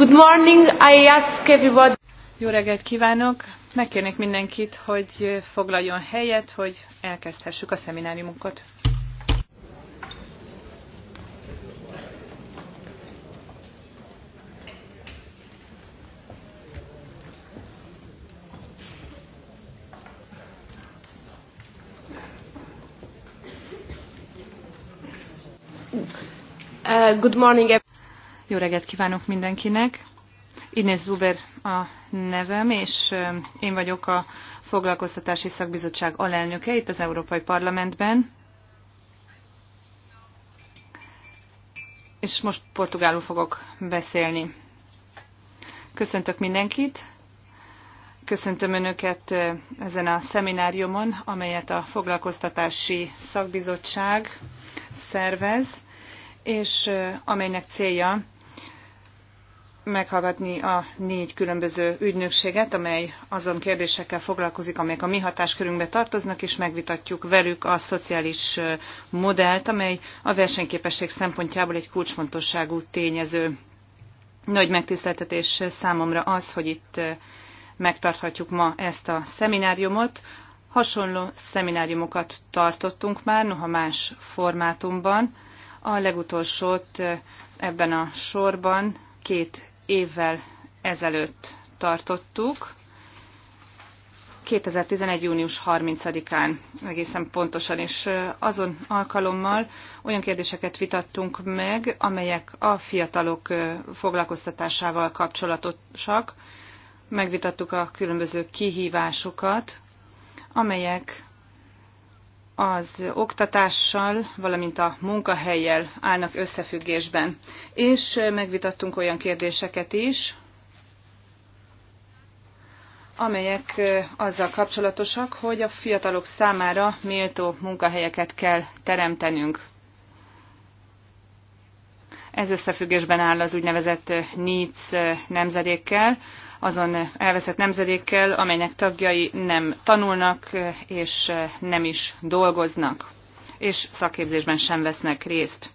Good morning, I ask everybody. Jó reggelt kívánok! Megkérnék mindenkit, hogy foglaljon helyet, hogy elkezdhessük a szemináriumunkat. Uh, good morning, jó reggelt kívánok mindenkinek! Inés Zuber a nevem, és én vagyok a Foglalkoztatási Szakbizottság alelnöke itt az Európai Parlamentben. És most portugálul fogok beszélni. Köszöntök mindenkit! Köszöntöm Önöket ezen a szemináriumon, amelyet a Foglalkoztatási Szakbizottság szervez, és amelynek célja meghallgatni a négy különböző ügynökséget, amely azon kérdésekkel foglalkozik, amelyek a mi hatáskörünkbe tartoznak, és megvitatjuk velük a szociális modellt, amely a versenyképesség szempontjából egy kulcsfontosságú tényező. Nagy megtiszteltetés számomra az, hogy itt megtarthatjuk ma ezt a szemináriumot. Hasonló szemináriumokat tartottunk már, noha más formátumban. A legutolsót ebben a sorban két évvel ezelőtt tartottuk, 2011. június 30-án egészen pontosan, és azon alkalommal olyan kérdéseket vitattunk meg, amelyek a fiatalok foglalkoztatásával kapcsolatosak. Megvitattuk a különböző kihívásokat, amelyek az oktatással, valamint a munkahelyjel állnak összefüggésben. És megvitattunk olyan kérdéseket is, amelyek azzal kapcsolatosak, hogy a fiatalok számára méltó munkahelyeket kell teremtenünk. Ez összefüggésben áll az úgynevezett NEETS nemzedékkel, azon elveszett nemzedékkel, amelynek tagjai nem tanulnak és nem is dolgoznak, és szakképzésben sem vesznek részt.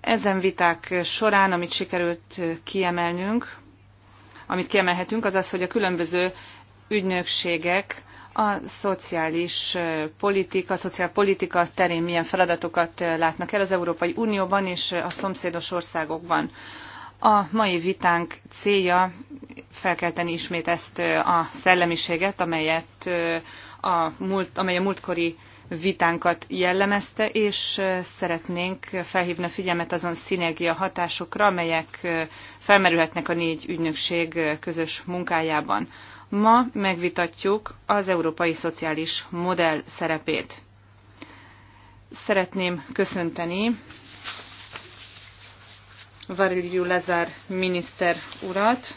Ezen viták során, amit sikerült kiemelnünk, amit kiemelhetünk, az az, hogy a különböző ügynökségek a szociális politika, a szociálpolitika terén milyen feladatokat látnak el az Európai Unióban és a szomszédos országokban. A mai vitánk célja felkelteni ismét ezt a szellemiséget, amelyet a múlt, amely a múltkori vitánkat jellemezte, és szeretnénk felhívni a figyelmet azon szinergia hatásokra, amelyek felmerülhetnek a négy ügynökség közös munkájában. Ma megvitatjuk az európai szociális modell szerepét. Szeretném köszönteni Varilyú Lezár miniszter urat,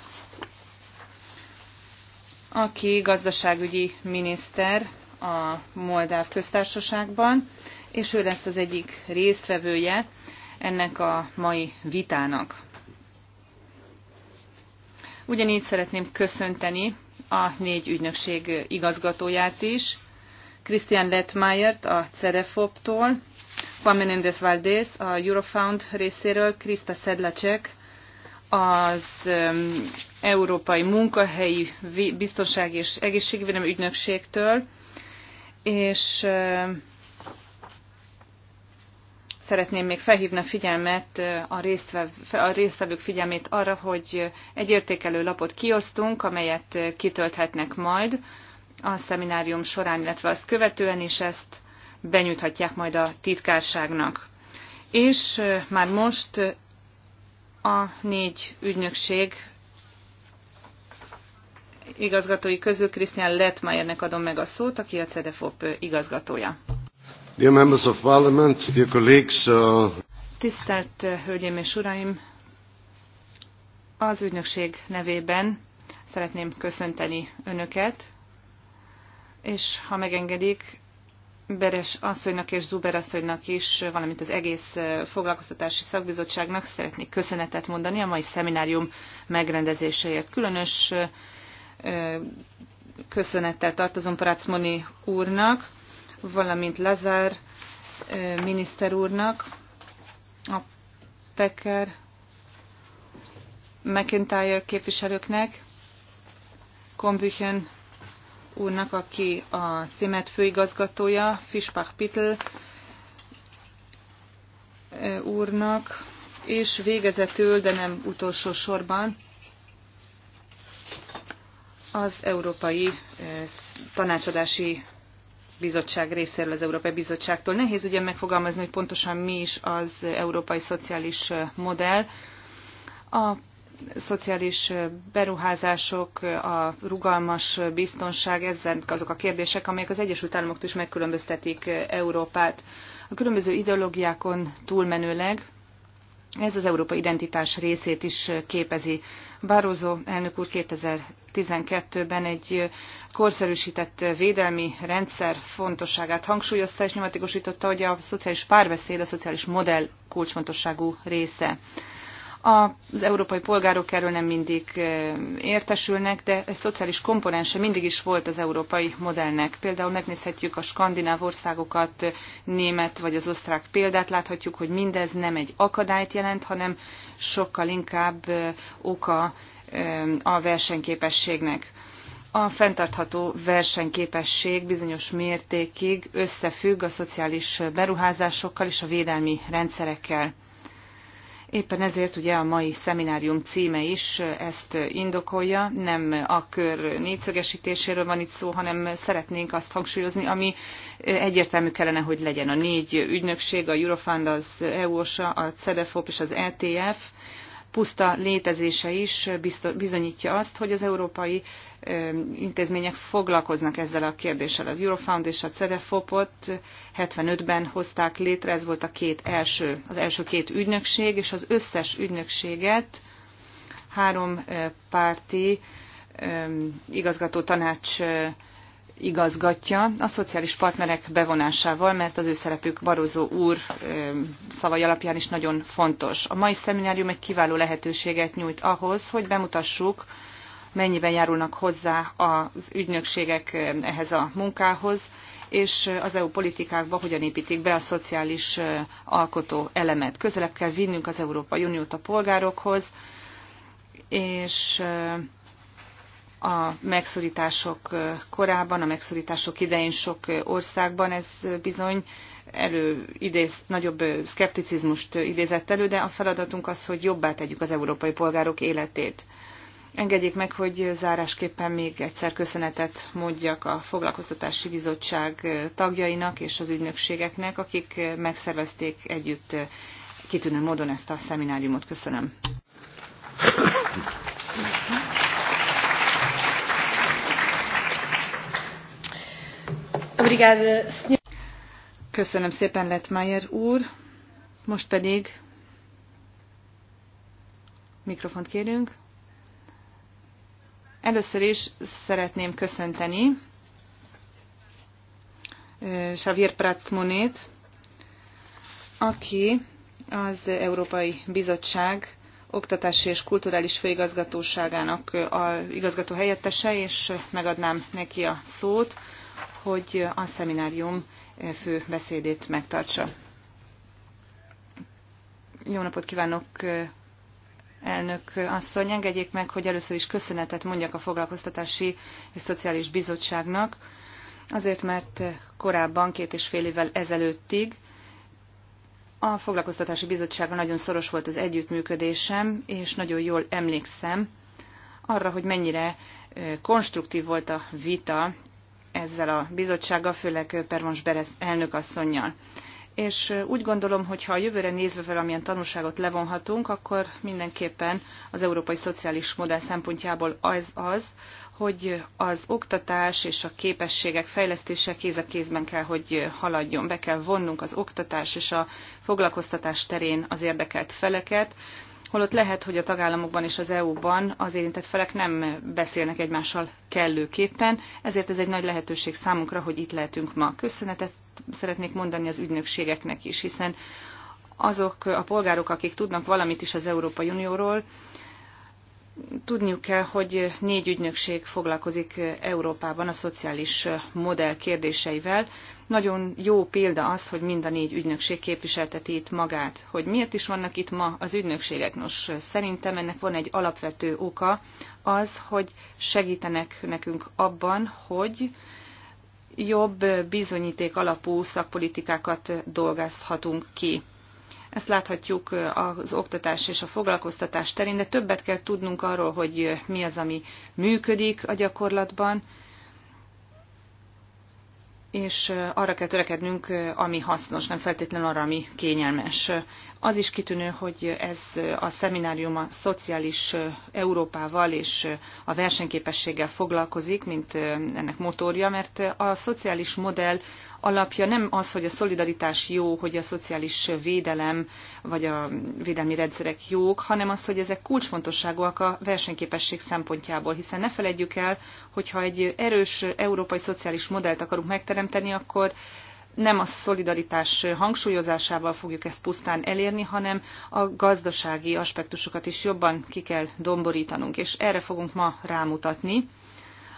aki gazdaságügyi miniszter a Moldáv köztársaságban, és ő lesz az egyik résztvevője ennek a mai vitának. Ugyanígy szeretném köszönteni a négy ügynökség igazgatóját is, Christian Lettmeyert a Cerefoptól, Juan Menéndez Valdés a Eurofound részéről, Krista Sedlacek, az um, Európai Munkahelyi biztonság és Egészségvédelmi Ügynökségtől, és um, szeretném még felhívni a figyelmet, uh, a, a résztvevők figyelmét arra, hogy egy értékelő lapot kiosztunk, amelyet uh, kitölthetnek majd a szeminárium során, illetve azt követően, és ezt benyújthatják majd a titkárságnak. És már most a négy ügynökség igazgatói közül Krisztián Lettmayernek adom meg a szót, aki a CEDEFOP igazgatója. Dear members of parliament, dear colleagues, uh... Tisztelt Hölgyeim és Uraim! Az ügynökség nevében szeretném köszönteni Önöket, és ha megengedik, Beres asszonynak és Zuber asszonynak is, valamint az egész foglalkoztatási szakbizottságnak szeretnék köszönetet mondani a mai szeminárium megrendezéséért. Különös köszönettel tartozom Parácmoni úrnak, valamint Lazár miniszter úrnak, a Pecker McIntyre képviselőknek, Kombüchen úrnak, aki a Szimet főigazgatója, Fischbach Pitl úrnak, és végezetül, de nem utolsó sorban, az Európai Tanácsadási Bizottság részéről, az Európai Bizottságtól. Nehéz ugye megfogalmazni, hogy pontosan mi is az európai szociális modell. A szociális beruházások, a rugalmas biztonság, ezek azok a kérdések, amelyek az Egyesült Államoktól is megkülönböztetik Európát. A különböző ideológiákon túlmenőleg ez az európai identitás részét is képezi. Barroso elnök úr 2012-ben egy korszerűsített védelmi rendszer fontosságát hangsúlyozta, és nyomatikusította, hogy a szociális párbeszéd a szociális modell kulcsfontosságú része. Az európai polgárok erről nem mindig eh, értesülnek, de egy szociális komponense mindig is volt az európai modellnek. Például megnézhetjük a skandináv országokat, német vagy az osztrák példát, láthatjuk, hogy mindez nem egy akadályt jelent, hanem sokkal inkább eh, oka eh, a versenyképességnek. A fenntartható versenyképesség bizonyos mértékig összefügg a szociális beruházásokkal és a védelmi rendszerekkel. Éppen ezért ugye a mai szeminárium címe is ezt indokolja, nem a kör négyszögesítéséről van itt szó, hanem szeretnénk azt hangsúlyozni, ami egyértelmű kellene, hogy legyen a négy ügynökség, a Eurofund, az eu a CEDEFOP és az ETF, puszta létezése is bizonyítja azt, hogy az európai intézmények foglalkoznak ezzel a kérdéssel. Az Eurofound és a CEDEFOP-ot 75-ben hozták létre, ez volt a két első, az első két ügynökség, és az összes ügynökséget három párti igazgató tanács igazgatja a szociális partnerek bevonásával, mert az ő szerepük Barozó úr szavai alapján is nagyon fontos. A mai szeminárium egy kiváló lehetőséget nyújt ahhoz, hogy bemutassuk, mennyiben járulnak hozzá az ügynökségek ehhez a munkához, és az EU politikákba hogyan építik be a szociális alkotó elemet. Közelebb kell vinnünk az Európai Uniót a polgárokhoz, és a megszorítások korában, a megszorítások idején sok országban ez bizony idéz, nagyobb szkepticizmust idézett elő, de a feladatunk az, hogy jobbá tegyük az európai polgárok életét. Engedjék meg, hogy zárásképpen még egyszer köszönetet mondjak a Foglalkoztatási Bizottság tagjainak és az ügynökségeknek, akik megszervezték együtt kitűnő módon ezt a szemináriumot. Köszönöm. Köszönöm szépen, Lettmeyer úr. Most pedig mikrofont kérünk. Először is szeretném köszönteni Xavier Monét, aki az Európai Bizottság Oktatási és Kulturális Főigazgatóságának a igazgató helyettese, és megadnám neki a szót, hogy a szeminárium eh, fő beszédét megtartsa. Jó napot kívánok, eh, elnök asszony! Engedjék meg, hogy először is köszönetet mondjak a Foglalkoztatási és Szociális Bizottságnak, azért mert eh, korábban, két és fél évvel ezelőttig a Foglalkoztatási Bizottsággal nagyon szoros volt az együttműködésem, és nagyon jól emlékszem arra, hogy mennyire konstruktív volt a vita ezzel a bizottsággal, főleg Pervans Berez elnökasszonynal. És úgy gondolom, hogy ha a jövőre nézve valamilyen tanulságot levonhatunk, akkor mindenképpen az európai szociális modell szempontjából az az, hogy az oktatás és a képességek fejlesztése kéz a kézben kell, hogy haladjon. Be kell vonnunk az oktatás és a foglalkoztatás terén az érdekelt feleket, holott lehet, hogy a tagállamokban és az EU-ban az érintett felek nem beszélnek egymással kellőképpen, ezért ez egy nagy lehetőség számunkra, hogy itt lehetünk ma. Köszönetet szeretnék mondani az ügynökségeknek is, hiszen azok a polgárok, akik tudnak valamit is az Európai Unióról, tudniuk kell, hogy négy ügynökség foglalkozik Európában a szociális modell kérdéseivel, nagyon jó példa az, hogy mind a négy ügynökség képviselteti itt magát. Hogy miért is vannak itt ma az ügynökségek? Nos, szerintem ennek van egy alapvető oka, az, hogy segítenek nekünk abban, hogy jobb bizonyíték alapú szakpolitikákat dolgozhatunk ki. Ezt láthatjuk az oktatás és a foglalkoztatás terén, de többet kell tudnunk arról, hogy mi az, ami működik a gyakorlatban, és arra kell törekednünk, ami hasznos, nem feltétlenül arra, ami kényelmes. Az is kitűnő, hogy ez a szeminárium a szociális Európával és a versenyképességgel foglalkozik, mint ennek motorja, mert a szociális modell alapja nem az, hogy a szolidaritás jó, hogy a szociális védelem vagy a védelmi rendszerek jók, hanem az, hogy ezek kulcsfontosságúak a versenyképesség szempontjából, hiszen ne felejtjük el, hogyha egy erős európai szociális modellt akarunk megteremteni, akkor nem a szolidaritás hangsúlyozásával fogjuk ezt pusztán elérni, hanem a gazdasági aspektusokat is jobban ki kell domborítanunk, és erre fogunk ma rámutatni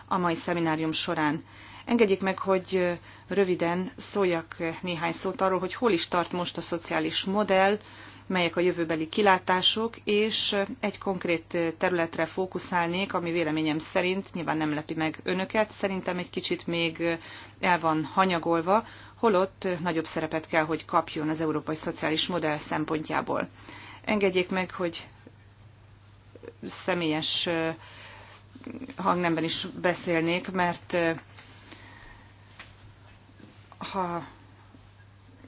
a mai szeminárium során. Engedjék meg, hogy röviden szóljak néhány szót arról, hogy hol is tart most a szociális modell, melyek a jövőbeli kilátások, és egy konkrét területre fókuszálnék, ami véleményem szerint nyilván nem lepi meg önöket, szerintem egy kicsit még el van hanyagolva, holott nagyobb szerepet kell, hogy kapjon az európai szociális modell szempontjából. Engedjék meg, hogy személyes hangnemben is beszélnék, mert ha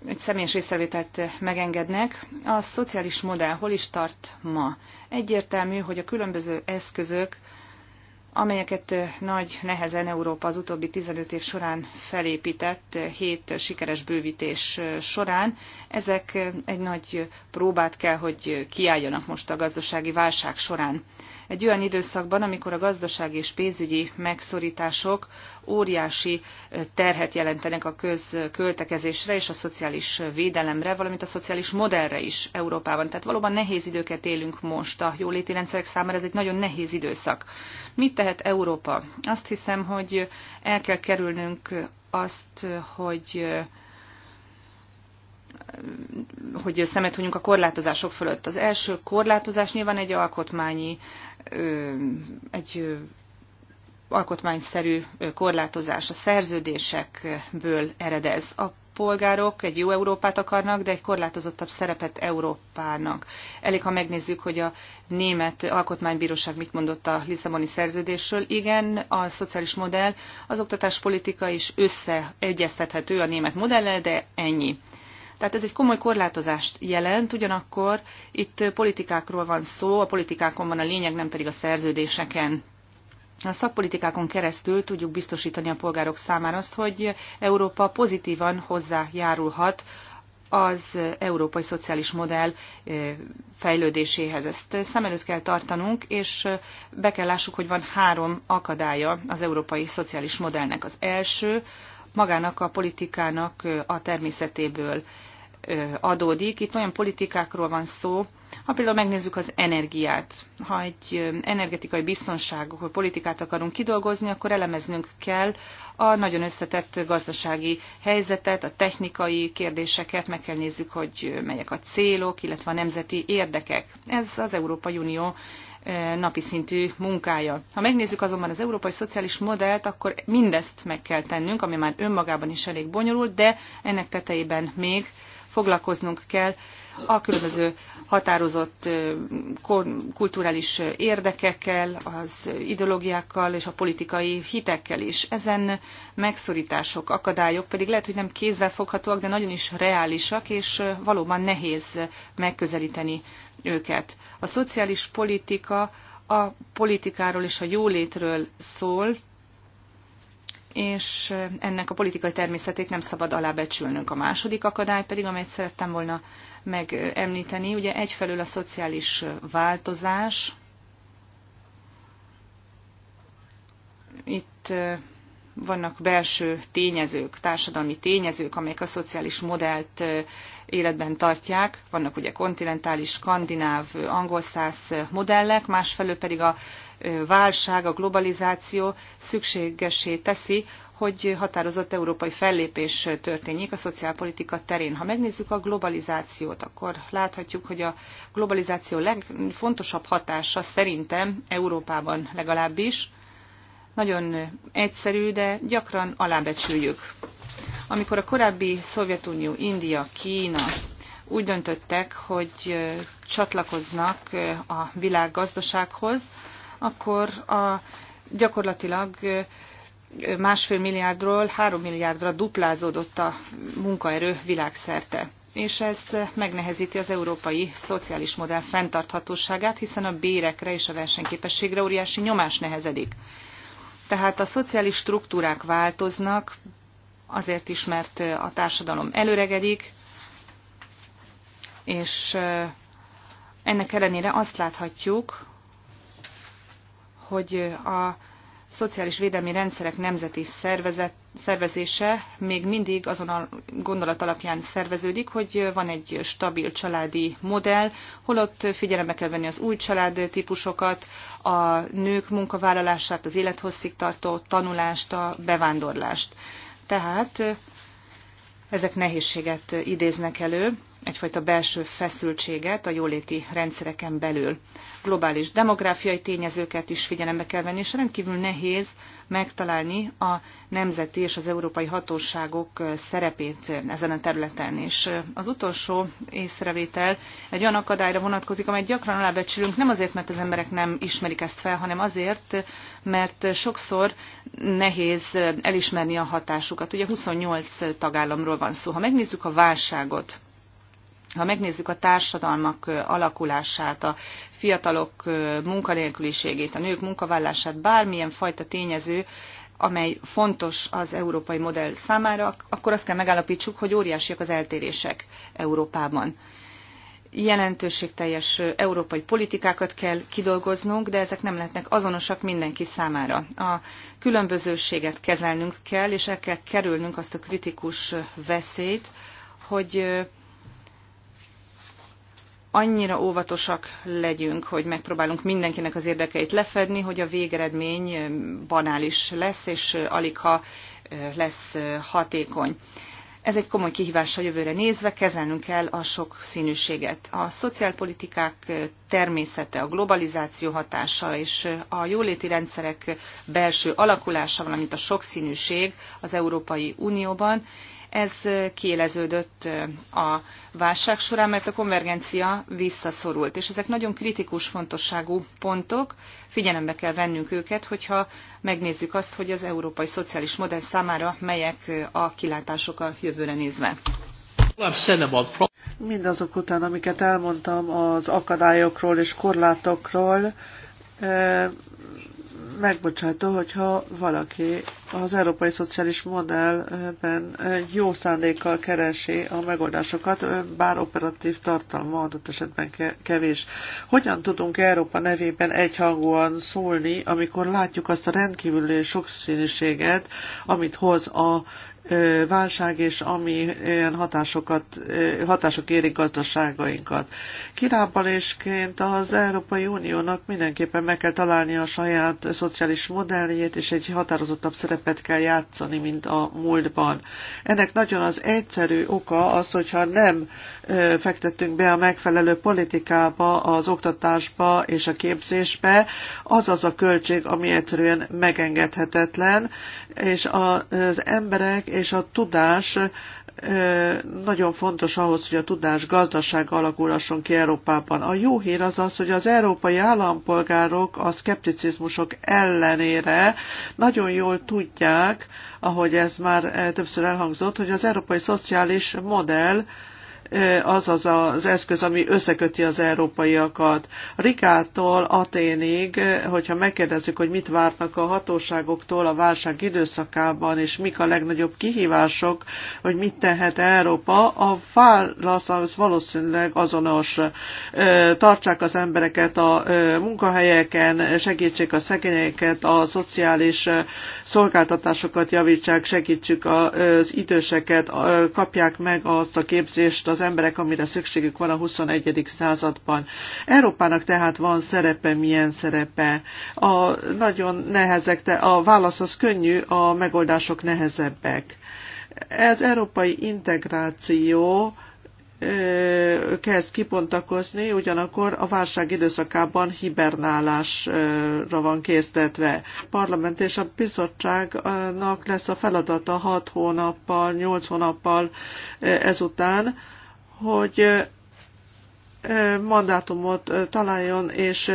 egy személyes észrevételt megengednek, a szociális modell hol is tart ma? Egyértelmű, hogy a különböző eszközök, amelyeket nagy nehezen Európa az utóbbi 15 év során felépített, hét sikeres bővítés során, ezek egy nagy próbát kell, hogy kiálljanak most a gazdasági válság során egy olyan időszakban, amikor a gazdasági és pénzügyi megszorítások óriási terhet jelentenek a közköltekezésre és a szociális védelemre, valamint a szociális modellre is Európában. Tehát valóban nehéz időket élünk most a jóléti rendszerek számára, ez egy nagyon nehéz időszak. Mit tehet Európa? Azt hiszem, hogy el kell kerülnünk azt, hogy hogy szemet a korlátozások fölött. Az első korlátozás nyilván egy alkotmányi, egy alkotmányszerű korlátozás. A szerződésekből eredez. A polgárok egy jó Európát akarnak, de egy korlátozottabb szerepet Európának. Elég, ha megnézzük, hogy a német alkotmánybíróság mit mondott a Lisszaboni szerződésről. Igen, a szociális modell, az oktatáspolitika is összeegyeztethető a német modellel, de ennyi. Tehát ez egy komoly korlátozást jelent, ugyanakkor itt politikákról van szó, a politikákon van a lényeg, nem pedig a szerződéseken. A szakpolitikákon keresztül tudjuk biztosítani a polgárok számára azt, hogy Európa pozitívan hozzájárulhat az európai szociális modell eh, fejlődéséhez. Ezt szem előtt kell tartanunk, és eh, be kell lássuk, hogy van három akadálya az európai szociális modellnek. Az első magának a politikának a természetéből adódik. Itt olyan politikákról van szó, ha például megnézzük az energiát, ha egy energetikai biztonságok politikát akarunk kidolgozni, akkor elemeznünk kell a nagyon összetett gazdasági helyzetet, a technikai kérdéseket, meg kell nézzük, hogy melyek a célok, illetve a nemzeti érdekek. Ez az Európai Unió E, napi szintű munkája. Ha megnézzük azonban az európai szociális modellt, akkor mindezt meg kell tennünk, ami már önmagában is elég bonyolult, de ennek tetejében még foglalkoznunk kell a különböző határozott kulturális érdekekkel, az ideológiákkal és a politikai hitekkel is. Ezen megszorítások, akadályok pedig lehet, hogy nem foghatóak, de nagyon is reálisak, és valóban nehéz megközelíteni őket. A szociális politika a politikáról és a jólétről szól, és ennek a politikai természetét nem szabad alábecsülnünk. A második akadály pedig, amelyet szerettem volna megemlíteni, ugye egyfelől a szociális változás. Itt vannak belső tényezők, társadalmi tényezők, amelyek a szociális modellt életben tartják. Vannak ugye kontinentális, skandináv, angolszász modellek, másfelől pedig a válság, a globalizáció szükségessé teszi, hogy határozott európai fellépés történjék a szociálpolitika terén. Ha megnézzük a globalizációt, akkor láthatjuk, hogy a globalizáció legfontosabb hatása szerintem Európában legalábbis nagyon egyszerű, de gyakran alábecsüljük. Amikor a korábbi Szovjetunió, India, Kína úgy döntöttek, hogy csatlakoznak a világgazdasághoz, akkor a, gyakorlatilag másfél milliárdról három milliárdra duplázódott a munkaerő világszerte és ez megnehezíti az európai szociális modell fenntarthatóságát, hiszen a bérekre és a versenyképességre óriási nyomás nehezedik. Tehát a szociális struktúrák változnak, azért is, mert a társadalom előregedik, és ennek ellenére azt láthatjuk, hogy a szociális védelmi rendszerek nemzeti szervezet, szervezése még mindig azon a gondolat alapján szerveződik, hogy van egy stabil családi modell, holott figyelembe kell venni az új családtípusokat, a nők munkavállalását, az élethosszig tartó tanulást, a bevándorlást. Tehát ezek nehézséget idéznek elő, egyfajta belső feszültséget a jóléti rendszereken belül. Globális demográfiai tényezőket is figyelembe kell venni, és rendkívül nehéz megtalálni a nemzeti és az európai hatóságok szerepét ezen a területen. És az utolsó észrevétel egy olyan akadályra vonatkozik, amelyet gyakran alábecsülünk, nem azért, mert az emberek nem ismerik ezt fel, hanem azért, mert sokszor nehéz elismerni a hatásukat. Ugye 28 tagállamról van szó. Ha megnézzük a válságot, ha megnézzük a társadalmak alakulását, a fiatalok munkanélküliségét, a nők munkavállását, bármilyen fajta tényező, amely fontos az európai modell számára, akkor azt kell megállapítsuk, hogy óriásiak az eltérések Európában. Jelentőségteljes európai politikákat kell kidolgoznunk, de ezek nem lehetnek azonosak mindenki számára. A különbözőséget kezelnünk kell, és el kell kerülnünk azt a kritikus veszélyt, hogy annyira óvatosak legyünk, hogy megpróbálunk mindenkinek az érdekeit lefedni, hogy a végeredmény banális lesz, és alig ha lesz hatékony. Ez egy komoly kihívás a jövőre nézve, kezelnünk kell a sok színűséget. A szociálpolitikák természete, a globalizáció hatása és a jóléti rendszerek belső alakulása, valamint a sokszínűség az Európai Unióban ez kiéleződött a válság során, mert a konvergencia visszaszorult, és ezek nagyon kritikus fontosságú pontok, figyelembe kell vennünk őket, hogyha megnézzük azt, hogy az európai szociális modell számára melyek a kilátások a jövőre nézve. Mindazok után, amiket elmondtam az akadályokról és korlátokról, megbocsátó, hogyha valaki az európai szociális modellben jó szándékkal keresi a megoldásokat, bár operatív tartalma adott esetben kevés. Hogyan tudunk Európa nevében egyhangúan szólni, amikor látjuk azt a rendkívüli sokszínűséget, amit hoz a válság és ilyen hatásokat, hatások érik gazdaságainkat. Kirábalésként az Európai Uniónak mindenképpen meg kell találni a saját szociális modelljét, és egy határozottabb szerepet kell játszani, mint a múltban. Ennek nagyon az egyszerű oka az, hogyha nem fektettünk be a megfelelő politikába, az oktatásba és a képzésbe, az az a költség, ami egyszerűen megengedhetetlen, és az emberek és a tudás nagyon fontos ahhoz, hogy a tudás gazdaság alakulhasson ki Európában. A jó hír az az, hogy az európai állampolgárok a szkepticizmusok ellenére nagyon jól tudják, ahogy ez már többször elhangzott, hogy az európai szociális modell az az az eszköz, ami összeköti az európaiakat. Rikától Aténig, hogyha megkérdezzük, hogy mit várnak a hatóságoktól a válság időszakában, és mik a legnagyobb kihívások, hogy mit tehet Európa, a válasz az valószínűleg azonos. Tartsák az embereket a munkahelyeken, segítsék a szegényeket, a szociális szolgáltatásokat javítsák, segítsük az időseket, kapják meg azt a képzést, az emberek, amire szükségük van a 21. században. Európának tehát van szerepe, milyen szerepe. A nagyon nehezek, de a válasz az könnyű, a megoldások nehezebbek. Ez európai integráció kezd kipontakozni, ugyanakkor a válság időszakában hibernálásra van késztetve. A parlament és a bizottságnak lesz a feladata 6 hónappal, 8 hónappal ezután, hogy mandátumot találjon, és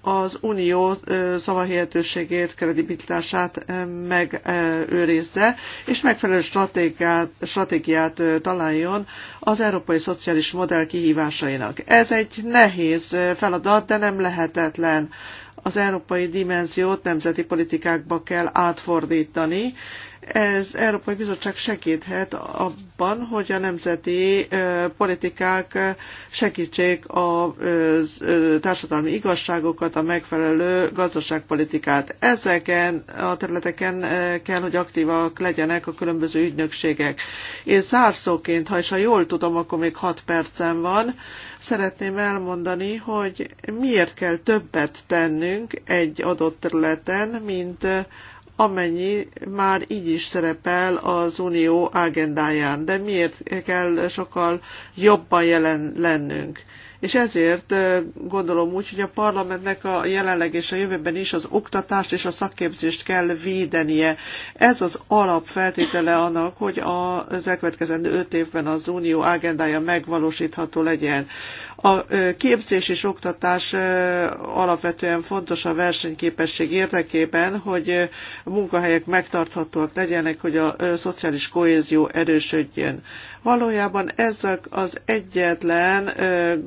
az unió szavahihetőségét, kredibilitását megőrizze, és megfelelő stratégiát, stratégiát találjon az európai szociális modell kihívásainak. Ez egy nehéz feladat, de nem lehetetlen. Az európai dimenziót nemzeti politikákba kell átfordítani, ez Európai Bizottság segíthet abban, hogy a nemzeti politikák segítsék a társadalmi igazságokat, a megfelelő gazdaságpolitikát. Ezeken a területeken kell, hogy aktívak legyenek a különböző ügynökségek. Én zárszóként, ha is ha jól tudom, akkor még hat percem van, szeretném elmondani, hogy miért kell többet tennünk egy adott területen, mint amennyi már így is szerepel az unió agendáján. De miért kell sokkal jobban jelen lennünk? És ezért gondolom úgy, hogy a parlamentnek a jelenleg és a jövőben is az oktatást és a szakképzést kell védenie. Ez az alapfeltétele annak, hogy az elkövetkezendő öt évben az unió agendája megvalósítható legyen. A képzés és oktatás alapvetően fontos a versenyképesség érdekében, hogy a munkahelyek megtarthatóak legyenek, hogy a szociális kohézió erősödjön. Valójában ez az egyetlen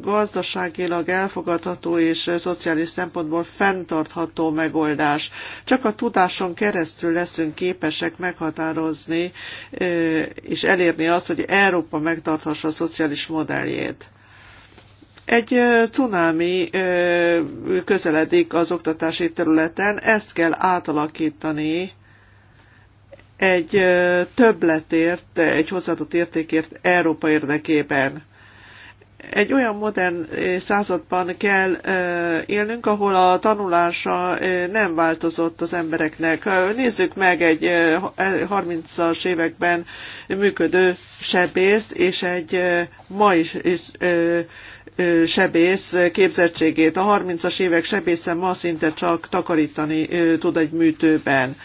gazdaságilag elfogadható és szociális szempontból fenntartható megoldás. Csak a tudáson keresztül leszünk képesek meghatározni és elérni azt, hogy Európa megtarthassa a szociális modelljét. Egy cunámi közeledik az oktatási területen, ezt kell átalakítani egy többletért, egy hozzáadott értékért Európa érdekében egy olyan modern században kell élnünk, ahol a tanulása nem változott az embereknek. Nézzük meg egy 30-as években működő sebészt és egy ma is, is sebész képzettségét. A 30-as évek sebésze ma szinte csak takarítani tud egy műtőben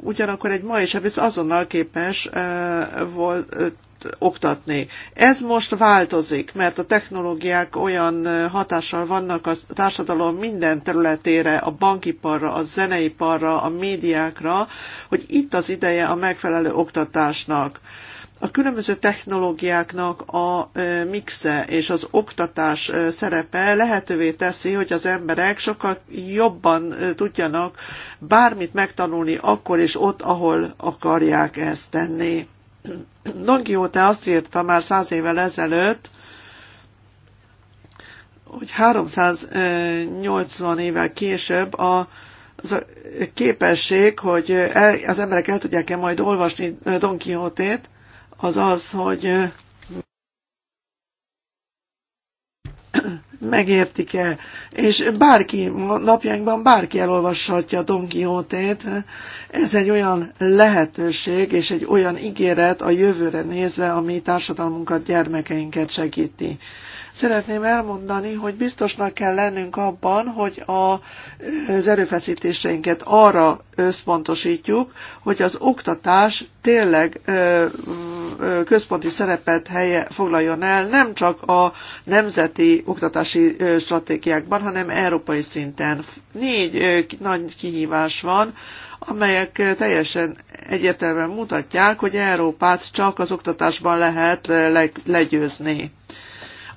ugyanakkor egy mai sebész azonnal képes volt oktatni. Ez most változik, mert a technológiák olyan hatással vannak a társadalom minden területére, a bankiparra, a zeneiparra, a médiákra, hogy itt az ideje a megfelelő oktatásnak. A különböző technológiáknak a mixe és az oktatás szerepe lehetővé teszi, hogy az emberek sokkal jobban tudjanak bármit megtanulni akkor és ott, ahol akarják ezt tenni. Don Quixote azt írta már száz évvel ezelőtt, hogy 380 évvel később a, az a képesség, hogy el, az emberek el tudják-e majd olvasni Don Quixote-t, az az, hogy megértik-e, és bárki, napjainkban bárki elolvashatja Don Quixote-t, ez egy olyan lehetőség és egy olyan ígéret a jövőre nézve, ami társadalmunkat, gyermekeinket segíti. Szeretném elmondani, hogy biztosnak kell lennünk abban, hogy a, az erőfeszítéseinket arra összpontosítjuk, hogy az oktatás tényleg ö, ö, központi szerepet helye foglaljon el, nem csak a nemzeti oktatási ö, stratégiákban, hanem európai szinten. Négy ö, nagy kihívás van, amelyek teljesen egyértelműen mutatják, hogy Európát csak az oktatásban lehet legyőzni.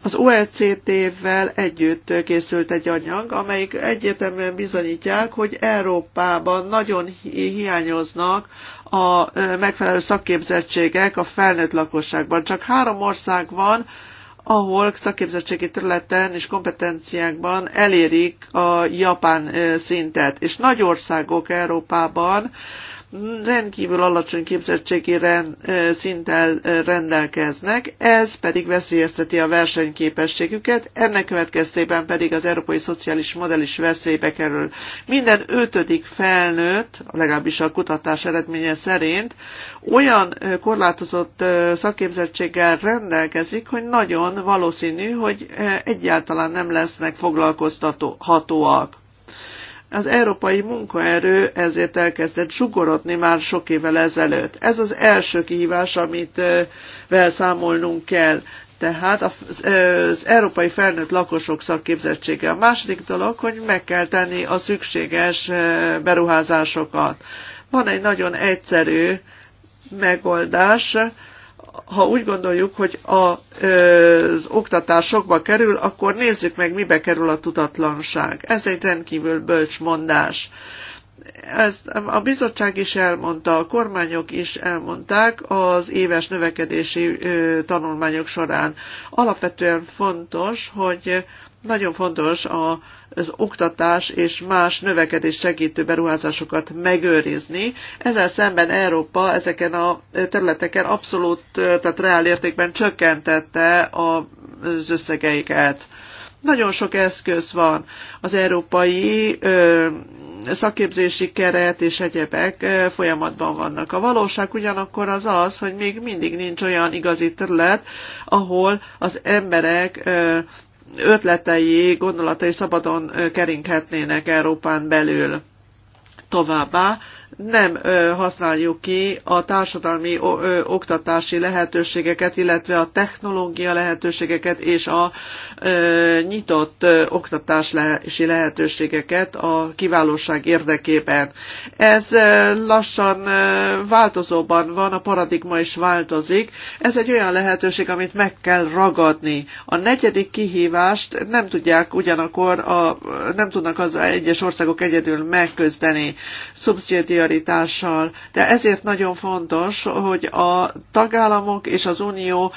Az OECD-vel együtt készült egy anyag, amelyik egyértelműen bizonyítják, hogy Európában nagyon hiányoznak a megfelelő szakképzettségek a felnőtt lakosságban. Csak három ország van, ahol szakképzettségi területen és kompetenciákban elérik a japán szintet. És nagy országok Európában rendkívül alacsony képzettségi rend, szinttel rendelkeznek, ez pedig veszélyezteti a versenyképességüket, ennek következtében pedig az európai szociális modell is veszélybe kerül. Minden ötödik felnőtt, legalábbis a kutatás eredménye szerint, olyan korlátozott szakképzettséggel rendelkezik, hogy nagyon valószínű, hogy egyáltalán nem lesznek foglalkoztathatóak. Az európai munkaerő ezért elkezdett zsugorodni már sok évvel ezelőtt. Ez az első kihívás, amit vel számolnunk kell. Tehát az, az európai felnőtt lakosok szakképzettsége. A második dolog, hogy meg kell tenni a szükséges beruházásokat. Van egy nagyon egyszerű megoldás, ha úgy gondoljuk, hogy a, az oktatás sokba kerül, akkor nézzük meg, mibe kerül a tudatlanság. Ez egy rendkívül bölcs mondás. Ezt a bizottság is elmondta, a kormányok is elmondták az éves növekedési tanulmányok során. Alapvetően fontos, hogy nagyon fontos az oktatás és más növekedés segítő beruházásokat megőrizni. Ezzel szemben Európa ezeken a területeken abszolút, tehát reál értékben csökkentette az összegeiket. Nagyon sok eszköz van. Az európai szakképzési keret és egyebek folyamatban vannak. A valóság ugyanakkor az az, hogy még mindig nincs olyan igazi terület, ahol az emberek ötletei, gondolatai szabadon keringhetnének Európán belül. Továbbá nem használjuk ki a társadalmi oktatási lehetőségeket, illetve a technológia lehetőségeket és a nyitott oktatási lehetőségeket a kiválóság érdekében. Ez lassan változóban van, a paradigma is változik. Ez egy olyan lehetőség, amit meg kell ragadni. A negyedik kihívást nem tudják ugyanakkor, a, nem tudnak az egyes országok egyedül megközdeni. Szubszidiaritás szubszidiaritással. De ezért nagyon fontos, hogy a tagállamok és az unió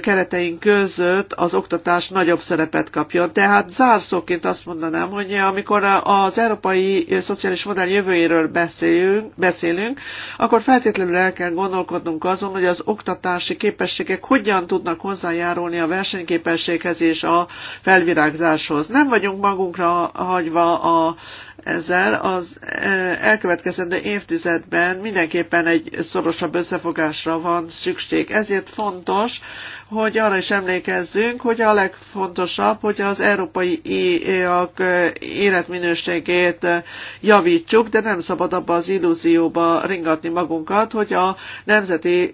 keretein között az oktatás nagyobb szerepet kapjon. Tehát zárszóként azt mondanám, hogy amikor az európai szociális modell jövőjéről beszélünk, beszélünk, akkor feltétlenül el kell gondolkodnunk azon, hogy az oktatási képességek hogyan tudnak hozzájárulni a versenyképességhez és a felvirágzáshoz. Nem vagyunk magunkra hagyva a ezzel az eh, elkövetkezendő évtizedben mindenképpen egy szorosabb összefogásra van szükség. Ezért fontos, hogy arra is emlékezzünk, hogy a legfontosabb, hogy az európai eh, életminőségét eh, javítsuk, de nem szabad abba az illúzióba ringatni magunkat, hogy a nemzeti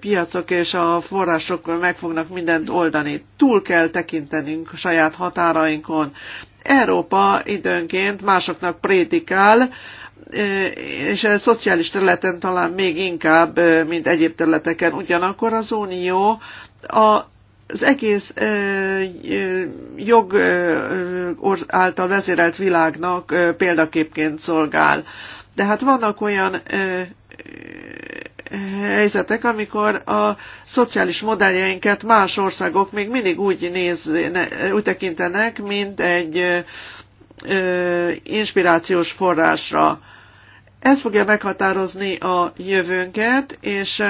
piacok és a források meg fognak mindent oldani. Túl kell tekintenünk saját határainkon Európa időnként másoknak prédikál, és a szociális területen talán még inkább, mint egyéb területeken. Ugyanakkor az Unió a az egész jog által vezérelt világnak példaképként szolgál. De hát vannak olyan helyzetek, amikor a szociális modelljeinket más országok még mindig úgy, néz, úgy tekintenek, mint egy inspirációs forrásra. Ez fogja meghatározni a jövőnket, és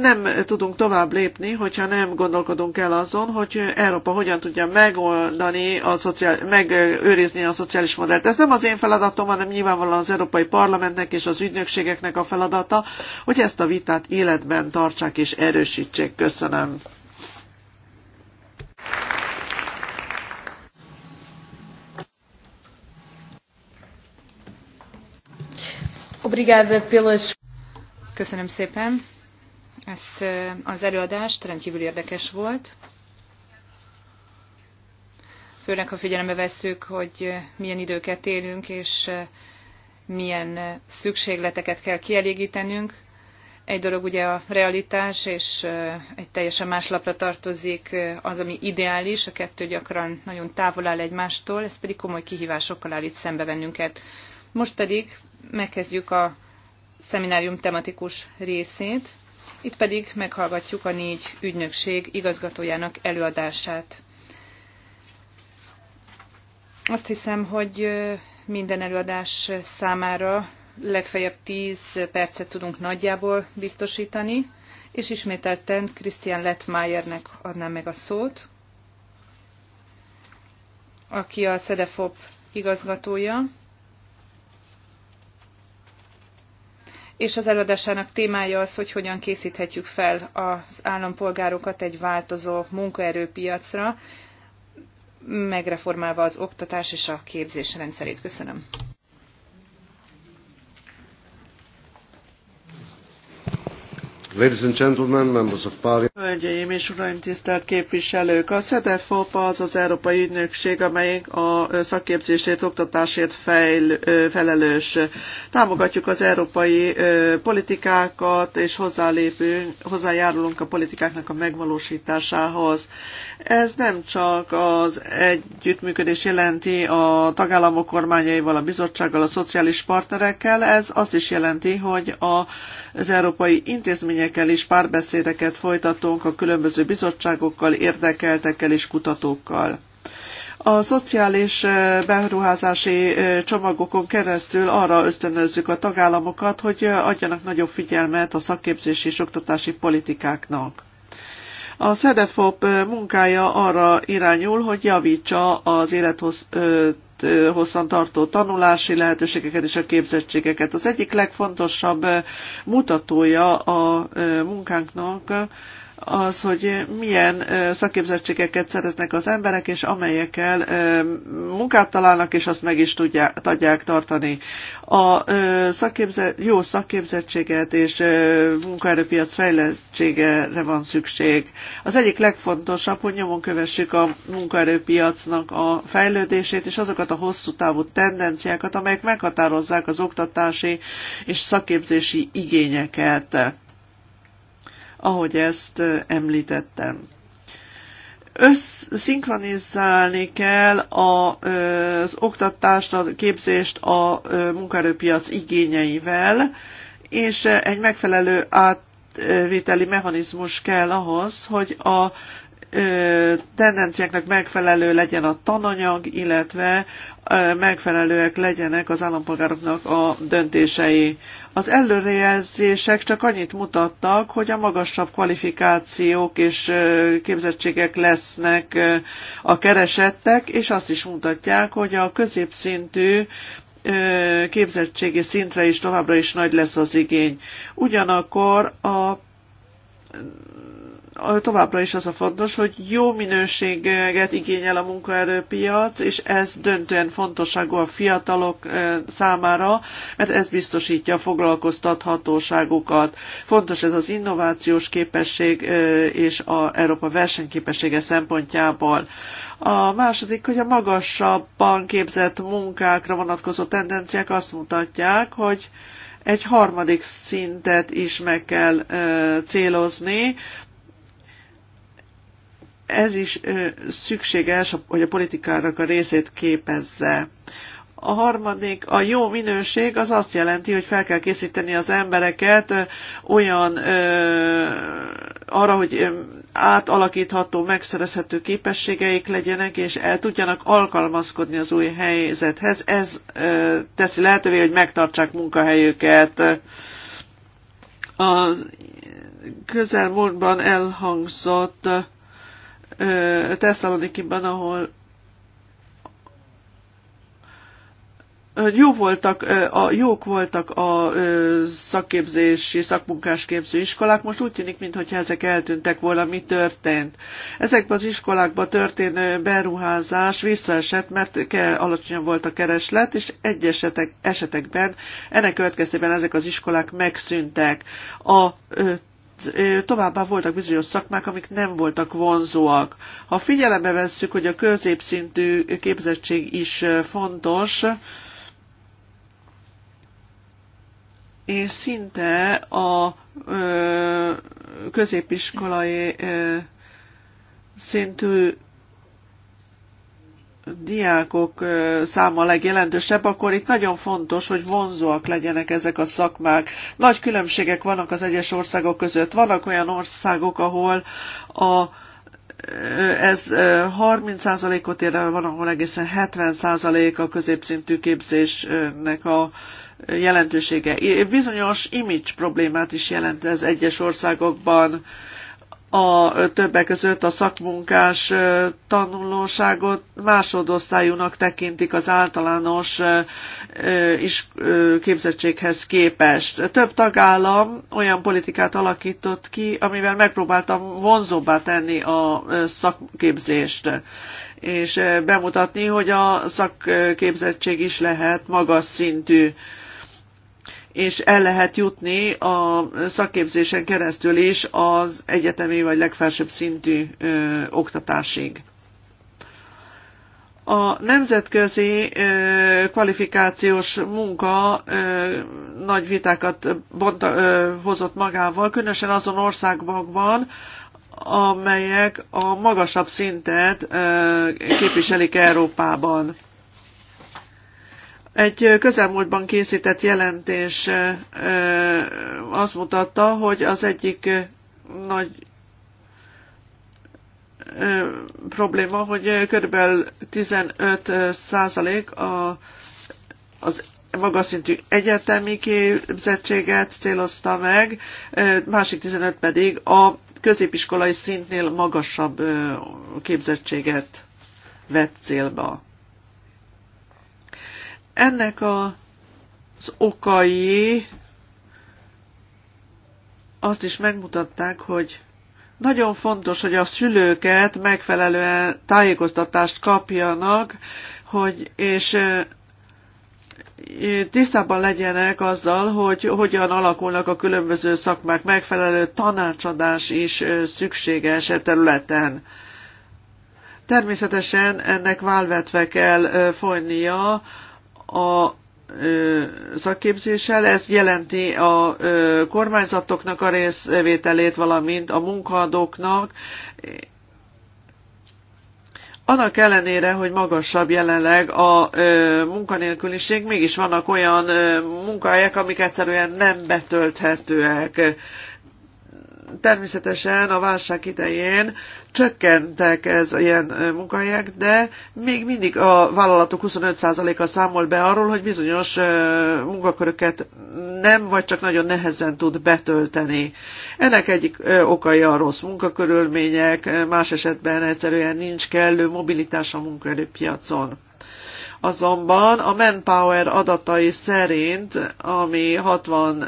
nem tudunk tovább lépni, hogyha nem gondolkodunk el azon, hogy Európa hogyan tudja megoldani, a szociál, megőrizni a szociális modellt. Ez nem az én feladatom, hanem nyilvánvalóan az Európai Parlamentnek és az ügynökségeknek a feladata, hogy ezt a vitát életben tartsák és erősítsék. Köszönöm. Obrigada pelas. Köszönöm szépen ezt az előadást, rendkívül érdekes volt. Főleg, ha figyelembe vesszük, hogy milyen időket élünk, és milyen szükségleteket kell kielégítenünk. Egy dolog ugye a realitás, és egy teljesen más lapra tartozik az, ami ideális, a kettő gyakran nagyon távol áll egymástól, ez pedig komoly kihívásokkal állít szembe bennünket. Most pedig megkezdjük a szeminárium tematikus részét. Itt pedig meghallgatjuk a négy ügynökség igazgatójának előadását. Azt hiszem, hogy minden előadás számára legfeljebb 10 percet tudunk nagyjából biztosítani, és ismételten Christian Lettmayernek adnám meg a szót, aki a SZEDEFOP igazgatója, és az előadásának témája az, hogy hogyan készíthetjük fel az állampolgárokat egy változó munkaerőpiacra, megreformálva az oktatás és a képzés rendszerét. Köszönöm. Ladies and gentlemen, members of parliament. Hölgyeim és uraim, tisztelt képviselők! A SZEDEFOPA az az Európai Ügynökség, amelyik a szakképzésért, oktatásért fejl, felelős. Támogatjuk az európai politikákat, és hozzálépünk, hozzájárulunk a politikáknak a megvalósításához. Ez nem csak az együttműködés jelenti a tagállamok kormányaival, a bizottsággal, a szociális partnerekkel, ez azt is jelenti, hogy az európai intézmények eseményekkel és párbeszédeket folytatunk a különböző bizottságokkal, érdekeltekkel és kutatókkal. A szociális eh, beruházási eh, csomagokon keresztül arra ösztönözzük a tagállamokat, hogy eh, adjanak nagyobb figyelmet a szakképzési és oktatási politikáknak. A SEDEFOP munkája arra irányul, hogy javítsa az élethoz hosszan tartó tanulási lehetőségeket és a képzettségeket. Az egyik legfontosabb mutatója a munkánknak, az, hogy milyen szakképzettségeket szereznek az emberek, és amelyekkel munkát találnak, és azt meg is tudják, tudják tartani. A szakképzett, jó szakképzettséget és munkaerőpiac fejlettségére van szükség. Az egyik legfontosabb, hogy nyomon kövessük a munkaerőpiacnak a fejlődését, és azokat a hosszú távú tendenciákat, amelyek meghatározzák az oktatási és szakképzési igényeket ahogy ezt említettem összszinkronizálni kell a, az oktatást, a képzést a munkaerőpiac igényeivel, és egy megfelelő átvételi mechanizmus kell ahhoz, hogy a tendenciáknak megfelelő legyen a tananyag, illetve megfelelőek legyenek az állampolgároknak a döntései. Az előrejelzések csak annyit mutattak, hogy a magasabb kvalifikációk és képzettségek lesznek a keresettek, és azt is mutatják, hogy a középszintű képzettségi szintre is továbbra is nagy lesz az igény. Ugyanakkor a továbbra is az a fontos, hogy jó minőséget igényel a munkaerőpiac, és ez döntően fontosságú a fiatalok számára, mert ez biztosítja a foglalkoztathatóságukat. Fontos ez az innovációs képesség és a Európa versenyképessége szempontjából. A második, hogy a magasabban képzett munkákra vonatkozó tendenciák azt mutatják, hogy egy harmadik szintet is meg kell célozni, ez is szükséges, hogy a politikának a részét képezze. A harmadik, a jó minőség az azt jelenti, hogy fel kell készíteni az embereket olyan ö, arra, hogy átalakítható, megszerezhető képességeik legyenek, és el tudjanak alkalmazkodni az új helyzethez. Ez teszi lehetővé, hogy megtartsák munkahelyüket. A közelmúltban elhangzott Tesszalonikiban, ahol hogy jó voltak, a, jók voltak a szakképzési, szakmunkásképző iskolák, most úgy tűnik, mintha ezek eltűntek volna, mi történt. Ezekben az iskolákban történő beruházás visszaesett, mert alacsonyan volt a kereslet, és egy esetek, esetekben ennek következtében ezek az iskolák megszűntek. A továbbá voltak bizonyos szakmák, amik nem voltak vonzóak. Ha figyelembe vesszük, hogy a középszintű képzettség is fontos, és szinte a ö, középiskolai ö, szintű diákok száma legjelentősebb, akkor itt nagyon fontos, hogy vonzóak legyenek ezek a szakmák. Nagy különbségek vannak az egyes országok között. Vannak olyan országok, ahol a ez 30%-ot ér el, van, ahol egészen 70% a középszintű képzésnek a jelentősége. Bizonyos image problémát is jelent ez egyes országokban. A többek között a szakmunkás tanulóságot másodosztályúnak tekintik az általános is képzettséghez képest. Több tagállam olyan politikát alakított ki, amivel megpróbáltam vonzóbbá tenni a szakképzést és bemutatni, hogy a szakképzettség is lehet magas szintű és el lehet jutni a szakképzésen keresztül is az egyetemi vagy legfelsőbb szintű ö, oktatásig. A nemzetközi ö, kvalifikációs munka ö, nagy vitákat bonta, ö, hozott magával, különösen azon országokban, amelyek a magasabb szintet ö, képviselik Európában. Egy közelmúltban készített jelentés azt mutatta, hogy az egyik nagy probléma, hogy körülbelül 15 százalék a, az magas szintű egyetemi képzettséget célozta meg, másik 15 pedig a középiskolai szintnél magasabb képzettséget vett célba. Ennek a, az okai azt is megmutatták, hogy nagyon fontos, hogy a szülőket megfelelően tájékoztatást kapjanak, hogy, és tisztában legyenek azzal, hogy hogyan alakulnak a különböző szakmák, megfelelő tanácsadás is szükséges e területen. Természetesen ennek válvetve kell folynia, a szakképzéssel, ez jelenti a kormányzatoknak a részvételét, valamint a munkahadóknak, annak ellenére, hogy magasabb jelenleg a ö, munkanélküliség, mégis vannak olyan ö, munkahelyek, amik egyszerűen nem betölthetőek. Természetesen a válság idején csökkentek ez ilyen munkahelyek, de még mindig a vállalatok 25%-a számol be arról, hogy bizonyos munkaköröket nem vagy csak nagyon nehezen tud betölteni. Ennek egyik okaja a rossz munkakörülmények, más esetben egyszerűen nincs kellő mobilitás a munkaerőpiacon. Azonban a Manpower adatai szerint, ami 60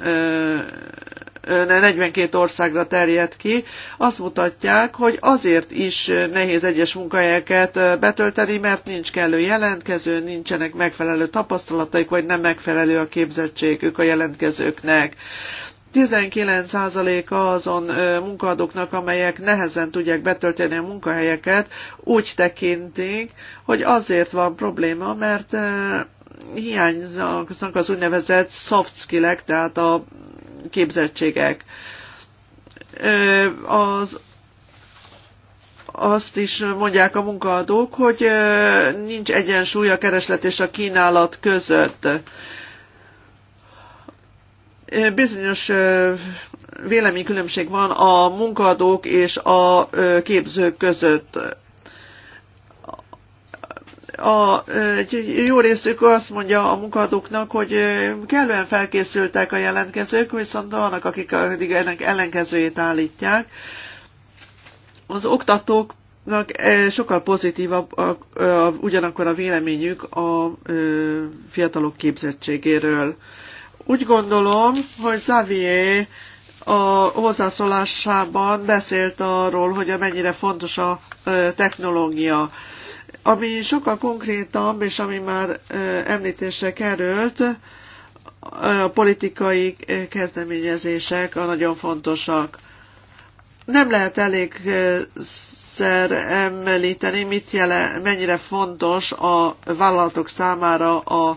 42 országra terjed ki, azt mutatják, hogy azért is nehéz egyes munkahelyeket betölteni, mert nincs kellő jelentkező, nincsenek megfelelő tapasztalataik, vagy nem megfelelő a képzettségük a jelentkezőknek. 19%-a azon munkaadóknak, amelyek nehezen tudják betölteni a munkahelyeket, úgy tekintik, hogy azért van probléma, mert hiányzanak az úgynevezett soft skill-ek, tehát a képzettségek. Az azt is mondják a munkaadók, hogy nincs egyensúly a kereslet és a kínálat között. Bizonyos véleménykülönbség van a munkaadók és a képzők között a jó részük azt mondja a munkadóknak, hogy kellően felkészültek a jelentkezők, viszont vannak, akik eddig ennek ellenkezőjét állítják. Az oktatók sokkal pozitívabb a, a, a, ugyanakkor a véleményük a, a fiatalok képzettségéről. Úgy gondolom, hogy Xavier a hozzászólásában beszélt arról, hogy mennyire fontos a technológia. Ami sokkal konkrétabb, és ami már említésre került, a politikai kezdeményezések a nagyon fontosak. Nem lehet elégszer említeni, mit jele, mennyire fontos a vállalatok számára a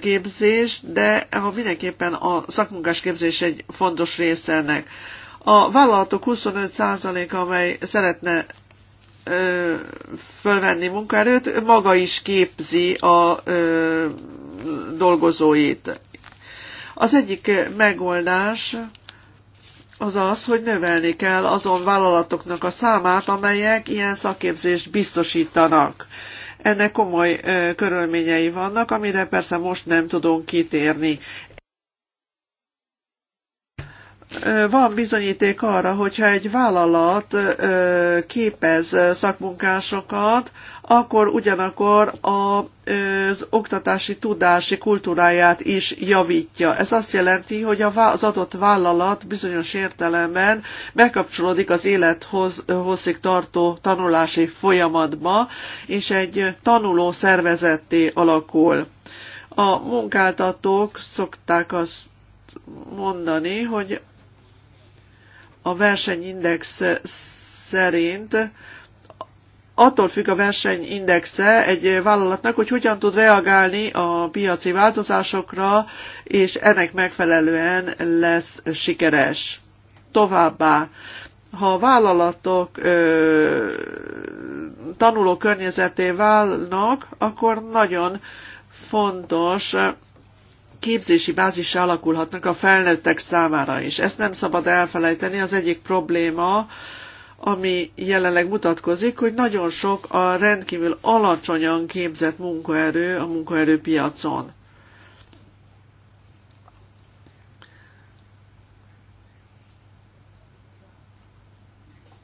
képzés, de ha mindenképpen a szakmunkás képzés egy fontos része ennek. A vállalatok 25%-a, amely szeretne ö, fölvenni munkaerőt, ő maga is képzi a ö, dolgozóit. Az egyik megoldás az az, hogy növelni kell azon vállalatoknak a számát, amelyek ilyen szakképzést biztosítanak. Ennek komoly ö, körülményei vannak, amire persze most nem tudunk kitérni. Van bizonyíték arra, hogyha egy vállalat képez szakmunkásokat, akkor ugyanakkor az oktatási tudási kultúráját is javítja. Ez azt jelenti, hogy az adott vállalat bizonyos értelemben bekapcsolódik az élethoz hosszig tartó tanulási folyamatba, és egy tanuló szervezetté alakul. A munkáltatók szokták azt mondani, hogy a versenyindex szerint attól függ a versenyindexe egy vállalatnak, hogy hogyan tud reagálni a piaci változásokra, és ennek megfelelően lesz sikeres. Továbbá, ha a vállalatok ö, tanuló környezeté válnak, akkor nagyon fontos képzési bázisa alakulhatnak a felnőttek számára is. Ezt nem szabad elfelejteni, az egyik probléma, ami jelenleg mutatkozik, hogy nagyon sok a rendkívül alacsonyan képzett munkaerő a munkaerőpiacon.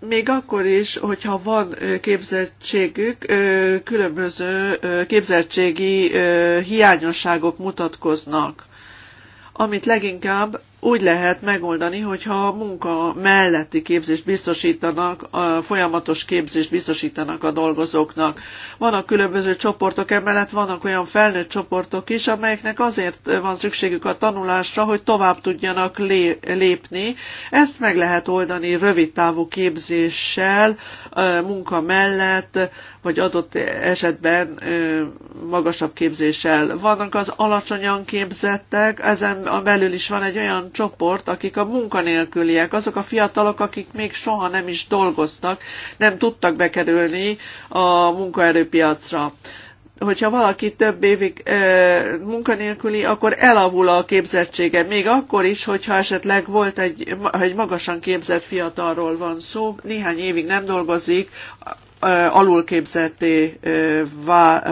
még akkor is, hogyha van képzettségük, különböző képzettségi hiányosságok mutatkoznak, amit leginkább úgy lehet megoldani, hogyha a munka melletti képzést biztosítanak, a folyamatos képzést biztosítanak a dolgozóknak. Vannak különböző csoportok, emellett vannak olyan felnőtt csoportok is, amelyeknek azért van szükségük a tanulásra, hogy tovább tudjanak lépni. Ezt meg lehet oldani rövid távú képzéssel, munka mellett, vagy adott esetben magasabb képzéssel. Vannak az alacsonyan képzettek, ezen belül is van egy olyan csoport, akik a munkanélküliek, azok a fiatalok, akik még soha nem is dolgoztak, nem tudtak bekerülni a munkaerőpiacra hogyha valaki több évig e, munkanélküli, akkor elavul a képzettsége. Még akkor is, hogyha esetleg volt egy, egy magasan képzett fiatalról van szó, néhány évig nem dolgozik, alulképzetté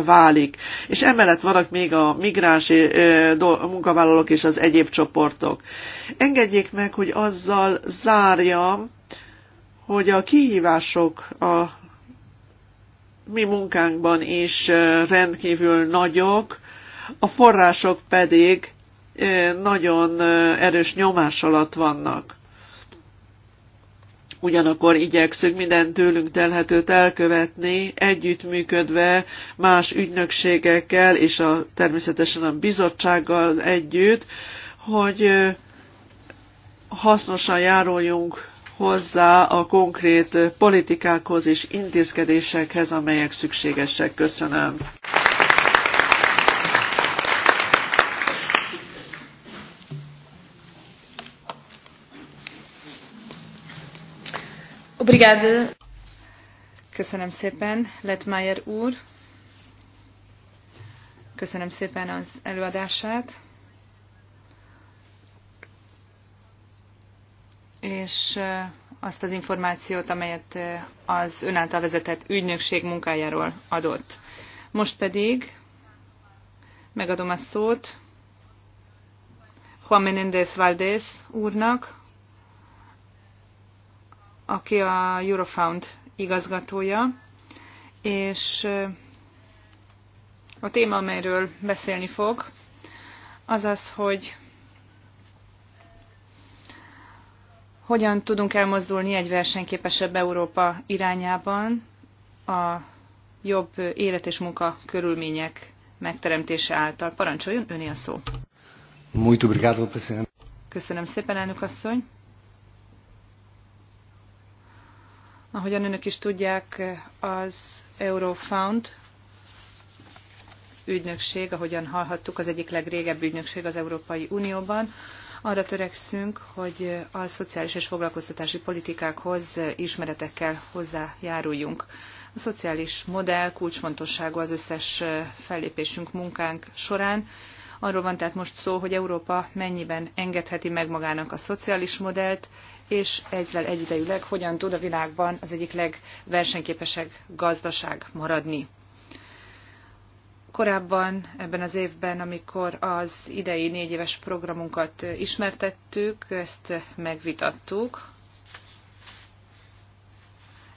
válik. És emellett vannak még a migránsi munkavállalók és az egyéb csoportok. Engedjék meg, hogy azzal zárjam, hogy a kihívások a mi munkánkban is rendkívül nagyok, a források pedig nagyon erős nyomás alatt vannak. Ugyanakkor igyekszünk minden tőlünk telhetőt elkövetni, együttműködve más ügynökségekkel és a, természetesen a bizottsággal együtt, hogy hasznosan járuljunk hozzá a konkrét politikákhoz és intézkedésekhez, amelyek szükségesek. Köszönöm. Obrigada. Köszönöm szépen, Letmeyer úr. Köszönöm szépen az előadását. És azt az információt, amelyet az ön által vezetett ügynökség munkájáról adott. Most pedig megadom a szót Juan Menéndez Valdés úrnak, aki a Eurofound igazgatója, és a téma, amelyről beszélni fog, az az, hogy hogyan tudunk elmozdulni egy versenyképesebb Európa irányában a jobb élet és munka körülmények megteremtése által. Parancsoljon, öné a szó. Muito obrigado, Köszönöm szépen, elnök asszony. Ahogyan önök is tudják, az Eurofound ügynökség, ahogyan hallhattuk, az egyik legrégebb ügynökség az Európai Unióban. Arra törekszünk, hogy a szociális és foglalkoztatási politikákhoz ismeretekkel hozzájáruljunk. A szociális modell kulcsfontosságú az összes fellépésünk munkánk során. Arról van tehát most szó, hogy Európa mennyiben engedheti meg magának a szociális modellt, és ezzel egyidejűleg hogyan tud a világban az egyik legversenyképesebb gazdaság maradni. Korábban ebben az évben, amikor az idei négy éves programunkat ismertettük, ezt megvitattuk,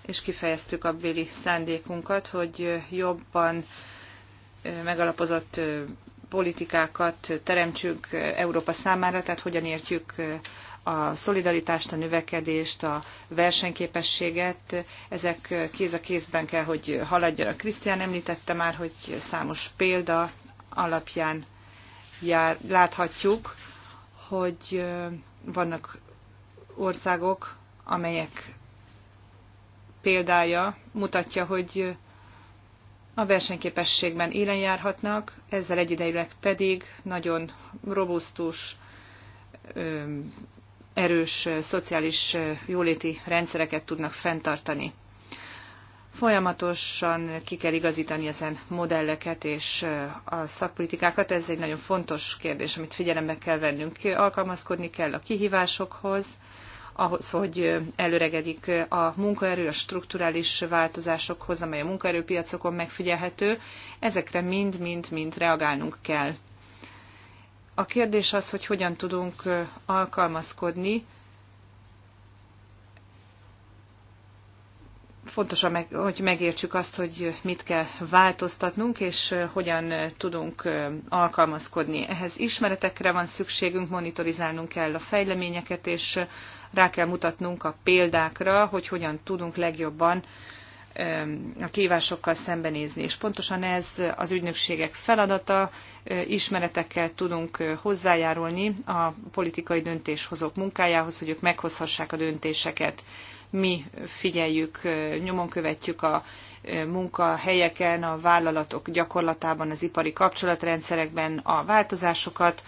és kifejeztük a béli szándékunkat, hogy jobban megalapozott politikákat teremtsünk Európa számára, tehát hogyan értjük a szolidaritást, a növekedést, a versenyképességet, ezek kéz a kézben kell, hogy haladjanak. Krisztián említette már, hogy számos példa alapján jár, láthatjuk, hogy vannak országok, amelyek példája mutatja, hogy a versenyképességben élen járhatnak, ezzel egyidejűleg pedig nagyon robusztus erős szociális jóléti rendszereket tudnak fenntartani. Folyamatosan ki kell igazítani ezen modelleket és a szakpolitikákat. Ez egy nagyon fontos kérdés, amit figyelembe kell vennünk. Alkalmazkodni kell a kihívásokhoz, ahhoz, hogy előregedik a munkaerő, a strukturális változásokhoz, amely a munkaerőpiacokon megfigyelhető. Ezekre mind-mind-mind reagálnunk kell. A kérdés az, hogy hogyan tudunk alkalmazkodni. Fontos, hogy megértsük azt, hogy mit kell változtatnunk, és hogyan tudunk alkalmazkodni. Ehhez ismeretekre van szükségünk, monitorizálnunk kell a fejleményeket, és rá kell mutatnunk a példákra, hogy hogyan tudunk legjobban a kívásokkal szembenézni. És pontosan ez az ügynökségek feladata, ismeretekkel tudunk hozzájárulni a politikai döntéshozók munkájához, hogy ők meghozhassák a döntéseket. Mi figyeljük, nyomon követjük a munkahelyeken, a vállalatok gyakorlatában, az ipari kapcsolatrendszerekben a változásokat,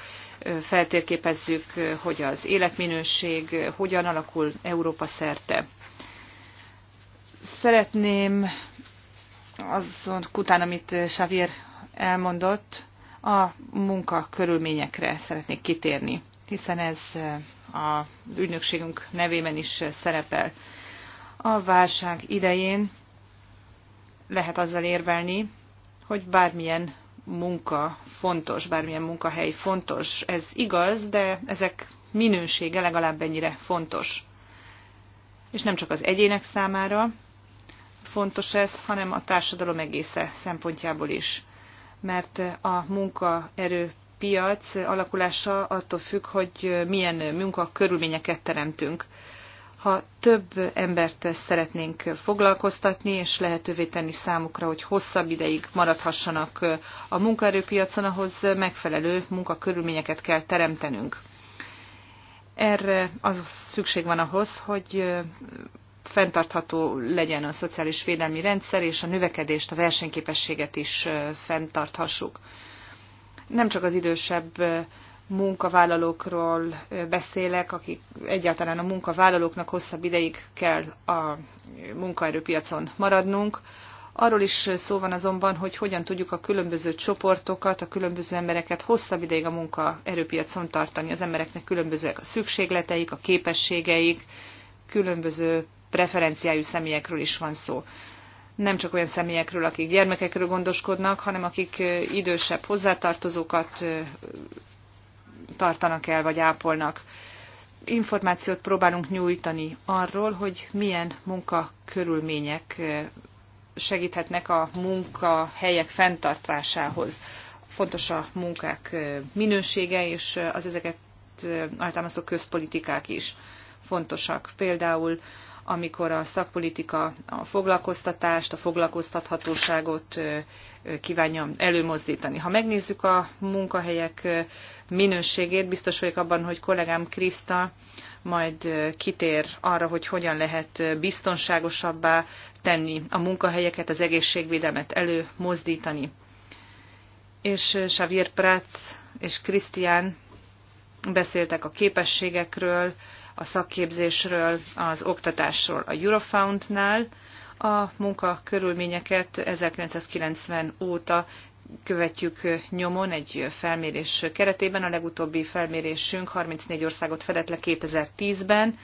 feltérképezzük, hogy az életminőség hogyan alakul Európa szerte Szeretném azon után, amit Xavier elmondott, a munka körülményekre szeretnék kitérni, hiszen ez eh, az ügynökségünk nevében is szerepel. A válság idején lehet azzal érvelni, hogy bármilyen munka fontos, bármilyen munkahely fontos. Ez igaz, de ezek minősége legalább ennyire fontos. És nem csak az egyének számára, fontos ez, hanem a társadalom egésze szempontjából is. Mert a munkaerő piac alakulása attól függ, hogy milyen munkakörülményeket teremtünk. Ha több embert szeretnénk foglalkoztatni, és lehetővé tenni számukra, hogy hosszabb ideig maradhassanak a munkaerőpiacon, ahhoz megfelelő munkakörülményeket kell teremtenünk. Erre az szükség van ahhoz, hogy fenntartható legyen a szociális védelmi rendszer, és a növekedést, a versenyképességet is fenntarthassuk. Nem csak az idősebb munkavállalókról beszélek, akik egyáltalán a munkavállalóknak hosszabb ideig kell a munkaerőpiacon maradnunk. Arról is szó van azonban, hogy hogyan tudjuk a különböző csoportokat, a különböző embereket hosszabb ideig a munkaerőpiacon tartani. Az embereknek különbözőek a szükségleteik, a képességeik, különböző preferenciájú személyekről is van szó. Nem csak olyan személyekről, akik gyermekekről gondoskodnak, hanem akik idősebb hozzátartozókat tartanak el, vagy ápolnak. Információt próbálunk nyújtani arról, hogy milyen munkakörülmények segíthetnek a munkahelyek fenntartásához. Fontos a munkák minősége és az ezeket általánosztó közpolitikák is fontosak. Például amikor a szakpolitika a foglalkoztatást, a foglalkoztathatóságot kívánja előmozdítani. Ha megnézzük a munkahelyek minőségét, biztos vagyok abban, hogy kollégám Kriszta majd kitér arra, hogy hogyan lehet biztonságosabbá tenni a munkahelyeket, az egészségvédelmet előmozdítani. És Xavier Prats és Krisztián beszéltek a képességekről, a szakképzésről, az oktatásról a Eurofoundnál. A munkakörülményeket 1990 óta követjük nyomon egy felmérés keretében. A legutóbbi felmérésünk 34 országot fedett le 2010-ben,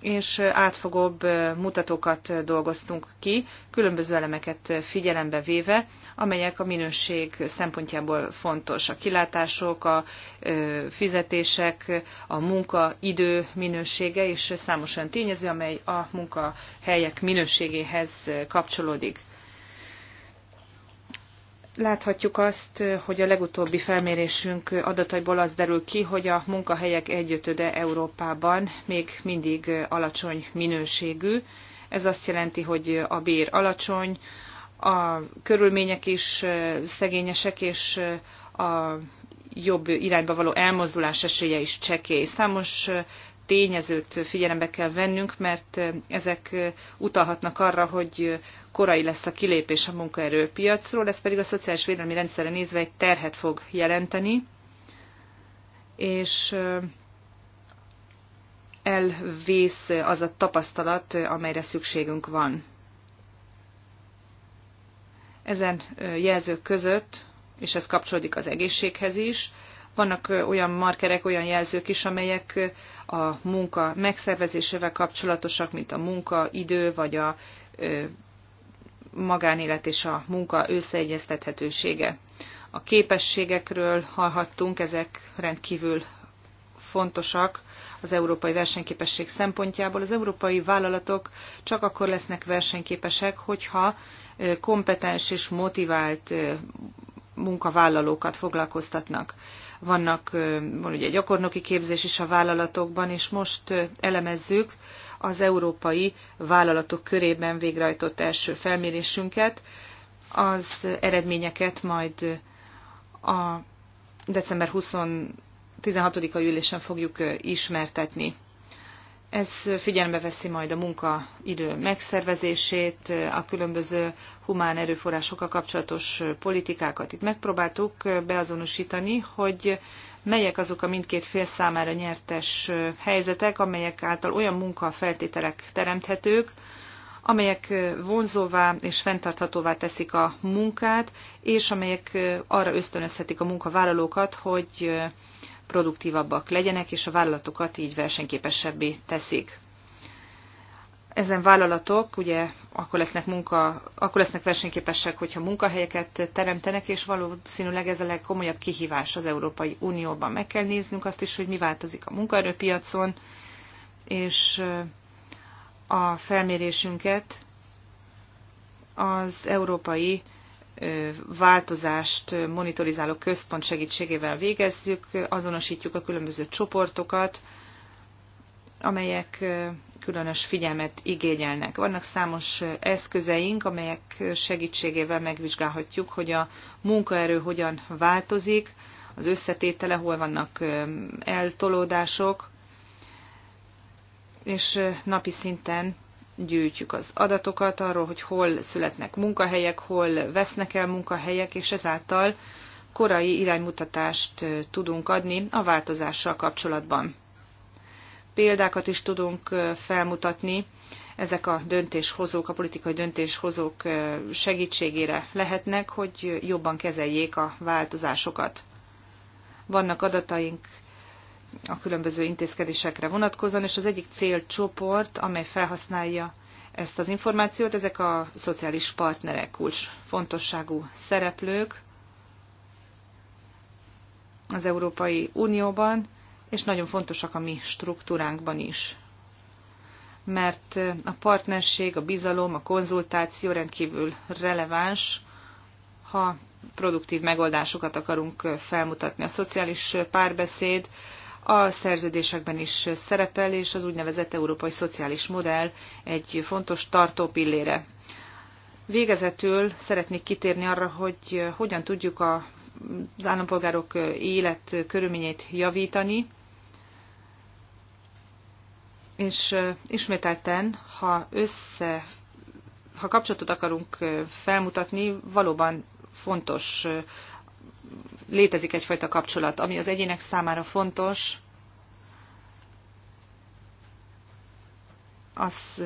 és átfogóbb mutatókat dolgoztunk ki, különböző elemeket figyelembe véve, amelyek a minőség szempontjából fontos. A kilátások, a fizetések, a munkaidő minősége és számos olyan tényező, amely a munkahelyek minőségéhez kapcsolódik. Láthatjuk azt, hogy a legutóbbi felmérésünk adataiból az derül ki, hogy a munkahelyek egyötöde Európában még mindig alacsony minőségű. Ez azt jelenti, hogy a bér alacsony, a körülmények is szegényesek, és a jobb irányba való elmozdulás esélye is csekély. Számos tényezőt figyelembe kell vennünk, mert ezek utalhatnak arra, hogy korai lesz a kilépés a munkaerőpiacról, ez pedig a szociális védelmi rendszerre nézve egy terhet fog jelenteni, és elvész az a tapasztalat, amelyre szükségünk van. Ezen jelzők között, és ez kapcsolódik az egészséghez is, vannak olyan markerek, olyan jelzők is, amelyek a munka megszervezésével kapcsolatosak, mint a munkaidő, vagy a magánélet és a munka összeegyeztethetősége. A képességekről hallhattunk, ezek rendkívül fontosak az európai versenyképesség szempontjából. Az európai vállalatok csak akkor lesznek versenyképesek, hogyha kompetens és motivált munkavállalókat foglalkoztatnak vannak, van ugye gyakornoki képzés is a vállalatokban, és most elemezzük az európai vállalatok körében végrehajtott első felmérésünket. Az eredményeket majd a december 20 16. ülésen fogjuk ismertetni. Ez figyelembe veszi majd a munkaidő megszervezését, a különböző humán erőforrásokkal kapcsolatos politikákat. Itt megpróbáltuk beazonosítani, hogy melyek azok a mindkét fél számára nyertes helyzetek, amelyek által olyan munkafeltételek teremthetők, amelyek vonzóvá és fenntarthatóvá teszik a munkát, és amelyek arra ösztönözhetik a munkavállalókat, hogy produktívabbak legyenek, és a vállalatokat így versenyképesebbé teszik. Ezen vállalatok ugye akkor lesznek, munka, akkor lesznek versenyképesek, hogyha munkahelyeket teremtenek, és valószínűleg ez a legkomolyabb kihívás az Európai Unióban. Meg kell néznünk azt is, hogy mi változik a munkaerőpiacon, és a felmérésünket az Európai változást monitorizáló központ segítségével végezzük, azonosítjuk a különböző csoportokat, amelyek különös figyelmet igényelnek. Vannak számos eszközeink, amelyek segítségével megvizsgálhatjuk, hogy a munkaerő hogyan változik, az összetétele, hol vannak eltolódások, és napi szinten gyűjtjük az adatokat arról, hogy hol születnek munkahelyek, hol vesznek el munkahelyek, és ezáltal korai iránymutatást tudunk adni a változással kapcsolatban. Példákat is tudunk felmutatni, ezek a döntéshozók, a politikai döntéshozók segítségére lehetnek, hogy jobban kezeljék a változásokat. Vannak adataink a különböző intézkedésekre vonatkozóan, és az egyik célcsoport, amely felhasználja ezt az információt, ezek a szociális partnerek, kulcs fontosságú szereplők az Európai Unióban, és nagyon fontosak a mi struktúránkban is. Mert a partnerség, a bizalom, a konzultáció rendkívül releváns, ha produktív megoldásokat akarunk felmutatni. A szociális párbeszéd a szerződésekben is szerepel, és az úgynevezett európai szociális modell egy fontos tartó pillére. Végezetül szeretnék kitérni arra, hogy hogyan tudjuk a, az állampolgárok élet körülményeit javítani, és ismételten, ha össze, ha kapcsolatot akarunk felmutatni, valóban fontos létezik egyfajta kapcsolat, ami az egyének számára fontos, az,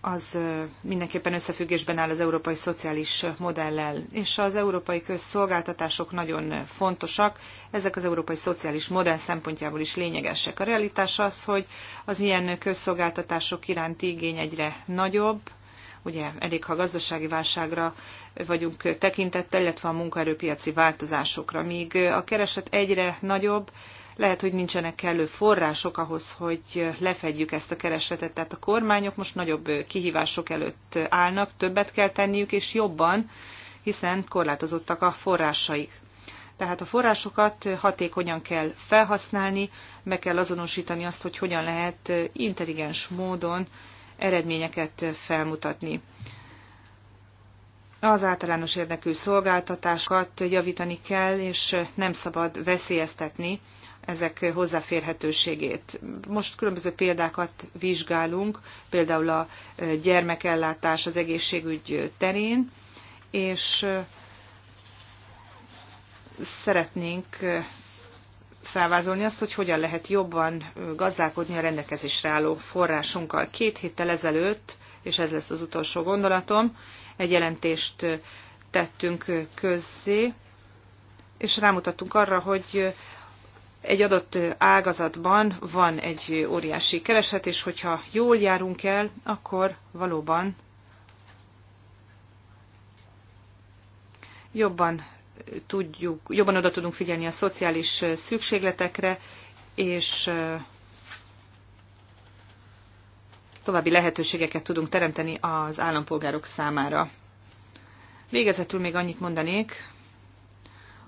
az mindenképpen összefüggésben áll az európai szociális modellel, és az európai közszolgáltatások nagyon fontosak, ezek az európai szociális modell szempontjából is lényegesek. A realitás az, hogy az ilyen közszolgáltatások iránti igény egyre nagyobb, Ugye elég, ha gazdasági válságra vagyunk tekintettel, illetve a munkaerőpiaci változásokra. Míg a kereset egyre nagyobb, lehet, hogy nincsenek kellő források ahhoz, hogy lefedjük ezt a keresletet. Tehát a kormányok most nagyobb kihívások előtt állnak, többet kell tenniük, és jobban, hiszen korlátozottak a forrásaik. Tehát a forrásokat hatékonyan kell felhasználni, meg kell azonosítani azt, hogy hogyan lehet intelligens módon eredményeket felmutatni. Az általános érdekű szolgáltatásokat javítani kell, és nem szabad veszélyeztetni ezek hozzáférhetőségét. Most különböző példákat vizsgálunk, például a gyermekellátás az egészségügy terén, és szeretnénk felvázolni azt, hogy hogyan lehet jobban gazdálkodni a rendelkezésre álló forrásunkkal. Két héttel ezelőtt, és ez lesz az utolsó gondolatom, egy jelentést tettünk közzé, és rámutattunk arra, hogy egy adott ágazatban van egy óriási kereset, és hogyha jól járunk el, akkor valóban jobban tudjuk, jobban oda tudunk figyelni a szociális szükségletekre, és további lehetőségeket tudunk teremteni az állampolgárok számára. Végezetül még annyit mondanék,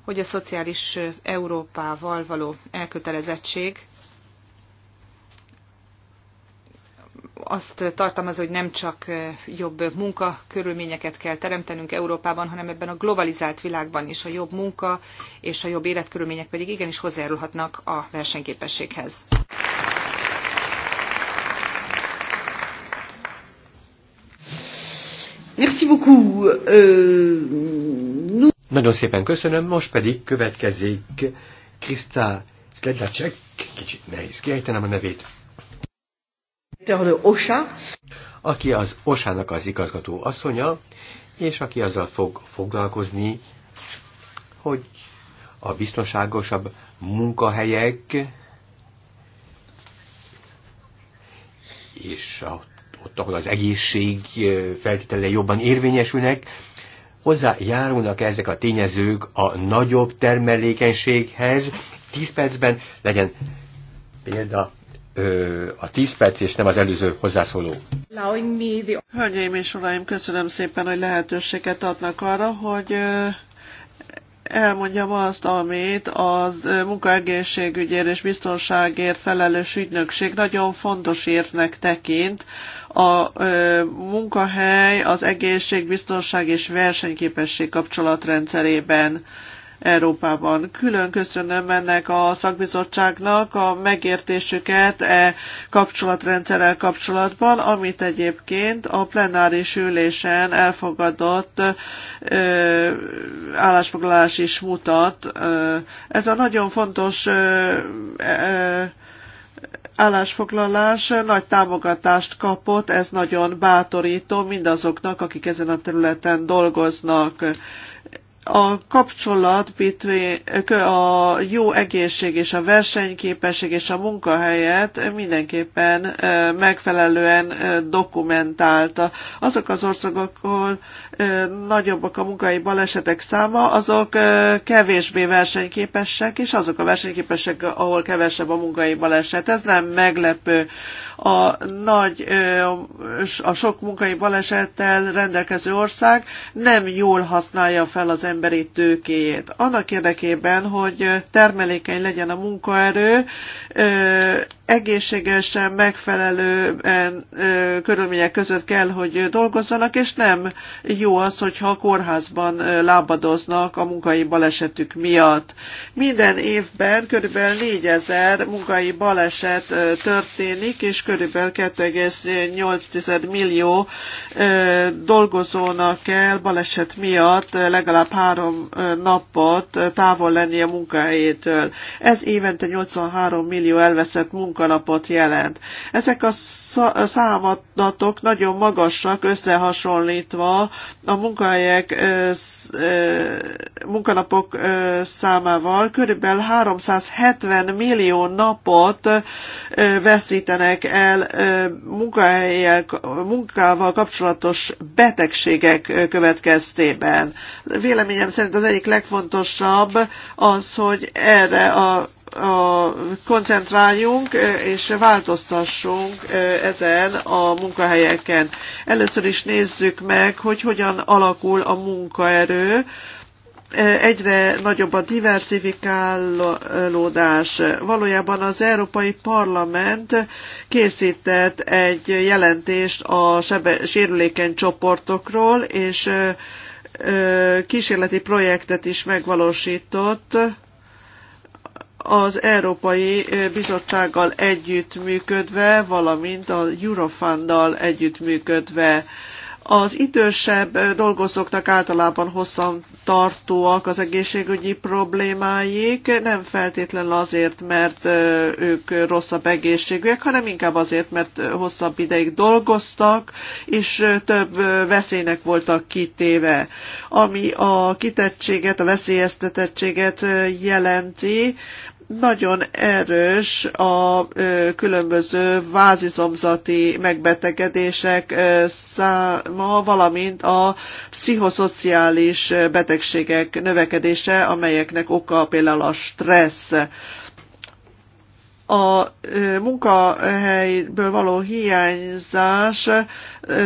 hogy a szociális Európával való elkötelezettség azt tartalmaz, hogy nem csak jobb munkakörülményeket kell teremtenünk Európában, hanem ebben a globalizált világban is a jobb munka és a jobb életkörülmények pedig igenis hozzájárulhatnak a versenyképességhez. Merci beaucoup. Euh, Nagyon szépen köszönöm, most pedig következik Krista Sledlacek, kicsit nehéz kiejtenem a nevét, aki az Osának az igazgató asszonya, és aki azzal fog foglalkozni, hogy a biztonságosabb munkahelyek és a, ott, ahol az egészség eh, feltétele jobban érvényesülnek, hozzájárulnak ezek a tényezők a nagyobb termelékenységhez. 10 percben legyen példa a 10 perc, és nem az előző hozzászóló. Hölgyeim és uraim, köszönöm szépen, hogy lehetőséget adnak arra, hogy elmondjam azt, amit az munkaegészségügyért és biztonságért felelős ügynökség nagyon fontos érvnek tekint. A munkahely az egészség, biztonság és versenyképesség kapcsolatrendszerében Európában. Külön köszönöm ennek a szakbizottságnak a megértésüket e kapcsolatrendszerrel kapcsolatban, amit egyébként a plenáris ülésen elfogadott e, állásfoglalás is mutat. E, ez a nagyon fontos e, e, állásfoglalás nagy támogatást kapott, ez nagyon bátorító mindazoknak, akik ezen a területen dolgoznak a kapcsolat a jó egészség és a versenyképesség és a munkahelyet mindenképpen megfelelően dokumentálta. Azok az országok, ahol nagyobbak a munkai balesetek száma, azok kevésbé versenyképesek, és azok a versenyképesek, ahol kevesebb a munkai baleset. Ez nem meglepő a nagy, a sok munkai balesettel rendelkező ország nem jól használja fel az emberi tőkéjét. Annak érdekében, hogy termelékeny legyen a munkaerő, egészségesen, megfelelő körülmények között kell, hogy dolgozzanak, és nem jó az, hogyha a kórházban lábadoznak a munkai balesetük miatt. Minden évben kb. 4000 munkai baleset történik, és kb. 2,8 millió dolgozónak kell baleset miatt legalább három napot távol lennie munkahelyétől. Ez évente 83 millió elveszett munka munkanapot jelent. Ezek a számadatok nagyon magasak összehasonlítva a munkahelyek munkanapok számával. Körülbelül 370 millió napot veszítenek el munkahelyek, munkával kapcsolatos betegségek következtében. Véleményem szerint az egyik legfontosabb az, hogy erre a a, koncentráljunk és változtassunk ezen a munkahelyeken. Először is nézzük meg, hogy hogyan alakul a munkaerő, egyre nagyobb a diversifikálódás. Valójában az Európai Parlament készített egy jelentést a sebe- sérülékeny csoportokról, és kísérleti projektet is megvalósított, az Európai Bizottsággal együttműködve, valamint a Eurofunddal együttműködve. Az idősebb dolgozóknak általában hosszan tartóak az egészségügyi problémáik, nem feltétlenül azért, mert ők rosszabb egészségűek, hanem inkább azért, mert hosszabb ideig dolgoztak, és több veszélynek voltak kitéve. Ami a kitettséget, a veszélyeztetettséget jelenti, nagyon erős a különböző vázizomzati megbetegedések száma, valamint a pszichoszociális betegségek növekedése, amelyeknek oka például a stressz a munkahelyből való hiányzás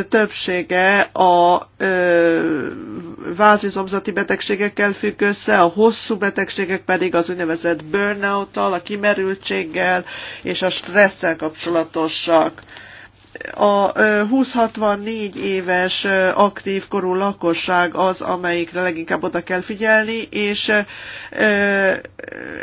többsége a vázizomzati betegségekkel függ össze, a hosszú betegségek pedig az úgynevezett burnout-tal, a kimerültséggel és a stresszel kapcsolatosak a 20-64 éves aktív korú lakosság az, amelyikre leginkább oda kell figyelni, és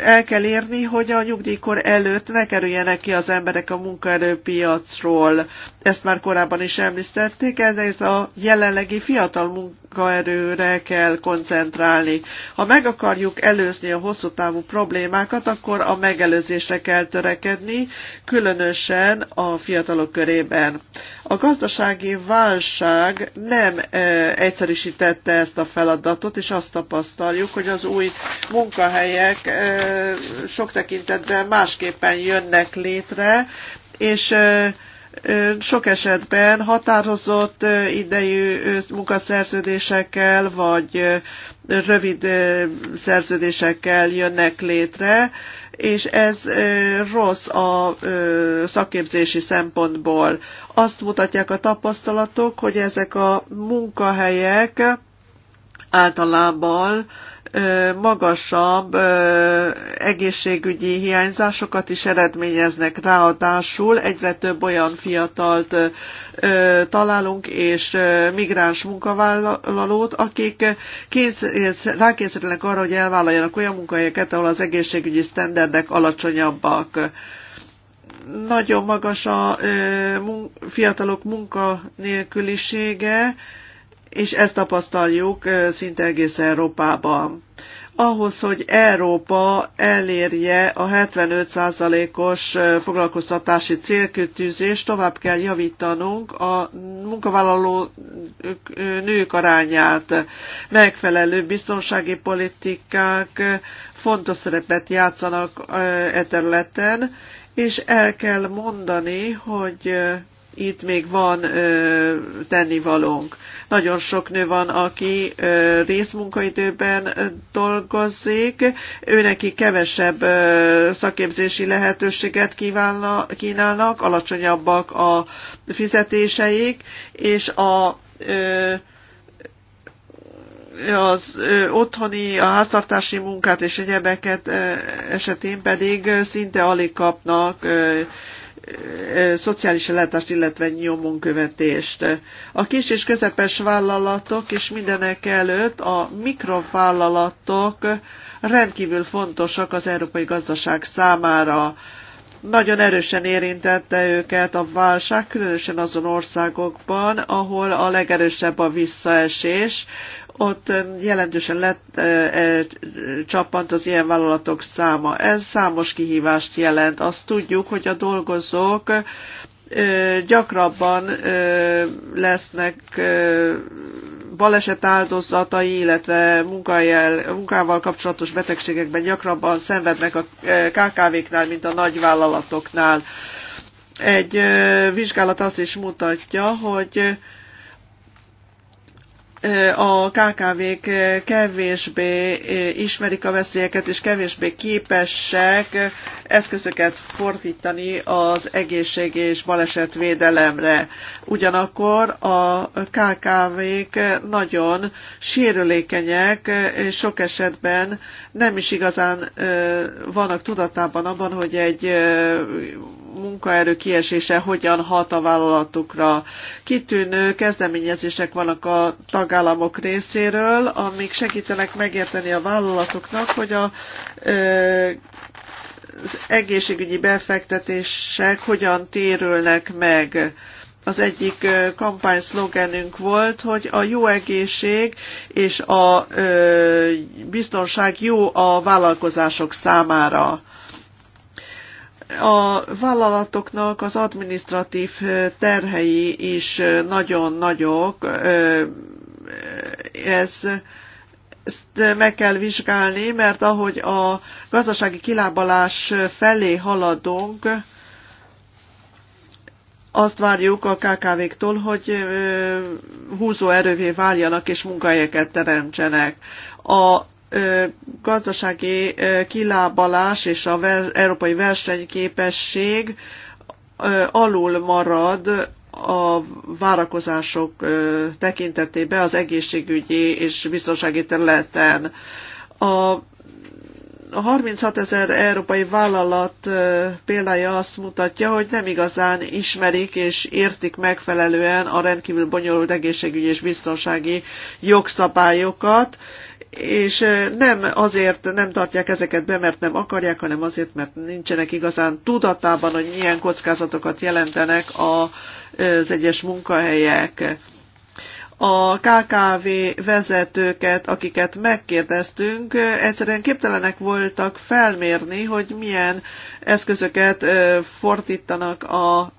el kell érni, hogy a nyugdíjkor előtt ne kerüljenek ki az emberek a munkaerőpiacról. Ezt már korábban is említették, ez a jelenlegi fiatal munkaerőre kell koncentrálni. Ha meg akarjuk előzni a hosszú távú problémákat, akkor a megelőzésre kell törekedni, különösen a fiatalok körében. A gazdasági válság nem e, egyszerűsítette ezt a feladatot, és azt tapasztaljuk, hogy az új munkahelyek e, sok tekintetben másképpen jönnek létre, és e, sok esetben határozott idejű munkaszerződésekkel, vagy rövid szerződésekkel jönnek létre, és ez rossz a szakképzési szempontból. Azt mutatják a tapasztalatok, hogy ezek a munkahelyek általában magasabb egészségügyi hiányzásokat is eredményeznek. Ráadásul egyre több olyan fiatalt találunk, és migráns munkavállalót, akik rákényszerülnek arra, hogy elvállaljanak olyan munkahelyeket, ahol az egészségügyi sztenderdek alacsonyabbak nagyon magas a fiatalok munkanélkülisége, és ezt tapasztaljuk szinte egész Európában. Ahhoz, hogy Európa elérje a 75%-os foglalkoztatási célkütűzést, tovább kell javítanunk a munkavállaló nők arányát. Megfelelő biztonsági politikák fontos szerepet játszanak e területen, és el kell mondani, hogy itt még van ö, tennivalónk. Nagyon sok nő van, aki ö, részmunkaidőben dolgozik, őneki kevesebb ö, szakképzési lehetőséget kívánna, kínálnak, alacsonyabbak a fizetéseik, és a ö, az ö, otthoni, a háztartási munkát és egyebeket ö, esetén pedig szinte alig kapnak ö, szociális ellátást, illetve nyomonkövetést. A kis és közepes vállalatok és mindenek előtt a mikrovállalatok rendkívül fontosak az európai gazdaság számára. Nagyon erősen érintette őket a válság, különösen azon országokban, ahol a legerősebb a visszaesés, ott eh, jelentősen lett, e, eh, e, eh, csapant az ilyen vállalatok száma. Ez számos kihívást jelent. Azt tudjuk, hogy a dolgozók gyakrabban lesznek baleset áldozatai, illetve munkájel, munkával kapcsolatos betegségekben gyakrabban szenvednek a KKV-knál, mint a nagyvállalatoknál. Egy vizsgálat azt is mutatja, hogy a KKV-k kevésbé ismerik a veszélyeket, és kevésbé képesek eszközöket fordítani az egészség és balesetvédelemre. Ugyanakkor a KKV-k nagyon sérülékenyek, és sok esetben nem is igazán vannak tudatában abban, hogy egy munkaerő kiesése hogyan hat a vállalatukra. Kitűnő kezdeményezések vannak a tagállamok részéről, amik segítenek megérteni a vállalatoknak, hogy a az egészségügyi befektetések hogyan térülnek meg. Az egyik kampány szlogenünk volt, hogy a jó egészség és a biztonság jó a vállalkozások számára a vállalatoknak az administratív terhei is nagyon nagyok. Ez ezt meg kell vizsgálni, mert ahogy a gazdasági kilábalás felé haladunk, azt várjuk a KKV-któl, hogy húzó erővé váljanak és munkahelyeket teremtsenek. A gazdasági kilábalás és az európai versenyképesség alul marad a várakozások tekintetében az egészségügyi és biztonsági területen. A 36 ezer európai vállalat példája azt mutatja, hogy nem igazán ismerik és értik megfelelően a rendkívül bonyolult egészségügyi és biztonsági jogszabályokat, és nem azért nem tartják ezeket be, mert nem akarják, hanem azért, mert nincsenek igazán tudatában, hogy milyen kockázatokat jelentenek az egyes munkahelyek a KKV vezetőket, akiket megkérdeztünk, egyszerűen képtelenek voltak felmérni, hogy milyen eszközöket fordítanak, a,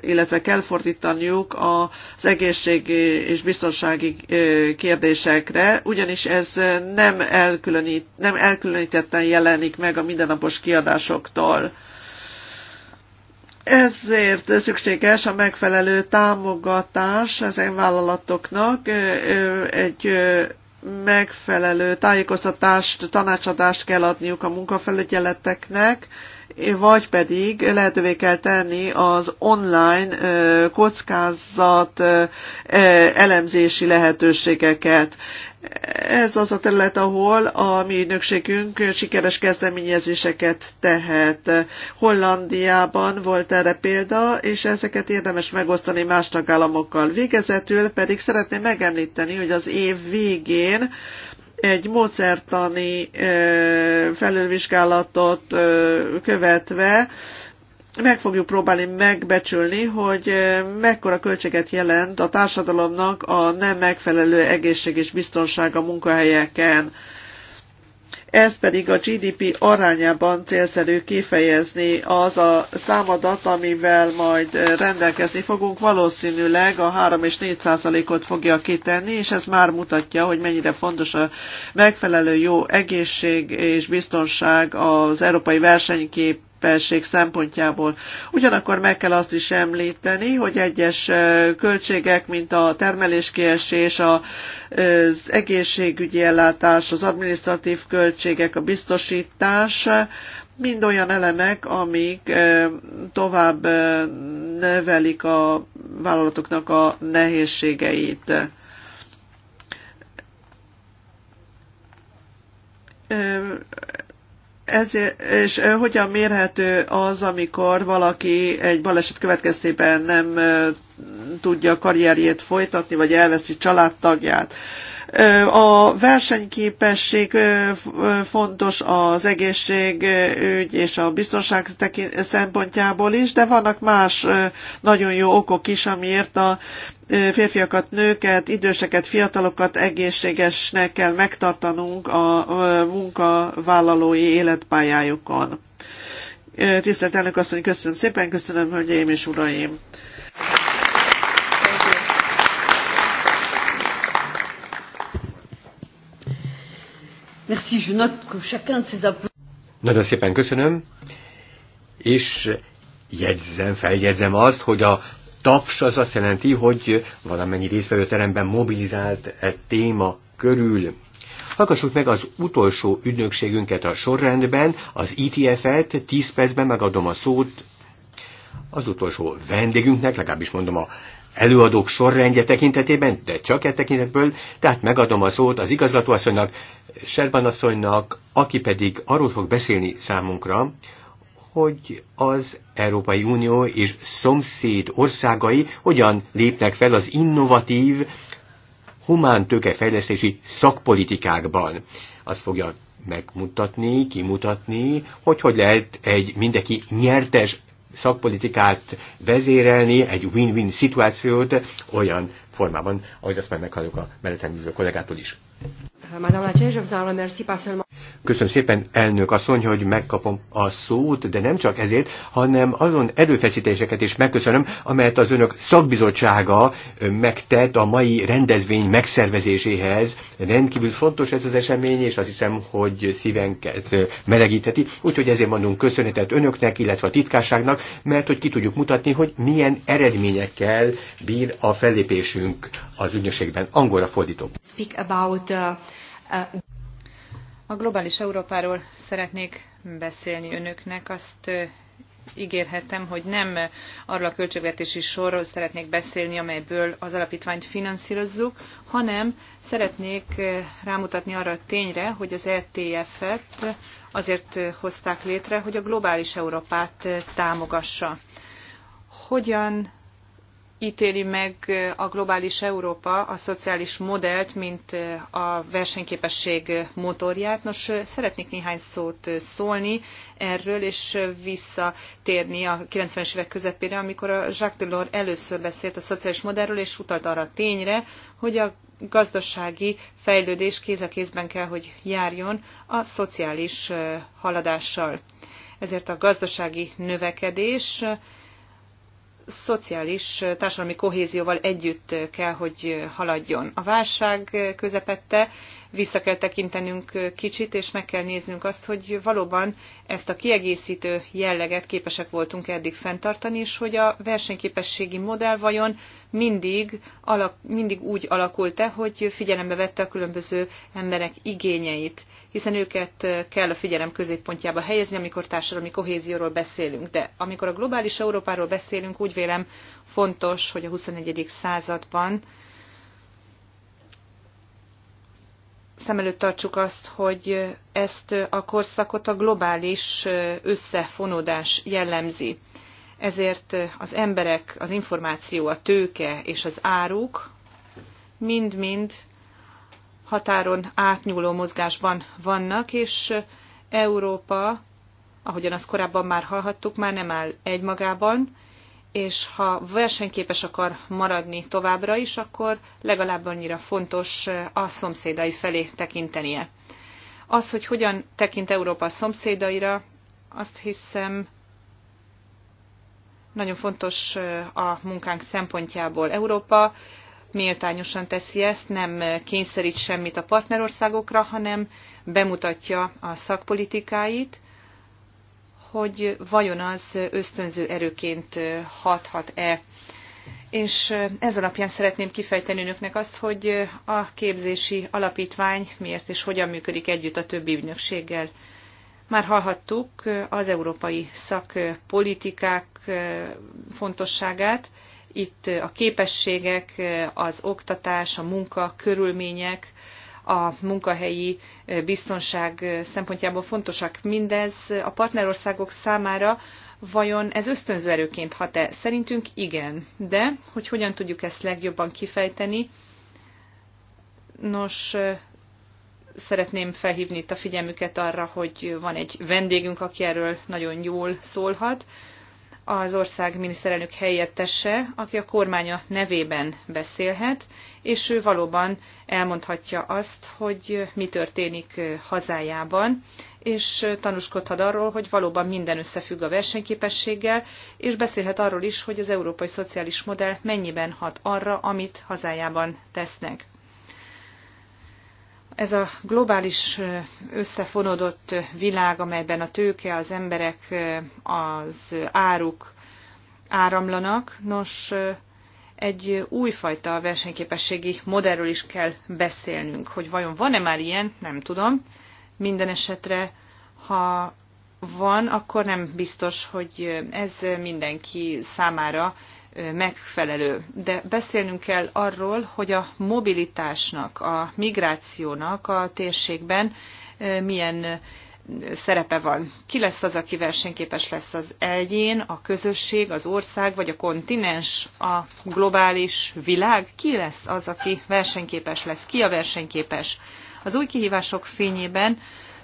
illetve kell fordítaniuk az egészség és biztonsági kérdésekre, ugyanis ez nem, elkülönít, nem elkülönítetten jelenik meg a mindennapos kiadásoktól ezért szükséges a megfelelő támogatás ezen vállalatoknak egy megfelelő tájékoztatást, tanácsadást kell adniuk a munkafelügyeleteknek, vagy pedig lehetővé kell tenni az online kockázat elemzési lehetőségeket ez az a terület, ahol a mi ügynökségünk sikeres kezdeményezéseket tehet. Hollandiában volt erre példa, és ezeket érdemes megosztani más tagállamokkal. Végezetül pedig szeretném megemlíteni, hogy az év végén egy módszertani felülvizsgálatot követve meg fogjuk próbálni megbecsülni, hogy eh, mekkora költséget jelent a társadalomnak a nem megfelelő egészség és biztonság a munkahelyeken. Ez pedig a GDP arányában célszerű kifejezni az a számadat, amivel majd eh, rendelkezni fogunk, valószínűleg a 3 és 4 százalékot fogja kitenni, és ez már mutatja, hogy mennyire fontos a megfelelő jó egészség és biztonság az európai versenykép tippelség szempontjából. Ugyanakkor meg kell azt is említeni, hogy egyes költségek, mint a termeléskiesés, az egészségügyi ellátás, az administratív költségek, a biztosítás, mind olyan elemek, amik tovább növelik a vállalatoknak a nehézségeit. Ez, és hogyan mérhető az, amikor valaki egy baleset következtében nem tudja a karrierjét folytatni, vagy elveszi családtagját? A versenyképesség fontos az egészségügy és a biztonság szempontjából is, de vannak más nagyon jó okok is, amiért a férfiakat, nőket, időseket, fiatalokat egészségesnek kell megtartanunk a munkavállalói életpályájukon. Tisztelt elnök asszony, köszönöm szépen, köszönöm, hölgyeim és uraim! Nagyon szépen köszönöm, és jegyzem, feljegyzem azt, hogy a taps az azt jelenti, hogy valamennyi részvevő teremben mobilizált e téma körül. Hallgassuk meg az utolsó ügynökségünket a sorrendben, az ETF-et, 10 percben megadom a szót az utolsó vendégünknek, legalábbis mondom a előadók sorrendje tekintetében, de csak e tekintetből, tehát megadom a szót az igazgatóasszonynak, Serban asszonynak, aki pedig arról fog beszélni számunkra, hogy az Európai Unió és szomszéd országai hogyan lépnek fel az innovatív, humán tőkefejlesztési szakpolitikákban. Azt fogja megmutatni, kimutatni, hogy hogy lehet egy mindenki nyertes szakpolitikát vezérelni, egy win-win szituációt olyan formában, ahogy azt már meghalljuk a mellettem ülő kollégától is. Madame la Chair, je vous en remercie pas seulement. Köszönöm szépen, elnök asszony, hogy megkapom a szót, de nem csak ezért, hanem azon erőfeszítéseket is megköszönöm, amelyet az önök szakbizottsága megtett a mai rendezvény megszervezéséhez. Rendkívül fontos ez az esemény, és azt hiszem, hogy szívenket melegítheti. Úgyhogy ezért mondunk köszönetet önöknek, illetve a titkárságnak, mert hogy ki tudjuk mutatni, hogy milyen eredményekkel bír a fellépésünk az ügynökségben. Angolra fordítom. Speak about, uh, uh... A globális Európáról szeretnék beszélni önöknek. Azt ígérhetem, hogy nem arról a költségvetési sorról szeretnék beszélni, amelyből az alapítványt finanszírozzuk, hanem szeretnék rámutatni arra a tényre, hogy az ETF-et azért hozták létre, hogy a globális Európát támogassa. Hogyan ítéli meg a globális Európa a szociális modellt, mint a versenyképesség motorját. Nos, szeretnék néhány szót szólni erről, és visszatérni a 90-es évek közepére, amikor a Jacques Delors először beszélt a szociális modellről, és utalt arra a tényre, hogy a gazdasági fejlődés kéz a kézben kell, hogy járjon a szociális haladással. Ezért a gazdasági növekedés szociális társadalmi kohézióval együtt kell, hogy haladjon. A válság közepette vissza kell tekintenünk kicsit, és meg kell néznünk azt, hogy valóban ezt a kiegészítő jelleget képesek voltunk eddig fenntartani, és hogy a versenyképességi modell vajon mindig, alak, mindig úgy alakult-e, hogy figyelembe vette a különböző emberek igényeit, hiszen őket kell a figyelem középpontjába helyezni, amikor társadalmi kohézióról beszélünk. De amikor a globális Európáról beszélünk, úgy vélem fontos, hogy a 21. században szem előtt tartsuk azt, hogy ezt a korszakot a globális összefonódás jellemzi. Ezért az emberek, az információ, a tőke és az áruk mind-mind határon átnyúló mozgásban vannak, és Európa, ahogyan azt korábban már hallhattuk, már nem áll egymagában, és ha versenyképes akar maradni továbbra is, akkor legalább annyira fontos eh, a szomszédai felé tekintenie. Az, hogy hogyan tekint Európa a szomszédaira, azt hiszem nagyon fontos eh, a munkánk szempontjából. Európa méltányosan teszi ezt, nem eh, kényszerít semmit a partnerországokra, hanem bemutatja a szakpolitikáit, hogy vajon az ösztönző erőként hathat-e. És ez alapján szeretném kifejteni önöknek azt, hogy a képzési alapítvány miért és hogyan működik együtt a többi ügynökséggel. Már hallhattuk az európai szakpolitikák fontosságát, itt a képességek, az oktatás, a munka, körülmények, a munkahelyi biztonság szempontjából fontosak. Mindez a partnerországok számára vajon ez ösztönző erőként hat-e? Szerintünk igen, de hogy hogyan tudjuk ezt legjobban kifejteni, nos, szeretném felhívni itt a figyelmüket arra, hogy van egy vendégünk, aki erről nagyon jól szólhat, az ország miniszterelnök helyettese, aki a kormánya nevében beszélhet, és ő valóban elmondhatja azt, hogy mi történik hazájában, és tanúskodhat arról, hogy valóban minden összefügg a versenyképességgel, és beszélhet arról is, hogy az európai szociális modell mennyiben hat arra, amit hazájában tesznek ez a globális összefonódott világ, amelyben a tőke, az emberek, az áruk áramlanak, nos, egy újfajta versenyképességi modellről is kell beszélnünk. Hogy vajon van-e már ilyen, nem tudom. Minden esetre, ha van, akkor nem biztos, hogy ez mindenki számára megfelelő. De beszélnünk kell arról, hogy a mobilitásnak, a migrációnak a térségben milyen szerepe van. Ki lesz az, aki versenyképes lesz az egyén, a közösség, az ország, vagy a kontinens, a globális világ? Ki lesz az, aki versenyképes lesz? Ki a versenyképes? Az új kihívások fényében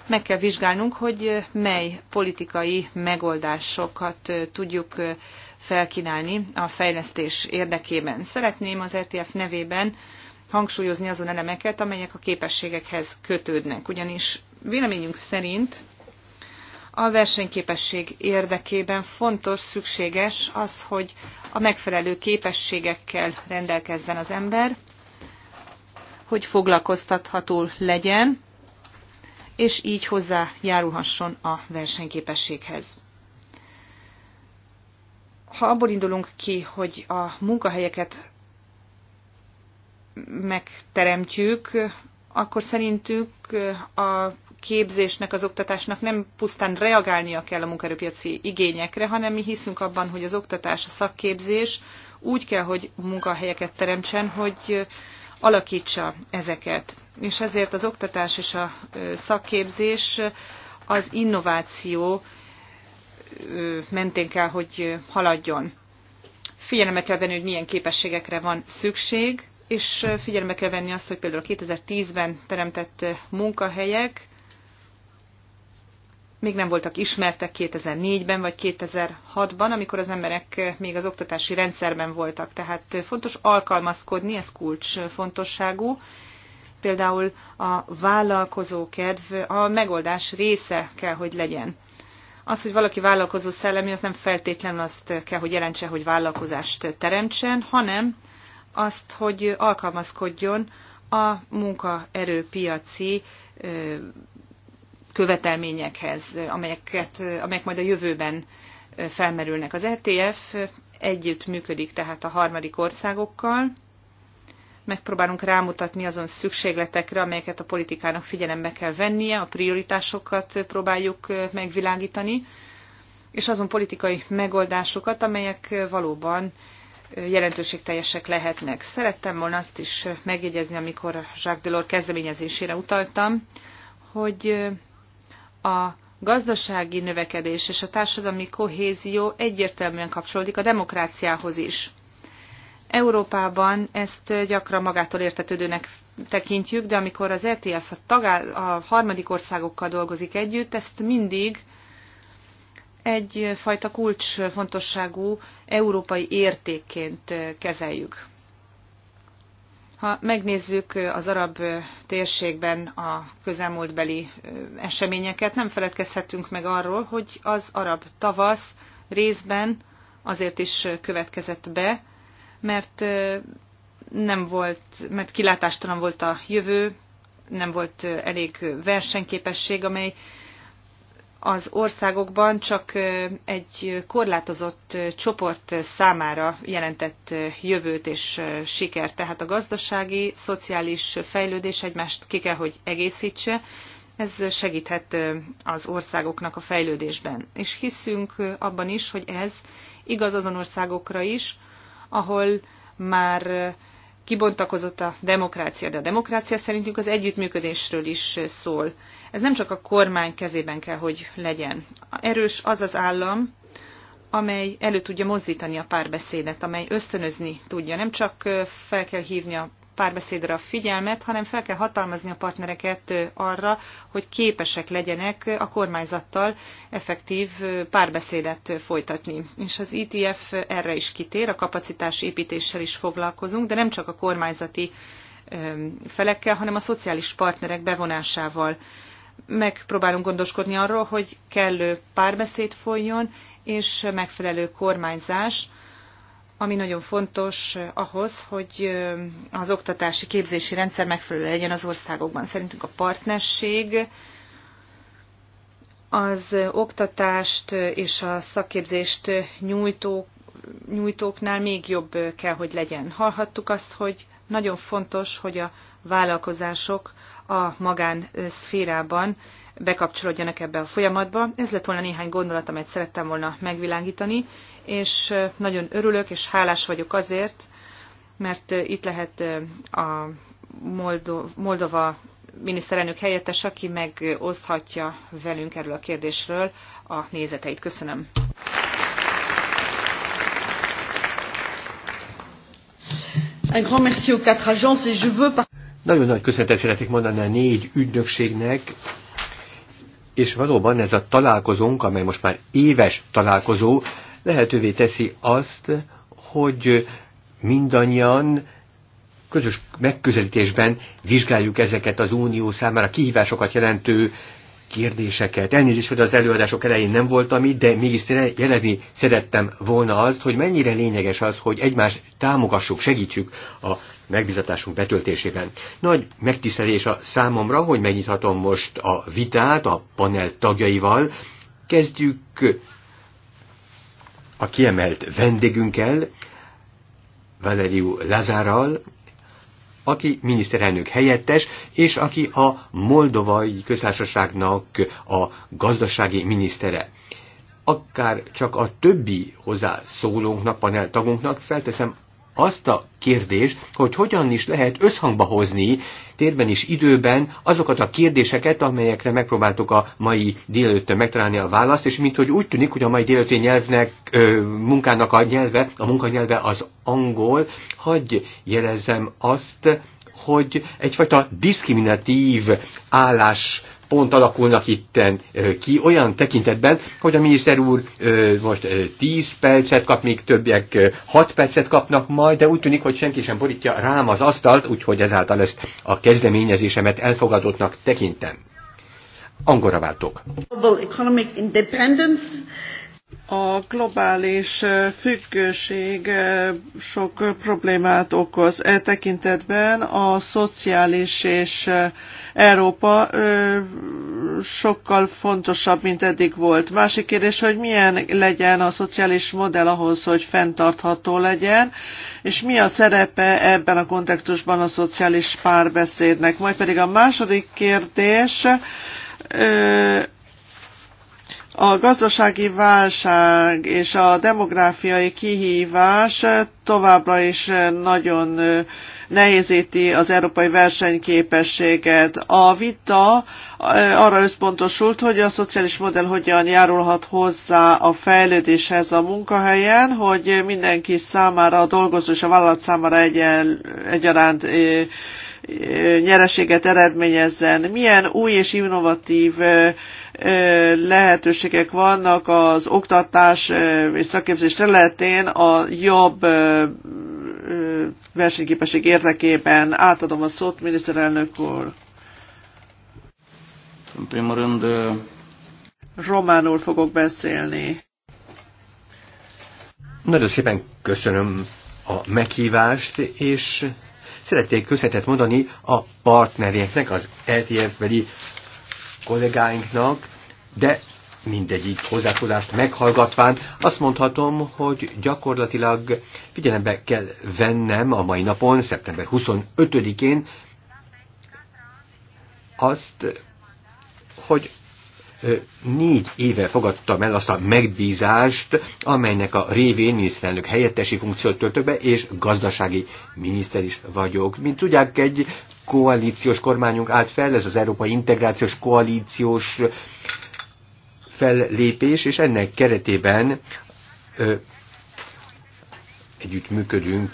meg kell vizsgálnunk, hogy mely politikai megoldásokat tudjuk felkínálni a fejlesztés érdekében. Szeretném az ETF nevében hangsúlyozni azon elemeket, amelyek a képességekhez kötődnek. Ugyanis véleményünk szerint a versenyképesség érdekében fontos, szükséges az, hogy a megfelelő képességekkel rendelkezzen az ember, hogy foglalkoztatható legyen, és így hozzájárulhasson a versenyképességhez ha abból indulunk ki, hogy a munkahelyeket megteremtjük, akkor szerintük a képzésnek, az oktatásnak nem pusztán reagálnia kell a munkaerőpiaci igényekre, hanem mi hiszünk abban, hogy az oktatás, a szakképzés úgy kell, hogy munkahelyeket teremtsen, hogy alakítsa ezeket. És ezért az oktatás és a szakképzés az innováció mentén kell, hogy haladjon. Figyelembe kell venni, hogy milyen képességekre van szükség, és figyelembe kell venni azt, hogy például 2010-ben teremtett munkahelyek még nem voltak ismertek 2004-ben vagy 2006-ban, amikor az emberek még az oktatási rendszerben voltak. Tehát fontos alkalmazkodni, ez kulcs fontosságú. Például a kedv, a megoldás része kell, hogy legyen. Az, hogy valaki vállalkozó szellemi, az nem feltétlenül azt kell, hogy jelentse, hogy vállalkozást teremtsen, hanem azt, hogy alkalmazkodjon a munkaerőpiaci követelményekhez, amelyeket, amelyek majd a jövőben felmerülnek. Az ETF együtt működik tehát a harmadik országokkal, megpróbálunk rámutatni azon szükségletekre, amelyeket a politikának figyelembe kell vennie, a prioritásokat próbáljuk megvilágítani, és azon politikai megoldásokat, amelyek valóban jelentőségteljesek lehetnek. Szerettem volna azt is megjegyezni, amikor Jacques Delors kezdeményezésére utaltam, hogy a gazdasági növekedés és a társadalmi kohézió egyértelműen kapcsolódik a demokráciához is. Európában ezt gyakran magától értetődőnek tekintjük, de amikor az RTF e a, tagá- a harmadik országokkal dolgozik együtt, ezt mindig egyfajta kulcsfontosságú európai értékként kezeljük. Ha megnézzük az arab térségben a közelmúltbeli eseményeket, nem feledkezhetünk meg arról, hogy az arab tavasz részben azért is következett be, mert nem volt, mert kilátástalan volt a jövő, nem volt elég versenyképesség, amely az országokban csak egy korlátozott csoport számára jelentett jövőt és sikert. Tehát a gazdasági, szociális fejlődés egymást ki kell, hogy egészítse. Ez segíthet az országoknak a fejlődésben. És hiszünk abban is, hogy ez igaz azon országokra is, ahol már kibontakozott a demokrácia, de a demokrácia szerintünk az együttműködésről is szól. Ez nem csak a kormány kezében kell, hogy legyen. Erős az az állam, amely elő tudja mozdítani a párbeszédet, amely ösztönözni tudja. Nem csak fel kell hívni a párbeszédre a figyelmet, hanem fel kell hatalmazni a partnereket arra, hogy képesek legyenek a kormányzattal effektív párbeszédet folytatni. És az ITF e erre is kitér, a kapacitás építéssel is foglalkozunk, de nem csak a kormányzati felekkel, hanem a szociális partnerek bevonásával. Megpróbálunk gondoskodni arról, hogy kellő párbeszéd folyjon, és megfelelő kormányzás, ami nagyon fontos eh, ahhoz, hogy eh, az oktatási képzési rendszer megfelelő legyen az országokban. Szerintünk a partnerség az oktatást eh, és a szakképzést nyújtók, nyújtóknál még jobb kell, hogy legyen. Hallhattuk azt, hogy nagyon fontos, hogy a vállalkozások a magánszférában bekapcsolódjanak ebbe a folyamatba. Ez lett volna néhány gondolat, amelyet szerettem volna megvilágítani, és nagyon örülök, és hálás vagyok azért, mert itt lehet a Moldova, miniszterelnök helyettes, aki megoszthatja velünk erről a kérdésről a nézeteit. Köszönöm. Nagyon nagy köszönetet szeretnék mondani a négy ügynökségnek, és valóban ez a találkozónk, amely most már éves találkozó, lehetővé teszi azt, hogy mindannyian közös megközelítésben vizsgáljuk ezeket az unió számára kihívásokat jelentő kérdéseket. Elnézést, hogy az előadások elején nem voltam itt, de mégis jelezni szerettem volna azt, hogy mennyire lényeges az, hogy egymást támogassuk, segítsük a megbizatásunk betöltésében. Nagy megtisztelés a számomra, hogy megnyithatom most a vitát a panel tagjaival. Kezdjük a kiemelt vendégünkkel, Valeriu Lazárral, aki miniszterelnök helyettes, és aki a Moldovai Köztársaságnak a gazdasági minisztere. Akár csak a többi hozzászólónknak, panel tagunknak felteszem azt a kérdést, hogy hogyan is lehet összhangba hozni térben és időben azokat a kérdéseket, amelyekre megpróbáltuk a mai délelőttön megtalálni a választ, és mint hogy úgy tűnik, hogy a mai délelőtti nyelvnek, ö, munkának a nyelve, a munkanyelve az angol, hagy jelezem azt, hogy egyfajta diszkriminatív állás pont alakulnak itten ki olyan tekintetben, hogy a miniszter úr most 10 percet kap, még többiek 6 percet kapnak majd, de úgy tűnik, hogy senki sem borítja rám az asztalt, úgyhogy ezáltal ezt a kezdeményezésemet elfogadottnak tekintem. Angora váltok a globális függőség sok problémát okoz. E tekintetben a szociális és Európa sokkal fontosabb, mint eddig volt. Másik kérdés, hogy milyen legyen a szociális modell ahhoz, hogy fenntartható legyen, és mi a szerepe ebben a kontextusban a szociális párbeszédnek. Majd pedig a második kérdés, a gazdasági válság és a demográfiai kihívás továbbra is nagyon nehézíti az európai versenyképességet. A vita arra összpontosult, hogy a szociális modell hogyan járulhat hozzá a fejlődéshez a munkahelyen, hogy mindenki számára, a dolgozó és a vállalat számára egyen, egyaránt nyereséget eredményezzen. Milyen új és innovatív lehetőségek vannak az oktatás és szakképzés területén a jobb versenyképesség érdekében. Átadom a szót, miniszterelnök úr. Románul fogok beszélni. Nagyon szépen köszönöm a meghívást, és Szeretnék köszönetet mondani a partneréknek, az LTF-beli e kollégáinknak, de mindegyik hozzászólást meghallgatván azt mondhatom, hogy gyakorlatilag figyelembe kell vennem a mai napon, szeptember 25-én azt, hogy négy éve fogadtam el azt a megbízást, amelynek a révén miniszterelnök helyettesi funkciót töltök be, és gazdasági miniszter is vagyok. Mint tudják, egy koalíciós kormányunk állt fel, ez az Európai Integrációs Koalíciós fellépés, és ennek keretében együtt működünk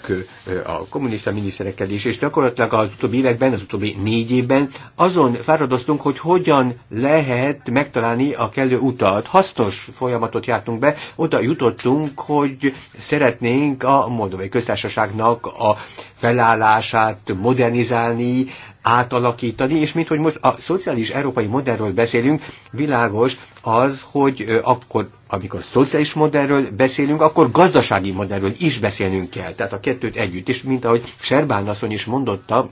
a kommunista miniszterekkel is, és gyakorlatilag az utóbbi években, az utóbbi négy évben azon fáradoztunk, hogy hogyan lehet megtalálni a kellő utat. Hasznos folyamatot jártunk be, oda jutottunk, hogy szeretnénk a Moldovai Köztársaságnak a felállását modernizálni, átalakítani, és mint hogy most a szociális európai modellről beszélünk, világos az, hogy akkor, amikor szociális modellről beszélünk, akkor gazdasági modellről is beszélnünk kell. Tehát a kettőt együtt. És mint ahogy Serbán asszony is mondotta,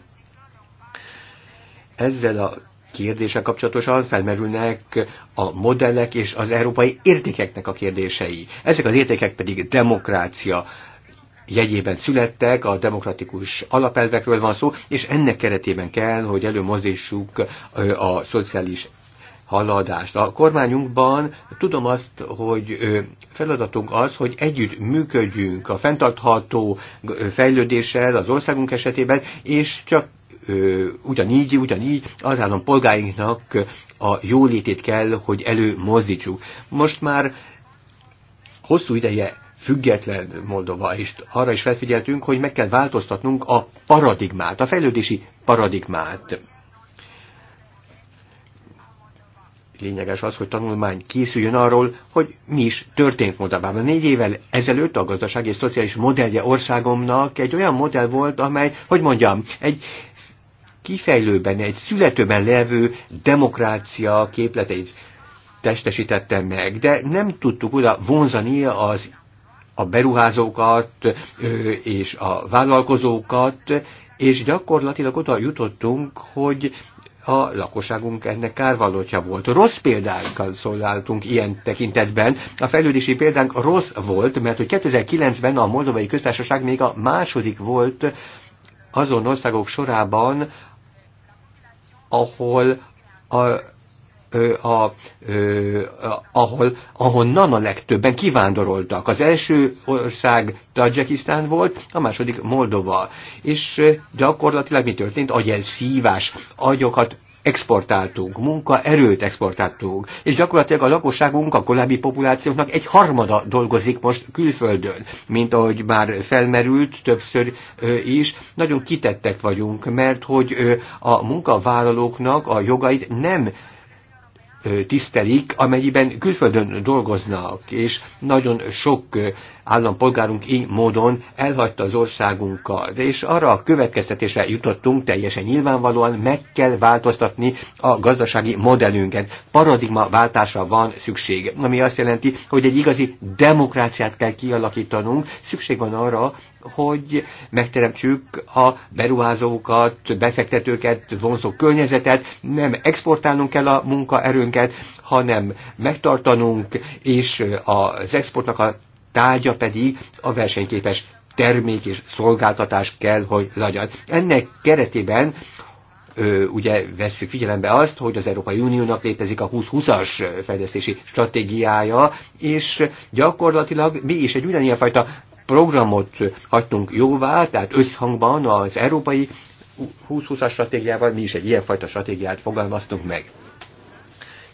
ezzel a kérdése kapcsolatosan felmerülnek a modellek és az európai értékeknek a kérdései. Ezek az értékek pedig demokrácia, jegyében születtek, a demokratikus alapelvekről van szó, és ennek keretében kell, hogy előmozdítsuk a szociális haladást. A kormányunkban tudom azt, hogy feladatunk az, hogy együtt működjünk a fenntartható fejlődéssel az országunk esetében, és csak ugyanígy, ugyanígy az polgáinknak a jólétét kell, hogy előmozdítsuk. Most már hosszú ideje független Moldova, és arra is felfigyeltünk, hogy meg kell változtatnunk a paradigmát, a fejlődési paradigmát. Lényeges az, hogy tanulmány készüljön arról, hogy mi is történt Moldovában. Négy évvel ezelőtt a gazdasági és szociális modellje országomnak egy olyan modell volt, amely, hogy mondjam, egy kifejlőben, egy születőben levő demokrácia képleteit testesítette meg, de nem tudtuk oda vonzani az a beruházókat és a vállalkozókat, és gyakorlatilag oda jutottunk, hogy a lakosságunk ennek kárvallotja volt. Rossz példákkal szolgáltunk ilyen tekintetben. A fejlődési példánk rossz volt, mert hogy 2009-ben a Moldovai Köztársaság még a második volt azon országok sorában, ahol a a, ahol, ahonnan a legtöbben kivándoroltak. Az első ország Tajikisztán volt, a második Moldova. És gyakorlatilag mi történt? Agyel szívás, agyokat exportáltunk, munkaerőt exportáltunk, és gyakorlatilag a lakosságunk, a korábbi populációknak egy harmada dolgozik most külföldön, mint ahogy már felmerült többször ö, is, nagyon kitettek vagyunk, mert hogy ö, a munkavállalóknak a jogait nem tisztelik, amelyiben külföldön dolgoznak, és nagyon sok állampolgárunk így módon elhagyta az országunkkal, és arra a következtetésre jutottunk, teljesen nyilvánvalóan meg kell változtatni a gazdasági modellünket. Paradigma váltása van szükség, ami azt jelenti, hogy egy igazi demokráciát kell kialakítanunk, szükség van arra, hogy megteremtsük a beruházókat, befektetőket, vonzó környezetet, nem exportálnunk kell a munkaerőnket, hanem megtartanunk, és az exportnak a tárgya pedig a versenyképes termék és szolgáltatás kell, hogy legyen. Ennek keretében ö, ugye vesszük figyelembe azt, hogy az Európai Uniónak létezik a 2020-as fejlesztési stratégiája, és gyakorlatilag mi is egy ugyanilyen fajta programot hagytunk jóvá, tehát összhangban az Európai 2020-as stratégiával mi is egy ilyenfajta stratégiát fogalmaztunk meg.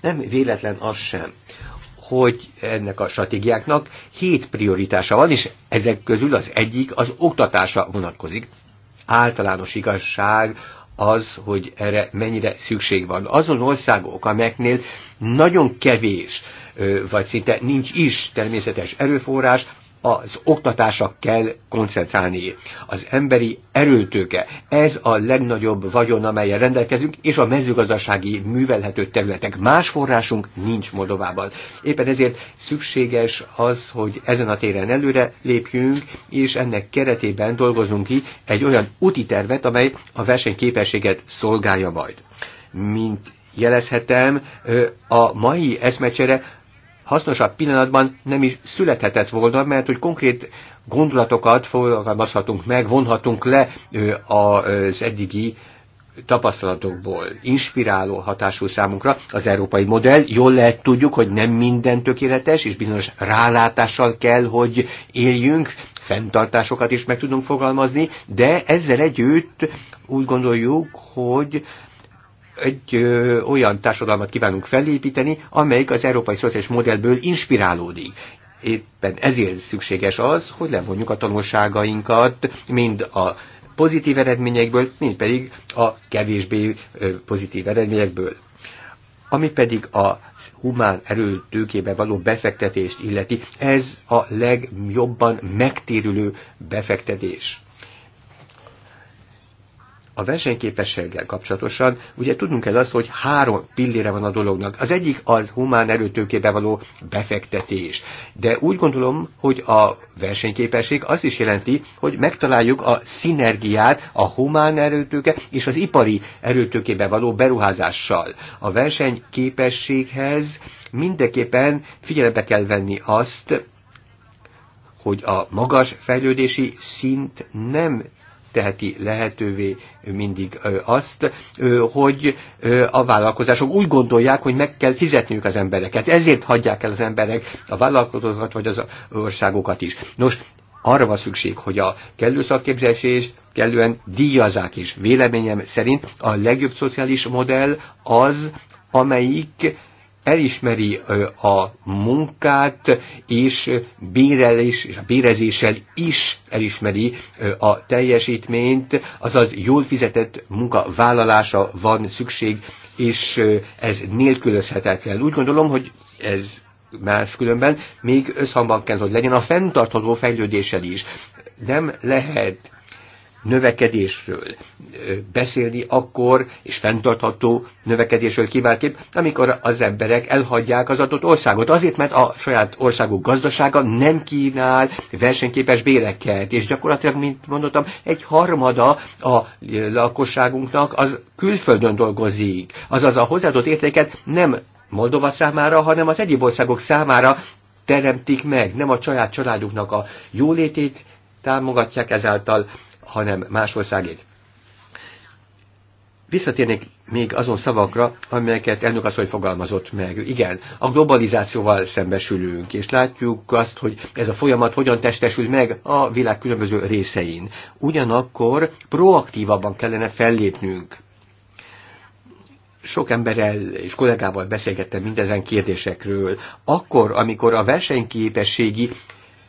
Nem véletlen az sem, hogy ennek a stratégiáknak hét prioritása van, és ezek közül az egyik az oktatása vonatkozik. Általános igazság az, hogy erre mennyire szükség van. Azon országok, amelyeknél nagyon kevés, vagy szinte nincs is természetes erőforrás, az oktatásra kell koncentrálni. Az emberi erőtőke, ez a legnagyobb vagyon, amelyen rendelkezünk, és a mezőgazdasági művelhető területek. Más forrásunk nincs Moldovában. Éppen ezért szükséges az, hogy ezen a téren előre lépjünk, és ennek keretében dolgozunk ki egy olyan úti tervet, amely a versenyképességet szolgálja majd. Mint jelezhetem, a mai eszmecsere hasznosabb pillanatban nem is születhetett volna, mert hogy konkrét gondolatokat fogalmazhatunk meg, vonhatunk le az eddigi tapasztalatokból inspiráló hatású számunkra az európai modell. Jól lehet tudjuk, hogy nem minden tökéletes, és bizonyos rálátással kell, hogy éljünk, fenntartásokat is meg tudunk fogalmazni, de ezzel együtt úgy gondoljuk, hogy egy ö, olyan társadalmat kívánunk felépíteni, amelyik az európai szociális modellből inspirálódik. Éppen ezért szükséges az, hogy levonjuk a tanulságainkat, mind a pozitív eredményekből, mind pedig a kevésbé pozitív eredményekből. Ami pedig a humán erőtőkébe való befektetést illeti, ez a legjobban megtérülő befektetés a versenyképességgel kapcsolatosan, ugye tudunk ez azt, hogy három pillére van a dolognak. Az egyik az humán erőtőkébe való befektetés. De úgy gondolom, hogy a versenyképesség azt is jelenti, hogy megtaláljuk a szinergiát a humán erőtőke és az ipari erőtőkébe való beruházással. A versenyképességhez mindenképpen figyelembe kell venni azt, hogy a magas fejlődési szint nem teheti lehetővé mindig azt, hogy a vállalkozások úgy gondolják, hogy meg kell fizetniük az embereket. Ezért hagyják el az emberek a vállalkozókat vagy az országokat is. Nos, arra van szükség, hogy a kellő szakképzésést kellően díjazák is. Véleményem szerint a legjobb szociális modell az, amelyik elismeri a munkát, és bérelés, és a bérezéssel is elismeri a teljesítményt, azaz jól fizetett munkavállalása van szükség, és ez nélkülözhetetlen. Úgy gondolom, hogy ez más különben még összhangban kell, hogy legyen a fenntartható fejlődéssel is. Nem lehet növekedésről beszélni akkor, és fenntartható növekedésről kiváltképp, amikor az emberek elhagyják az adott országot. Azért, mert a saját országok gazdasága nem kínál versenyképes béreket, és gyakorlatilag, mint mondottam, egy harmada a lakosságunknak az külföldön dolgozik. Azaz a hozzáadott értéket nem Moldova számára, hanem az egyéb országok számára teremtik meg, nem a saját családuknak a jólétét támogatják ezáltal, hanem más országét. Visszatérnék még azon szavakra, amelyeket elnök asszony fogalmazott meg. Igen, a globalizációval szembesülünk, és látjuk azt, hogy ez a folyamat hogyan testesül meg a világ különböző részein. Ugyanakkor proaktívabban kellene fellépnünk. Sok emberrel és kollégával beszélgettem mindezen kérdésekről. Akkor, amikor a versenyképességi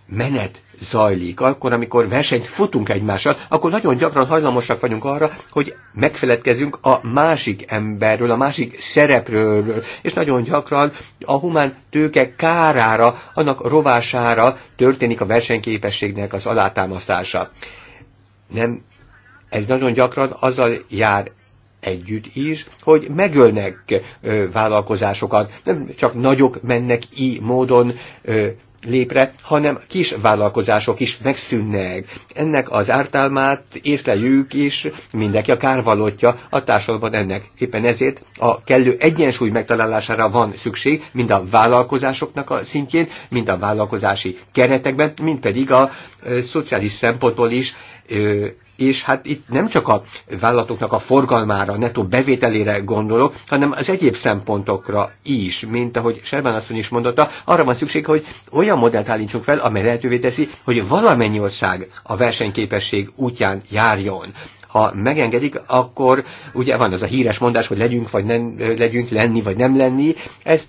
menet zajlik, akkor, amikor versenyt futunk egymással, akkor nagyon gyakran hajlamosak vagyunk arra, hogy megfeledkezünk a másik emberről, a másik szerepről, és nagyon gyakran a humán tőke kárára, annak rovására történik a versenyképességnek az alátámasztása. Nem, ez nagyon gyakran azzal jár együtt is, hogy megölnek ö, vállalkozásokat, nem csak nagyok mennek így módon ö, lépre, hanem kis vállalkozások is megszűnnek. Ennek az ártalmát észleljük is, mindenki a kárvalótja a társadalomban ennek. Éppen ezért a kellő egyensúly megtalálására van szükség, mind a vállalkozásoknak a szintjén, mind a vállalkozási keretekben, mind pedig a szociális szempontból is és hát itt nem csak a vállalatoknak a forgalmára, netó bevételére gondolok, hanem az egyéb szempontokra is, mint ahogy Serban asszony is mondotta, arra van szükség, hogy olyan modellt állítsunk fel, amely lehetővé teszi, hogy valamennyi ország a versenyképesség útján járjon ha megengedik, akkor ugye van az a híres mondás, hogy legyünk vagy nem legyünk, lenni vagy nem lenni, ezt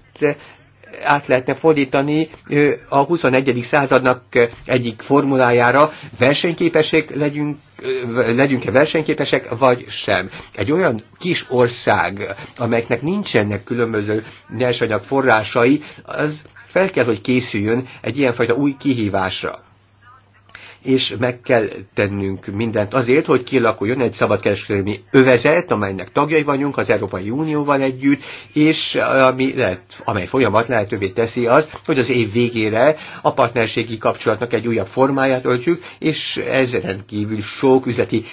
át lehetne fordítani a 21. századnak egyik formulájára, versenyképesek legyünk legyünk-e versenyképesek, vagy sem. Egy olyan kis ország, amelyeknek nincsenek különböző nyersanyag forrásai, az fel kell, hogy készüljön egy ilyenfajta új kihívásra és meg kell tennünk mindent azért, hogy kilakuljon egy szabadkereskedelmi övezet, amelynek tagjai vagyunk az Európai Unióval együtt, és ami lehet, amely folyamat lehetővé teszi az, hogy az év végére a partnerségi kapcsolatnak egy újabb formáját öltjük, és ez rendkívül sok üzleti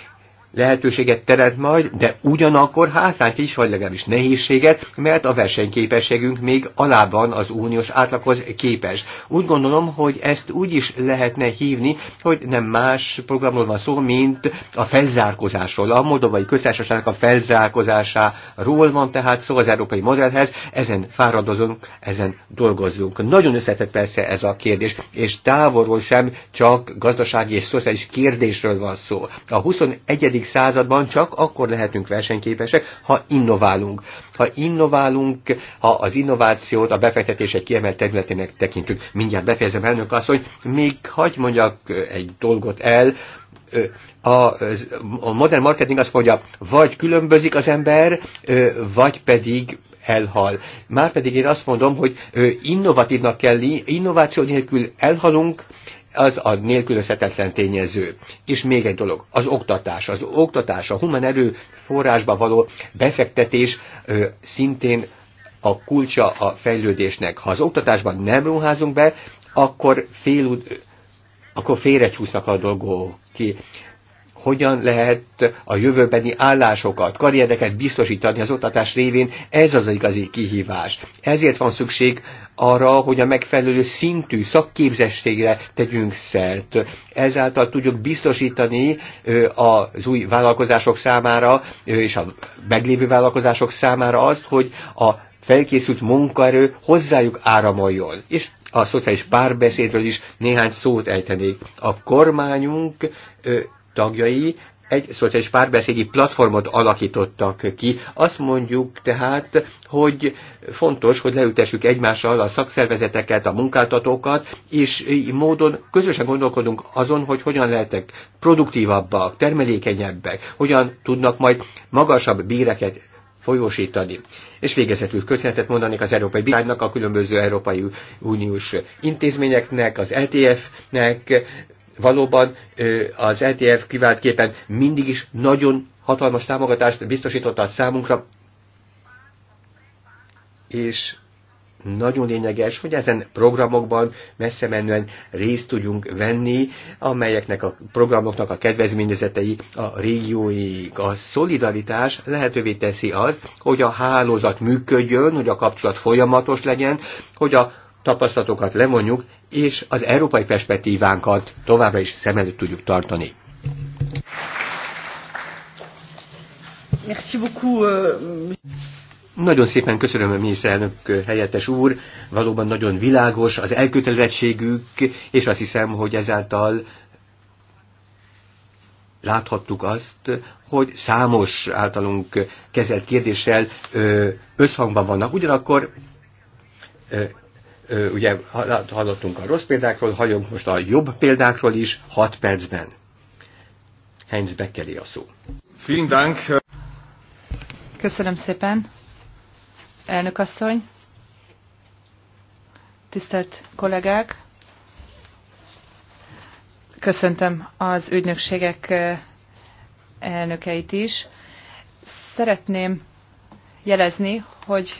lehetőséget teremt majd, de ugyanakkor hátrányt is, vagy legalábbis nehézséget, mert a versenyképességünk még alában az uniós átlaghoz képes. Úgy gondolom, hogy ezt úgy is lehetne hívni, hogy nem más programról van szó, mint a felzárkozásról. A moldovai köztársaságnak a felzárkozásáról van tehát szó az európai modellhez, ezen fáradozunk, ezen dolgozunk. Nagyon összetett persze ez a kérdés, és távolról sem csak gazdasági és szociális kérdésről van szó. A 21 században csak akkor lehetünk versenyképesek, ha innoválunk. Ha innoválunk, ha az innovációt a befektetések kiemelt területének tekintünk. Mindjárt befejezem, elnök hogy még hagy mondjak egy dolgot el, a, a modern marketing azt mondja, vagy különbözik az ember, vagy pedig elhal. Márpedig én azt mondom, hogy innovatívnak kell, innováció nélkül elhalunk, az a nélkülözhetetlen tényező. És még egy dolog, az oktatás. Az oktatás, a human erő forrásba való befektetés ö, szintén a kulcsa a fejlődésnek. Ha az oktatásban nem ruházunk be, akkor fél, akkor félrecsúsznak a dolgok ki hogyan lehet a jövőbeni állásokat, karriereket biztosítani az oktatás révén, ez az igazi kihívás. Ezért van szükség arra, hogy a megfelelő szintű szakképzettségre tegyünk szert. Ezáltal tudjuk biztosítani az új vállalkozások számára és a meglévő vállalkozások számára azt, hogy a felkészült munkaerő hozzájuk áramoljon. És a szociális párbeszédről is néhány szót ejtenék. A kormányunk tagjai egy szociális párbeszédi platformot alakítottak ki. Azt mondjuk tehát, hogy fontos, hogy leültessük egymással a szakszervezeteket, a munkáltatókat, és így módon közösen gondolkodunk azon, hogy hogyan lehetek produktívabbak, termelékenyebbek, hogyan tudnak majd magasabb bíreket folyósítani. És végezetül köszönetet mondanék az Európai Bizottságnak, a különböző Európai Uniós intézményeknek, az LTF-nek, valóban az ETF kiváltképpen mindig is nagyon hatalmas támogatást biztosította a számunkra, és nagyon lényeges, hogy ezen programokban messze menően részt tudjunk venni, amelyeknek a programoknak a kedvezményezetei a régióik. A szolidaritás lehetővé teszi az, hogy a hálózat működjön, hogy a kapcsolat folyamatos legyen, hogy a tapasztalatokat levonjuk, és az európai perspektívánkat továbbra is szem előtt tudjuk tartani. Merci beaucoup. Euh, nagyon szépen köszönöm a miniszterelnök helyettes úr, valóban nagyon világos az elkötelezettségük, és azt hiszem, hogy ezáltal láthattuk azt, hogy számos általunk kezelt kérdéssel összhangban vannak. Ugyanakkor Ugye hallottunk a rossz példákról, halljunk most a jobb példákról is, 6 percben. Heinz Beckeli a szó. Köszönöm szépen. Elnök asszony, tisztelt kollégák, köszöntöm az ügynökségek elnökeit is. Szeretném jelezni, hogy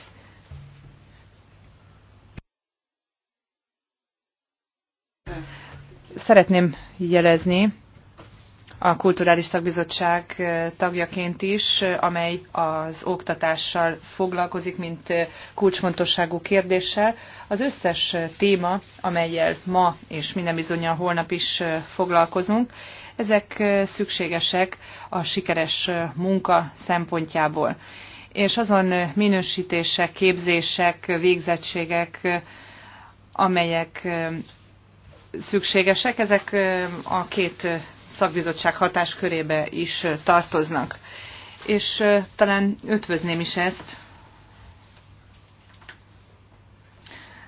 Szeretném jelezni a Kulturális Szakbizottság eh, tagjaként is, eh, amely az oktatással foglalkozik, mint eh, kulcsfontosságú kérdéssel. Az összes téma, amelyel ma és minden bizonyal holnap is foglalkozunk, ezek szükségesek a sikeres munka szempontjából. És azon minősítések, képzések, végzettségek, amelyek szükségesek, ezek a két szakbizottság hatáskörébe is tartoznak. És talán ötvözném is ezt,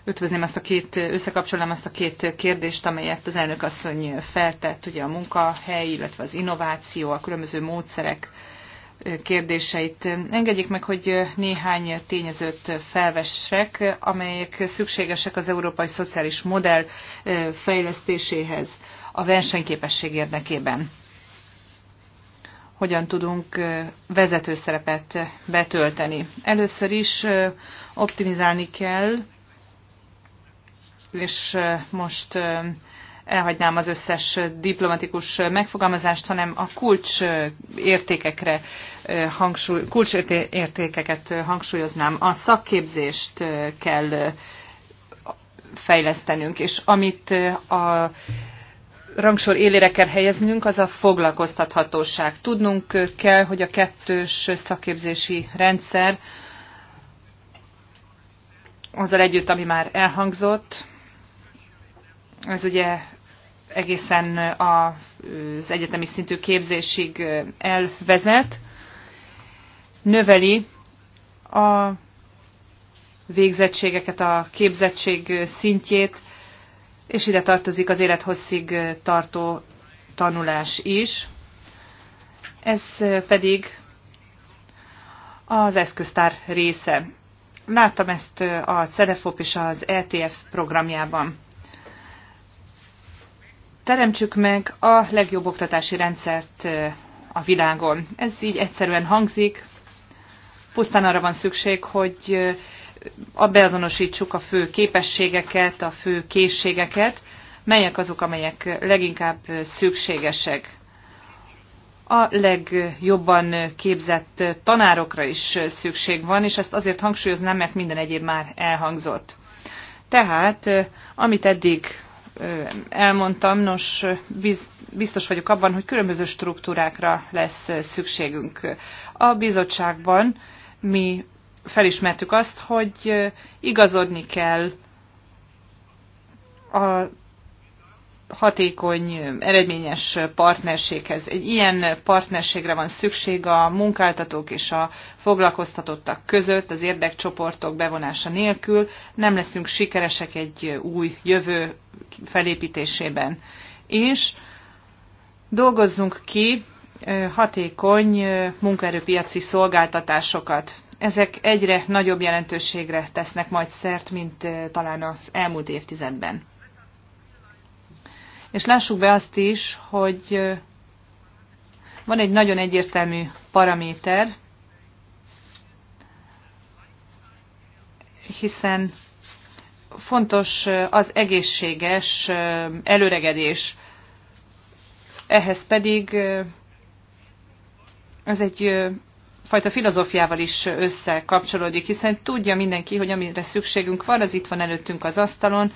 ötvözném ezt a két, összekapcsolom ezt a két kérdést, amelyet az elnök asszony feltett, ugye a munkahely, illetve az innováció, a különböző módszerek kérdéseit. Engedjék meg, hogy néhány tényezőt felvessek, amelyek szükségesek az európai szociális modell fejlesztéséhez a versenyképesség érdekében. Hogyan tudunk vezető szerepet betölteni? Először is optimizálni kell, és most elhagynám az összes diplomatikus megfogalmazást, hanem a kulcs értékekre hangsúly, értékeket hangsúlyoznám. A szakképzést kell fejlesztenünk, és amit a rangsor élére kell helyeznünk, az a foglalkoztathatóság. Tudnunk kell, hogy a kettős szakképzési rendszer azzal együtt, ami már elhangzott, ez ugye egészen az egyetemi szintű képzésig elvezet, növeli a végzettségeket, a képzettség szintjét, és ide tartozik az élethosszig tartó tanulás is. Ez pedig az eszköztár része. Láttam ezt a CEDEFOP és az ETF programjában teremtsük meg a legjobb oktatási rendszert a világon. Ez így egyszerűen hangzik, pusztán arra van szükség, hogy beazonosítsuk a fő képességeket, a fő készségeket, melyek azok, amelyek leginkább szükségesek. A legjobban képzett tanárokra is szükség van, és ezt azért hangsúlyoznám, mert minden egyéb már elhangzott. Tehát, amit eddig elmondtam, nos, biztos vagyok abban, hogy különböző struktúrákra lesz szükségünk. A bizottságban mi felismertük azt, hogy igazodni kell a hatékony, eredményes partnerséghez. Egy ilyen partnerségre van szükség a munkáltatók és a foglalkoztatottak között, az érdekcsoportok bevonása nélkül nem leszünk sikeresek egy új jövő felépítésében. És dolgozzunk ki hatékony munkaerőpiaci szolgáltatásokat. Ezek egyre nagyobb jelentőségre tesznek majd szert, mint talán az elmúlt évtizedben. És lássuk be azt is, hogy van egy nagyon egyértelmű paraméter, hiszen fontos az egészséges előregedés. Ehhez pedig ez egy fajta filozófiával is összekapcsolódik, hiszen tudja mindenki, hogy amire szükségünk van, az itt van előttünk az asztalon,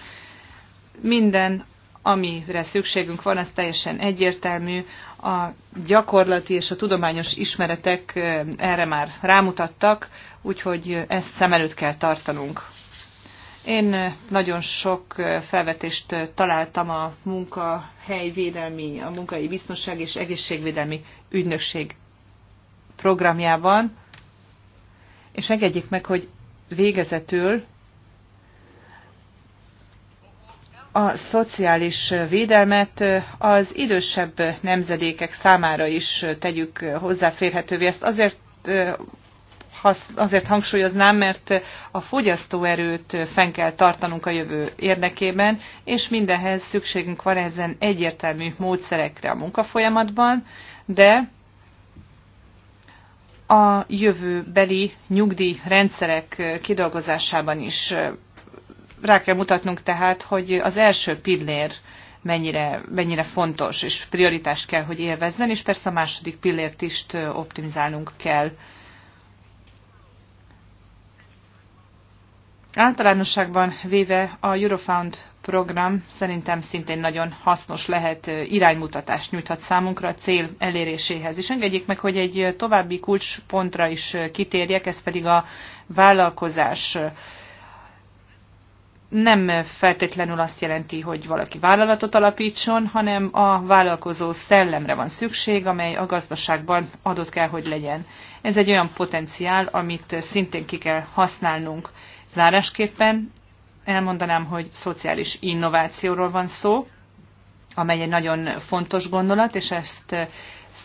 minden amire szükségünk van, az teljesen egyértelmű. A gyakorlati és a tudományos ismeretek erre már rámutattak, úgyhogy ezt szem előtt kell tartanunk. Én nagyon sok felvetést találtam a munkahelyvédelmi, a munkai biztonság és egészségvédelmi ügynökség programjában, és engedjék meg, hogy végezetül a szociális védelmet az idősebb nemzedékek számára is tegyük hozzáférhetővé. Ezt azért azért hangsúlyoznám, mert a fogyasztóerőt fenn kell tartanunk a jövő érdekében, és mindenhez szükségünk van ezen egyértelmű módszerekre a munkafolyamatban, de a jövőbeli nyugdíjrendszerek kidolgozásában is rá kell mutatnunk tehát, hogy az első pillér mennyire, mennyire fontos, és prioritást kell, hogy élvezzen, és persze a második pillért is optimizálnunk kell. Általánosságban véve a Eurofound program szerintem szintén nagyon hasznos lehet, iránymutatást nyújthat számunkra a cél eléréséhez. És engedjék meg, hogy egy további kulcspontra is kitérjek, ez pedig a vállalkozás nem feltétlenül azt jelenti, hogy valaki vállalatot alapítson, hanem a vállalkozó szellemre van szükség, amely a gazdaságban adott kell, hogy legyen. Ez egy olyan potenciál, amit szintén ki kell használnunk. Zárásképpen elmondanám, hogy szociális innovációról van szó, amely egy nagyon fontos gondolat, és ezt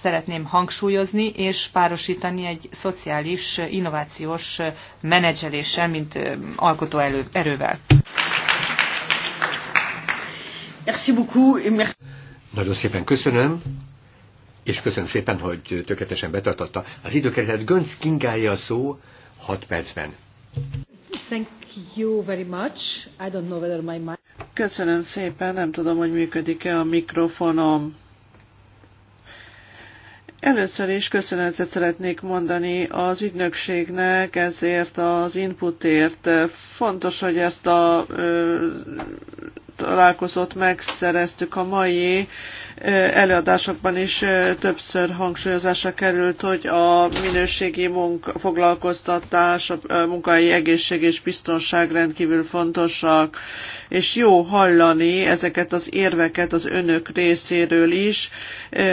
szeretném hangsúlyozni és párosítani egy szociális, innovációs menedzseléssel, mint alkotó erővel. Merci beaucoup, et merci. Nagyon szépen köszönöm, és köszönöm szépen, hogy tökéletesen betartotta. Az időkeretet Gönc Kingálja a szó 6 percben. Thank you very much. I don't know whether my mic... Köszönöm szépen, nem tudom, hogy működik-e a mikrofonom. Először is köszönetet szeretnék mondani az ügynökségnek ezért az inputért. Fontos, hogy ezt a találkozót megszereztük a mai előadásokban is többször hangsúlyozásra került, hogy a minőségi munka, foglalkoztatás, a munkai egészség és biztonság rendkívül fontosak, és jó hallani ezeket az érveket az önök részéről is,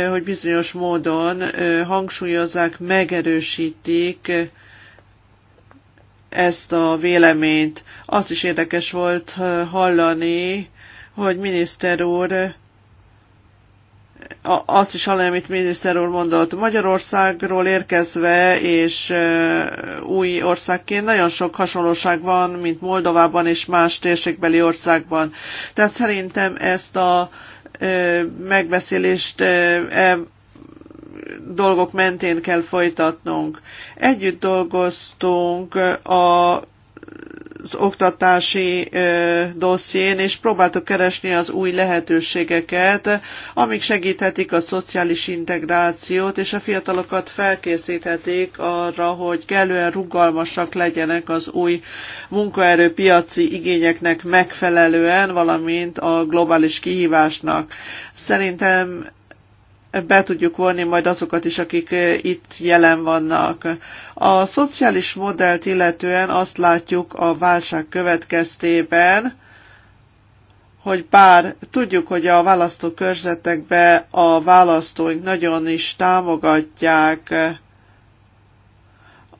hogy bizonyos módon hangsúlyozzák, megerősítik ezt a véleményt. Azt is érdekes volt hallani, hogy miniszter úr azt is hallani, amit miniszter úr mondott. Magyarországról érkezve és új országként nagyon sok hasonlóság van, mint Moldovában és más térségbeli országban. Tehát szerintem ezt a megbeszélést e dolgok mentén kell folytatnunk. Együtt dolgoztunk a az oktatási dosszién, és próbáltuk keresni az új lehetőségeket, amik segíthetik a szociális integrációt, és a fiatalokat felkészíthetik arra, hogy kellően rugalmasak legyenek az új munkaerőpiaci igényeknek megfelelően, valamint a globális kihívásnak. Szerintem be tudjuk vonni majd azokat is, akik eh, itt jelen vannak. A szociális modellt illetően azt látjuk a válság következtében, hogy bár tudjuk, hogy a választókörzetekben a választóink nagyon is támogatják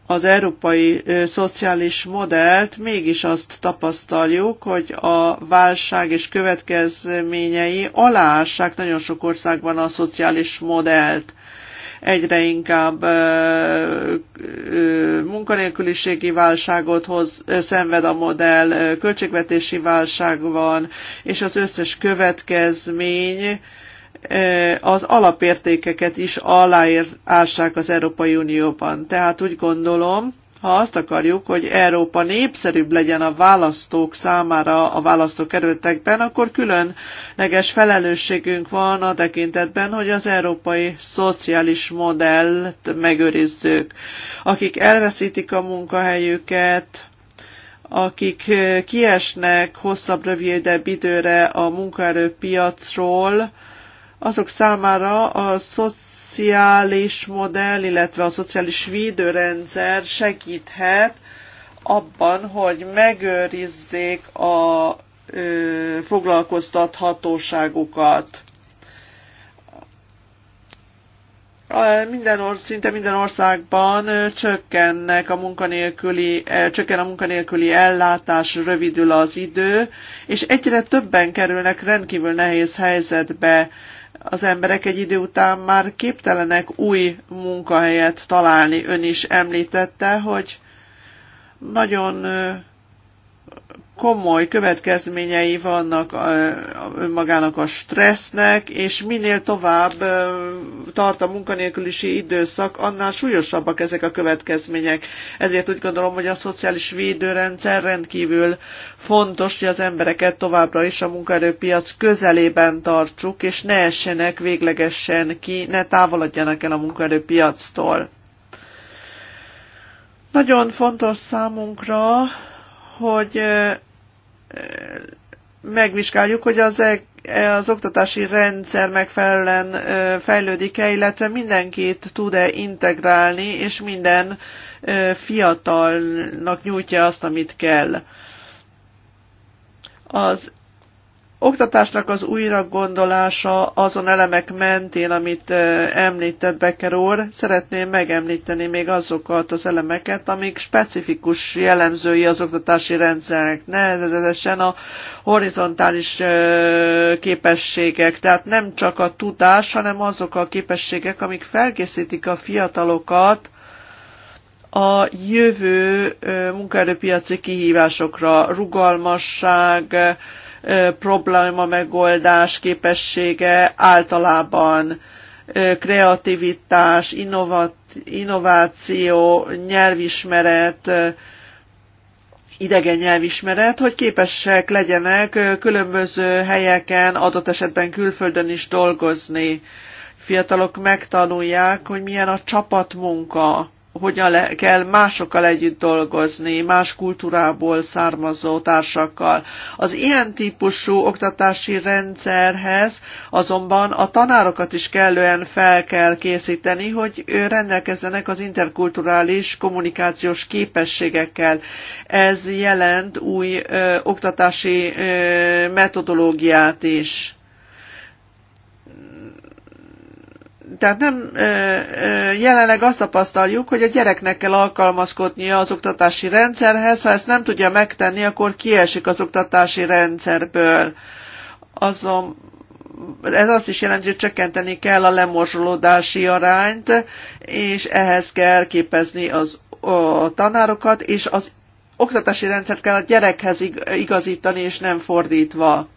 az európai szociális modellt, mégis azt tapasztaljuk, hogy a válság és következményei aláássák nagyon sok országban a szociális modellt egyre inkább munkanélküliségi válságot hoz, szenved a modell, költségvetési válság van, és az összes következmény Eh, az alapértékeket is aláírássák az Európai Unióban. Tehát úgy gondolom, ha azt akarjuk, hogy Európa népszerűbb legyen a választók számára a választókerületekben, akkor különleges felelősségünk van a tekintetben, hogy az európai szociális modellt megőrizzük. Akik elveszítik a munkahelyüket, akik kiesnek hosszabb, rövidebb időre a munkaerőpiacról, azok számára a szociális modell, illetve a szociális védőrendszer segíthet abban, hogy megőrizzék a ö, foglalkoztathatóságukat. Minden orsz, szinte minden országban csökkennek a munkanélküli, csökken a munkanélküli ellátás, rövidül az idő, és egyre többen kerülnek rendkívül nehéz helyzetbe az emberek egy idő után már képtelenek új munkahelyet találni. Ön is említette, hogy nagyon komoly következményei vannak önmagának a stressznek, és minél tovább tart a munkanélküliség időszak, annál súlyosabbak ezek a következmények. Ezért úgy gondolom, hogy a szociális védőrendszer rendkívül fontos, hogy az embereket továbbra is a munkaerőpiac közelében tartsuk, és ne essenek véglegesen ki, ne távolodjanak el a munkaerőpiactól. Nagyon fontos számunkra, hogy megvizsgáljuk, hogy az, e- az oktatási rendszer megfelelően fejlődik-e, illetve mindenkit tud-e integrálni, és minden fiatalnak nyújtja azt, amit kell. Az oktatásnak az újragondolása azon elemek mentén, amit említett Becker úr, szeretném megemlíteni még azokat az elemeket, amik specifikus jellemzői az oktatási rendszernek, nevezetesen a horizontális képességek, tehát nem csak a tudás, hanem azok a képességek, amik felkészítik a fiatalokat, a jövő munkaerőpiaci kihívásokra, rugalmasság, probléma megoldás képessége általában, kreativitás, innovat, innováció, nyelvismeret, idegen nyelvismeret, hogy képesek legyenek különböző helyeken, adott esetben külföldön is dolgozni. Fiatalok megtanulják, hogy milyen a csapatmunka, hogyan le, kell másokkal együtt dolgozni, más kultúrából származó társakkal. Az ilyen típusú oktatási rendszerhez azonban a tanárokat is kellően fel kell készíteni, hogy rendelkezzenek az interkulturális kommunikációs képességekkel. Ez jelent új ö, oktatási ö, metodológiát is Tehát nem jelenleg azt tapasztaljuk, hogy a gyereknek kell alkalmazkodnia az oktatási rendszerhez, ha ezt nem tudja megtenni, akkor kiesik az oktatási rendszerből. Azon, ez azt is jelenti, hogy csökkenteni kell a lemorzsolódási arányt, és ehhez kell képezni az a tanárokat, és az oktatási rendszert kell a gyerekhez igazítani, és nem fordítva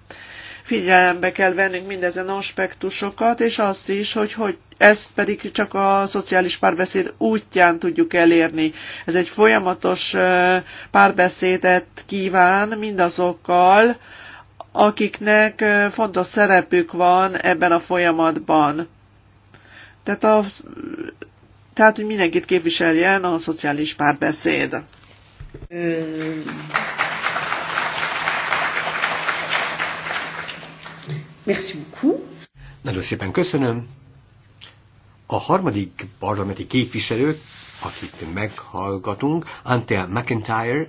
figyelembe kell vennünk mindezen aspektusokat, és azt is, hogy, hogy ezt pedig csak a szociális párbeszéd útján tudjuk elérni. Ez egy folyamatos párbeszédet kíván mindazokkal, akiknek fontos szerepük van ebben a folyamatban. Tehát, a, tehát hogy mindenkit képviseljen a szociális párbeszéd. Merci beaucoup. Nagyon szépen köszönöm. A harmadik parlamenti képviselő, akit meghallgatunk, Ante McIntyre,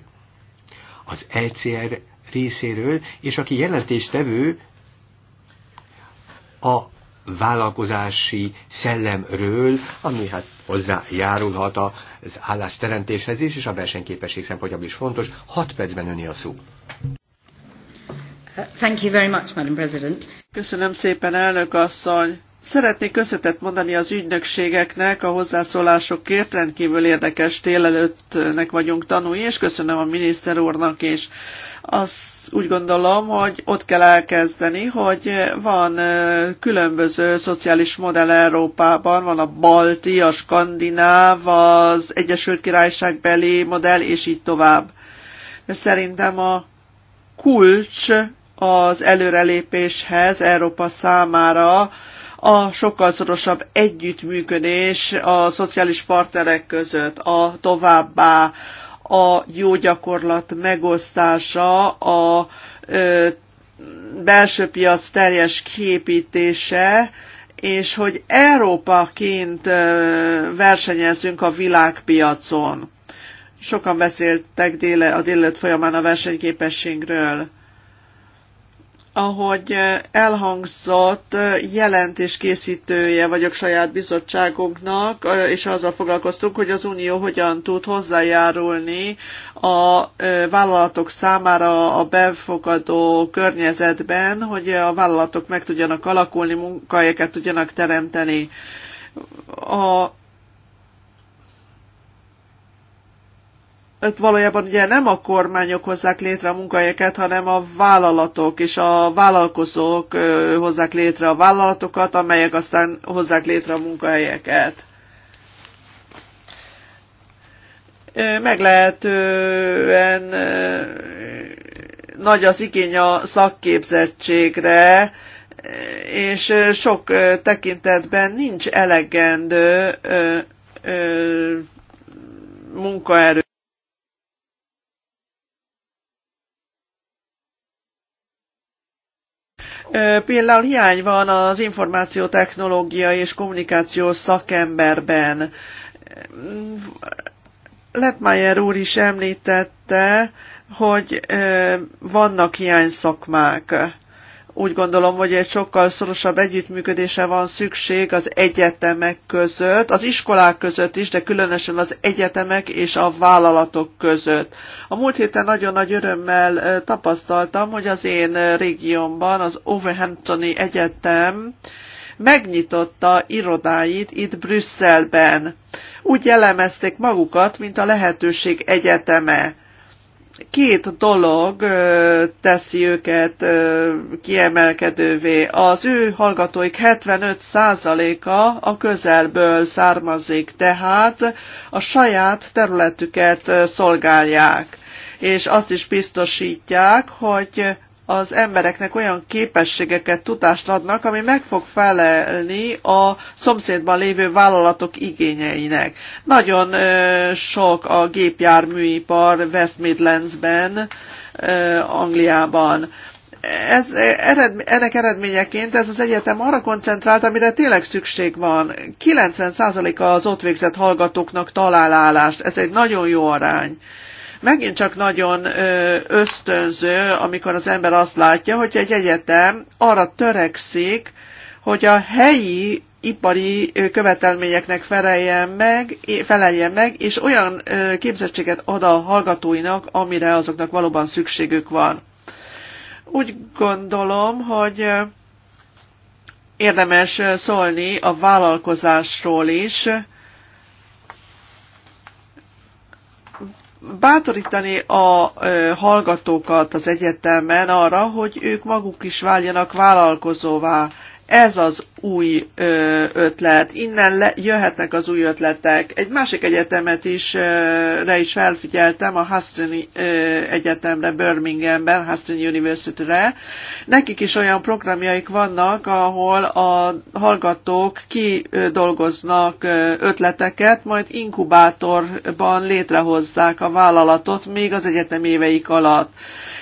az ECR részéről, és aki jelentéstevő a vállalkozási szellemről, ami hát hozzájárulhat az állásteremtéshez is, és a versenyképesség szempontjából is fontos. Hat percben öni a szó. Thank you very much, Madam President. Köszönöm szépen, elnök asszony. Szeretnék köszönetet mondani az ügynökségeknek a hozzászólásokért, rendkívül érdekes délelőttnek vagyunk tanulni, és köszönöm a miniszter úrnak is. Azt úgy gondolom, hogy ott kell elkezdeni, hogy van különböző szociális modell Európában, van a balti, a skandináv, az Egyesült Királyság beli modell, és így tovább. De szerintem a kulcs az előrelépéshez Európa számára a sokkal szorosabb együttműködés a szociális partnerek között, a továbbá a jó gyakorlat megosztása, a ö, belső piac teljes kiépítése, és hogy Európaként versenyezünk a világpiacon. Sokan beszéltek déle, a délelőtt folyamán a versenyképességről ahogy elhangzott, jelentés készítője vagyok saját bizottságunknak, és azzal foglalkoztunk, hogy az Unió hogyan tud hozzájárulni a vállalatok számára a befogadó környezetben, hogy a vállalatok meg tudjanak alakulni, munkahelyeket tudjanak teremteni. A Öt valójában ugye nem a kormányok hozzák létre a munkahelyeket, hanem a vállalatok és a vállalkozók hozzák létre a vállalatokat, amelyek aztán hozzák létre a munkahelyeket. Meglehetően nagy az igény a szakképzettségre, és sok tekintetben nincs elegendő munkaerő Például hiány van az technológia és kommunikációs szakemberben. Letmeyer úr is említette, hogy vannak hiány szakmák úgy gondolom, hogy egy sokkal szorosabb együttműködésre van szükség az egyetemek között, az iskolák között is, de különösen az egyetemek és a vállalatok között. A múlt héten nagyon nagy örömmel tapasztaltam, hogy az én régiómban az Overhamptoni Egyetem megnyitotta irodáit itt Brüsszelben. Úgy jellemezték magukat, mint a lehetőség egyeteme két dolog teszi őket kiemelkedővé. Az ő hallgatóik 75%-a a közelből származik, tehát a saját területüket szolgálják és azt is biztosítják, hogy az embereknek olyan képességeket, tudást adnak, ami meg fog felelni a szomszédban lévő vállalatok igényeinek. Nagyon sok a gépjárműipar West Midlandsben, Angliában ez, e, ered, ennek eredményeként ez az egyetem arra koncentrált, amire tényleg szükség van. 90%-a az ott végzett hallgatóknak találállást. Ez egy nagyon jó arány. Megint csak nagyon ösztönző, amikor az ember azt látja, hogy egy egyetem arra törekszik, hogy a helyi ipari követelményeknek feleljen meg, feleljen meg, és olyan képzettséget ad a hallgatóinak, amire azoknak valóban szükségük van. Úgy gondolom, hogy érdemes szólni a vállalkozásról is, bátorítani a hallgatókat az egyetemen arra, hogy ők maguk is váljanak vállalkozóvá ez az új ötlet, innen le, jöhetnek az új ötletek. Egy másik egyetemet is, re is felfigyeltem, a Huston Egyetemre, Birminghamben, Huston University-re. Nekik is olyan programjaik vannak, ahol a hallgatók kidolgoznak ötleteket, majd inkubátorban létrehozzák a vállalatot még az egyetem éveik alatt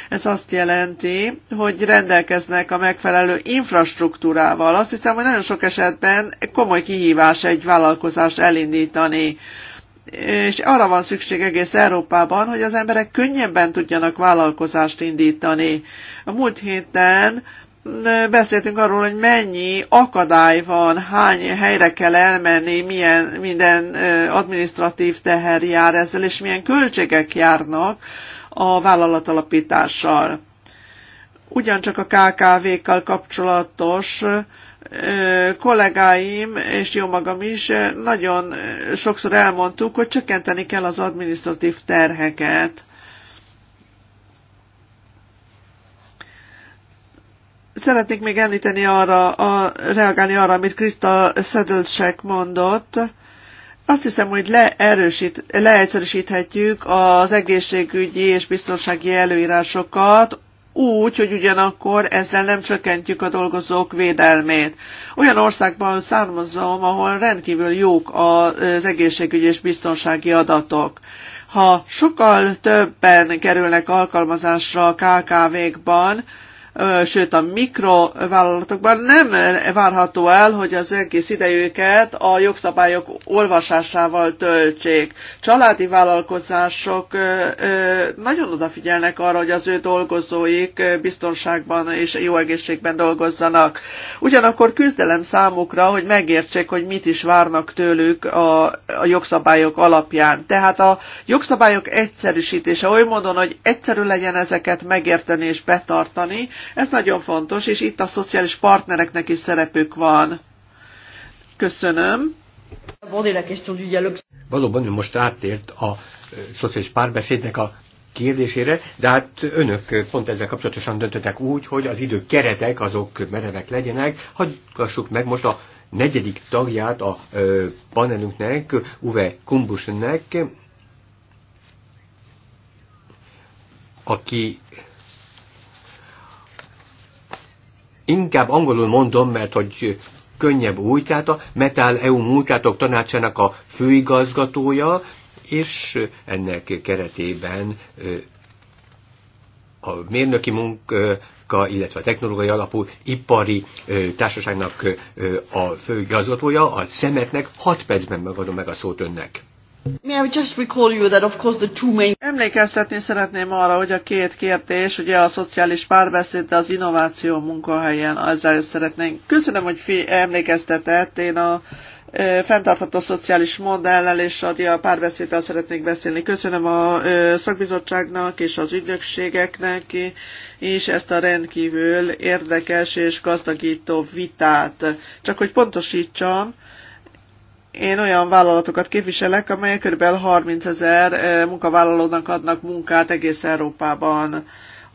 ez azt jelenti, hogy rendelkeznek a megfelelő infrastruktúrával. Azt hiszem, hogy nagyon sok esetben komoly kihívás egy vállalkozást elindítani és arra van szükség egész Európában, hogy az emberek könnyebben tudjanak vállalkozást indítani. A múlt héten beszéltünk arról, hogy mennyi akadály van, hány helyre kell elmenni, milyen minden administratív teher jár ezzel, és milyen költségek járnak a vállalatalapítással. Ugyancsak a KKV-kkal kapcsolatos kollégáim és jó magam is nagyon sokszor elmondtuk, hogy csökkenteni kell az administratív terheket. Szeretnék még említeni arra, a, reagálni arra, amit Krista Szedlcsek mondott. Azt hiszem, hogy leerősít, leegyszerűsíthetjük az egészségügyi és biztonsági előírásokat úgy, hogy ugyanakkor ezzel nem csökkentjük a dolgozók védelmét. Olyan országban származom, ahol rendkívül jók az egészségügyi és biztonsági adatok. Ha sokkal többen kerülnek alkalmazásra a KKV-kban, sőt a mikrovállalatokban nem várható el, hogy az egész idejüket a jogszabályok olvasásával töltsék. Családi vállalkozások nagyon odafigyelnek arra, hogy az ő dolgozóik biztonságban és jó egészségben dolgozzanak. Ugyanakkor küzdelem számukra, hogy megértsék, hogy mit is várnak tőlük a, a jogszabályok alapján. Tehát a jogszabályok egyszerűsítése oly módon, hogy egyszerű legyen ezeket megérteni és betartani, ez nagyon fontos, és itt a szociális partnereknek is szerepük van. Köszönöm. Valóban ő most áttért a szociális párbeszédnek a kérdésére, de hát önök pont ezzel kapcsolatosan döntöttek úgy, hogy az idő keretek azok merevek legyenek. Hagyjuk meg most a negyedik tagját a panelünknek, Uwe Kumbusnek, aki inkább angolul mondom, mert hogy könnyebb úgy, tehát a Metal EU múltjátok tanácsának a főigazgatója, és ennek keretében a mérnöki munka, illetve a technológiai alapú ipari társaságnak a főigazgatója, a szemetnek 6 percben megadom meg a szót önnek. Emlékeztetni szeretném arra, hogy a két kérdés, ugye a szociális párbeszéd, de az innováció munkahelyen, ezzel is szeretnénk. Köszönöm, hogy fi emlékeztetett, én a e, fenntartható szociális modellel és a párbeszéddel szeretnék beszélni. Köszönöm a e, szakbizottságnak és az ügynökségeknek és ezt a rendkívül érdekes és gazdagító vitát. Csak hogy pontosítsam, én olyan vállalatokat képviselek, amelyek kb. 30 ezer munkavállalónak adnak munkát egész Európában.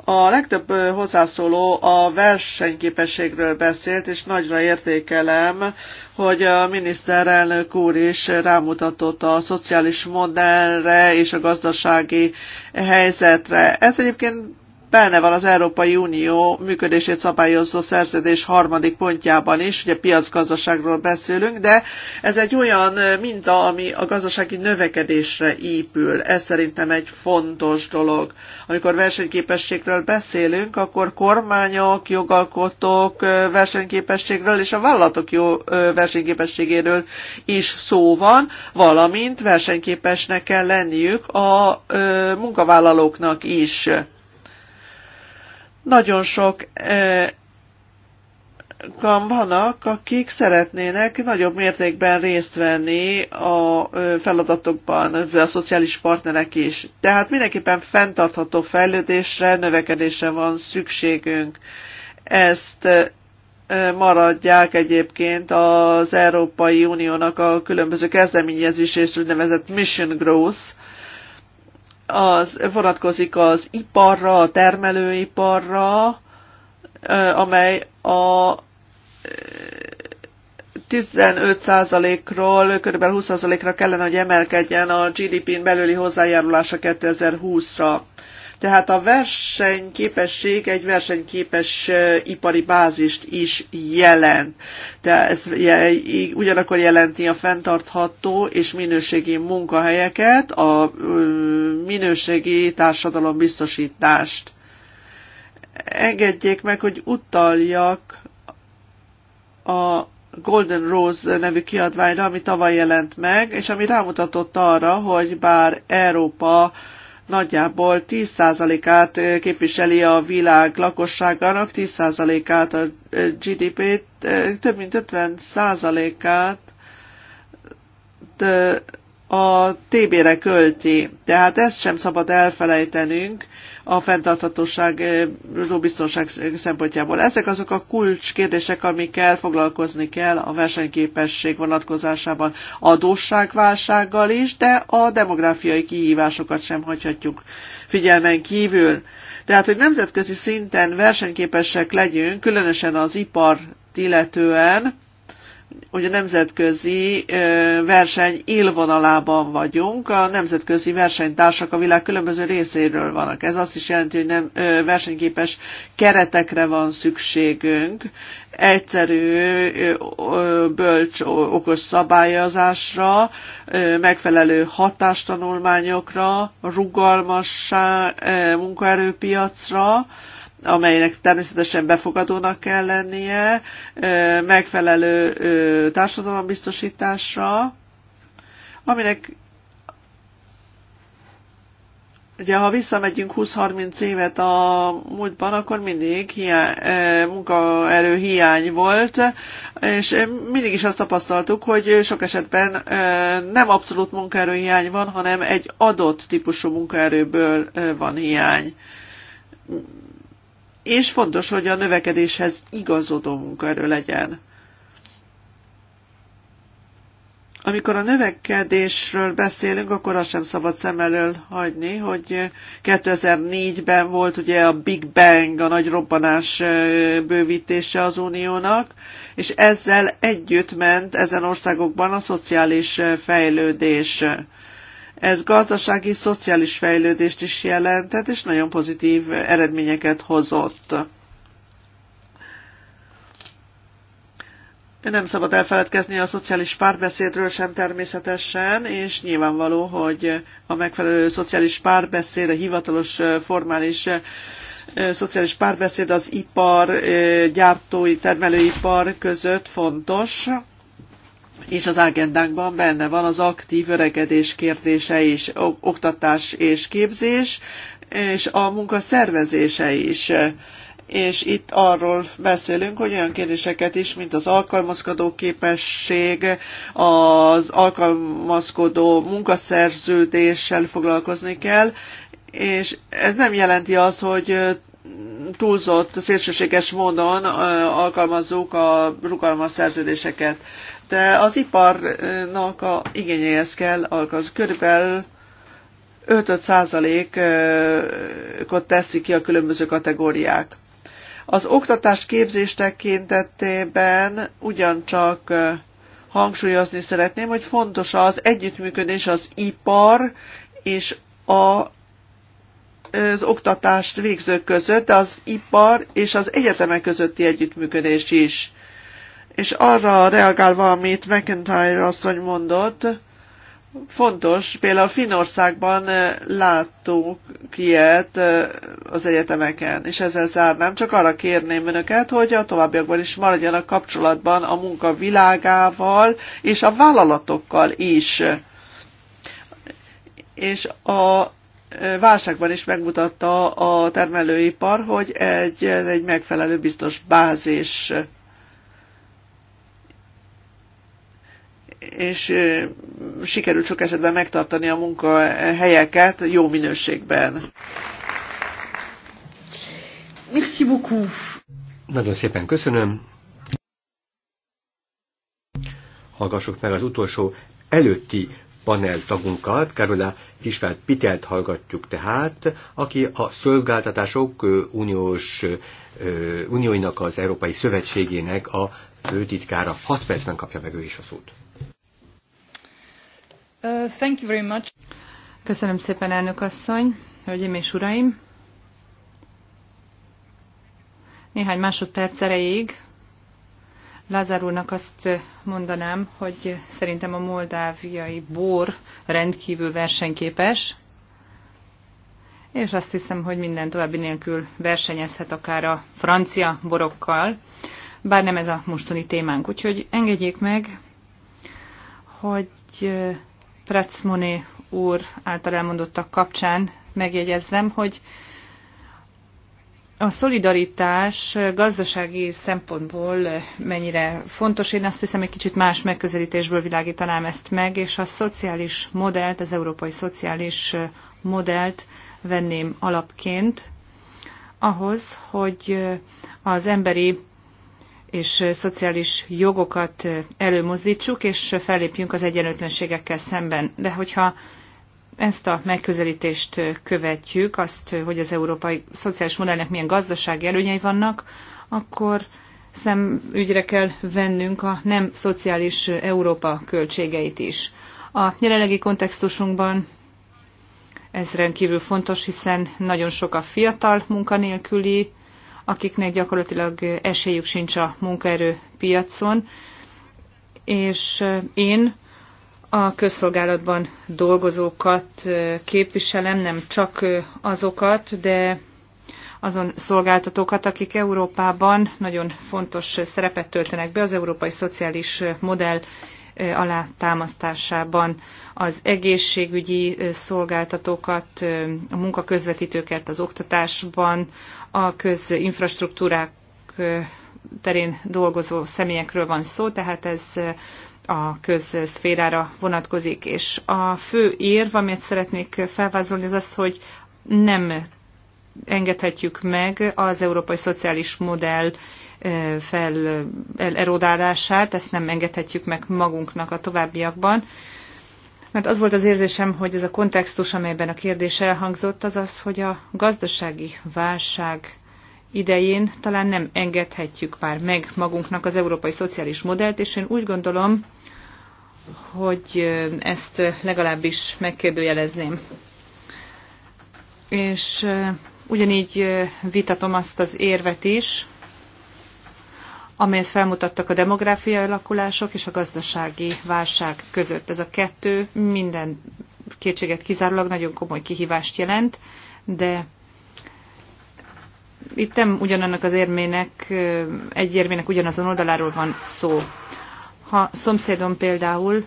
A legtöbb hozzászóló a versenyképességről beszélt, és nagyra értékelem, hogy a miniszterelnök úr is rámutatott a szociális modellre és a gazdasági helyzetre. Ez egyébként benne van az Európai Unió működését szabályozó szerződés harmadik pontjában is, ugye piacgazdaságról beszélünk, de ez egy olyan eh, minta, ami a gazdasági növekedésre épül. Ez szerintem egy fontos dolog. Amikor versenyképességről beszélünk, akkor kormányok, jogalkotók eh, versenyképességről és a vállalatok jó eh, versenyképességéről is szó van, valamint versenyképesnek kell lenniük a munkavállalóknak is. Nagyon sok vannak, akik szeretnének nagyobb mértékben részt venni a feladatokban, a szociális partnerek is. Tehát mindenképpen fenntartható fejlődésre, növekedésre van szükségünk. Ezt maradják egyébként az Európai Uniónak a különböző kezdeményezés és úgynevezett Mission Growth, az vonatkozik az iparra, a termelőiparra, amely a 15%-ról kb. 20%-ra kellene, hogy emelkedjen a GDP-n belüli hozzájárulása 2020-ra. Tehát a versenyképesség egy versenyképes ipari bázist is jelent. De ez ugyanakkor jelenti a fenntartható és minőségi munkahelyeket, a minőségi társadalom biztosítást. Engedjék meg, hogy utaljak a Golden Rose nevű kiadványra, ami tavaly jelent meg, és ami rámutatott arra, hogy bár Európa nagyjából 10%-át képviseli a világ lakosságának, 10%-át a GDP-t, több mint 50%-át a TB-re költi. Tehát ezt sem szabad elfelejtenünk, a fenntarthatóság, biztonság szempontjából. Ezek azok a kulcskérdések, amikkel foglalkozni kell a versenyképesség vonatkozásában adósságválsággal is, de a demográfiai kihívásokat sem hagyhatjuk figyelmen kívül. Tehát, hogy nemzetközi szinten versenyképesek legyünk, különösen az ipar illetően, hogy a nemzetközi verseny élvonalában vagyunk, a nemzetközi versenytársak a világ különböző részéről vannak. Ez azt is jelenti, hogy nem versenyképes keretekre van szükségünk, egyszerű, bölcs, okos szabályozásra, megfelelő hatástanulmányokra, rugalmassá munkaerőpiacra, amelynek természetesen befogadónak kell lennie, megfelelő társadalombiztosításra, aminek Ugye, ha visszamegyünk 20-30 évet a múltban, akkor mindig hiány, munkaerő hiány volt, és mindig is azt tapasztaltuk, hogy sok esetben nem abszolút munkaerő hiány van, hanem egy adott típusú munkaerőből van hiány és fontos, hogy a növekedéshez igazodó munkaerő legyen. Amikor a növekedésről beszélünk, akkor azt sem szabad szem elől hagyni, hogy 2004-ben volt ugye a Big Bang, a nagy robbanás bővítése az uniónak, és ezzel együtt ment ezen országokban a szociális fejlődés ez gazdasági, szociális fejlődést is jelentett, és nagyon pozitív eredményeket hozott. Nem szabad elfeledkezni a szociális párbeszédről sem természetesen, és nyilvánvaló, hogy a megfelelő szociális párbeszéd, a hivatalos formális eh, szociális párbeszéd az ipar, eh, gyártói, termelőipar között fontos és az agendánkban benne van az aktív öregedés kérdése is, oktatás és képzés, és a munka szervezése is és itt arról beszélünk, hogy olyan kérdéseket is, mint az alkalmazkodó képesség, az alkalmazkodó munkaszerződéssel foglalkozni kell, és ez nem jelenti azt, hogy túlzott, szélsőséges módon alkalmazzuk a rugalmas szerződéseket de eh, az iparnak a igényéhez kell alkalmazni. Körülbelül 5-5%-ot eh, teszik ki a különböző kategóriák. Az oktatás képzés tekintetében ugyancsak eh, hangsúlyozni szeretném, hogy fontos az együttműködés az ipar és a az oktatást végzők között, de az ipar és az egyetemek közötti együttműködés is. És arra reagálva, amit McIntyre asszony mondott, fontos, például Finországban eh, láttuk ilyet eh, az egyetemeken, és ezzel zárnám. Csak arra kérném önöket, hogy a továbbiakban is maradjanak kapcsolatban a munka világával és a vállalatokkal is. És a eh, válságban is megmutatta a termelőipar, hogy egy, egy megfelelő biztos bázis és sikerült sok esetben megtartani a munkahelyeket jó minőségben. Merci beaucoup. Nagyon szépen köszönöm. Hallgassuk meg az utolsó előtti panel tagunkat, Karola Kisvált Pitelt hallgatjuk tehát, aki a Szolgáltatások Uniós, Unióinak az Európai Szövetségének a főtitkára. 6 percben kapja meg ő is a szót. Uh, thank you very much. Köszönöm szépen, elnök asszony, hölgyeim és uraim. Néhány másodperc erejéig Lázár úrnak azt mondanám, hogy szerintem a moldáviai bor rendkívül versenyképes, és azt hiszem, hogy minden további nélkül versenyezhet akár a francia borokkal, bár nem ez a mostani témánk. Úgyhogy engedjék meg, hogy Pracmoni úr által elmondottak kapcsán megjegyezzem, hogy a szolidaritás gazdasági szempontból mennyire fontos. Én azt hiszem, egy kicsit más megközelítésből világítanám ezt meg, és a szociális modellt, az európai szociális modellt venném alapként ahhoz, hogy az emberi és szociális jogokat előmozdítsuk, és fellépjünk az egyenlőtlenségekkel szemben. De hogyha ezt a megközelítést követjük, azt, hogy az európai szociális modellnek milyen gazdasági előnyei vannak, akkor szemügyre kell vennünk a nem szociális Európa költségeit is. A jelenlegi kontextusunkban ez rendkívül fontos, hiszen nagyon sok a fiatal munkanélküli, akiknek gyakorlatilag esélyük sincs a munkaerő piacon, és én a közszolgálatban dolgozókat képviselem, nem csak azokat, de azon szolgáltatókat, akik Európában nagyon fontos szerepet töltenek be az európai szociális modell alátámasztásában az egészségügyi szolgáltatókat, a munkaközvetítőket az oktatásban, a közinfrastruktúrák terén dolgozó személyekről van szó, tehát ez a közszférára vonatkozik. És a fő érv, amit szeretnék felvázolni, az az, hogy nem engedhetjük meg az európai szociális modell fel, el, erodálását, ezt nem engedhetjük meg magunknak a továbbiakban. Mert az volt az érzésem, hogy ez a kontextus, amelyben a kérdés elhangzott, az az, hogy a gazdasági válság idején talán nem engedhetjük már meg magunknak az európai szociális modellt, és én úgy gondolom, hogy ezt legalábbis megkérdőjelezném. És ugyanígy vitatom azt az érvet is, amelyet felmutattak a demográfiai alakulások és a gazdasági válság között. Ez a kettő minden kétséget kizárólag nagyon komoly kihívást jelent, de itt nem ugyanannak az érmének, egy érmének ugyanazon oldaláról van szó. Ha szomszédom például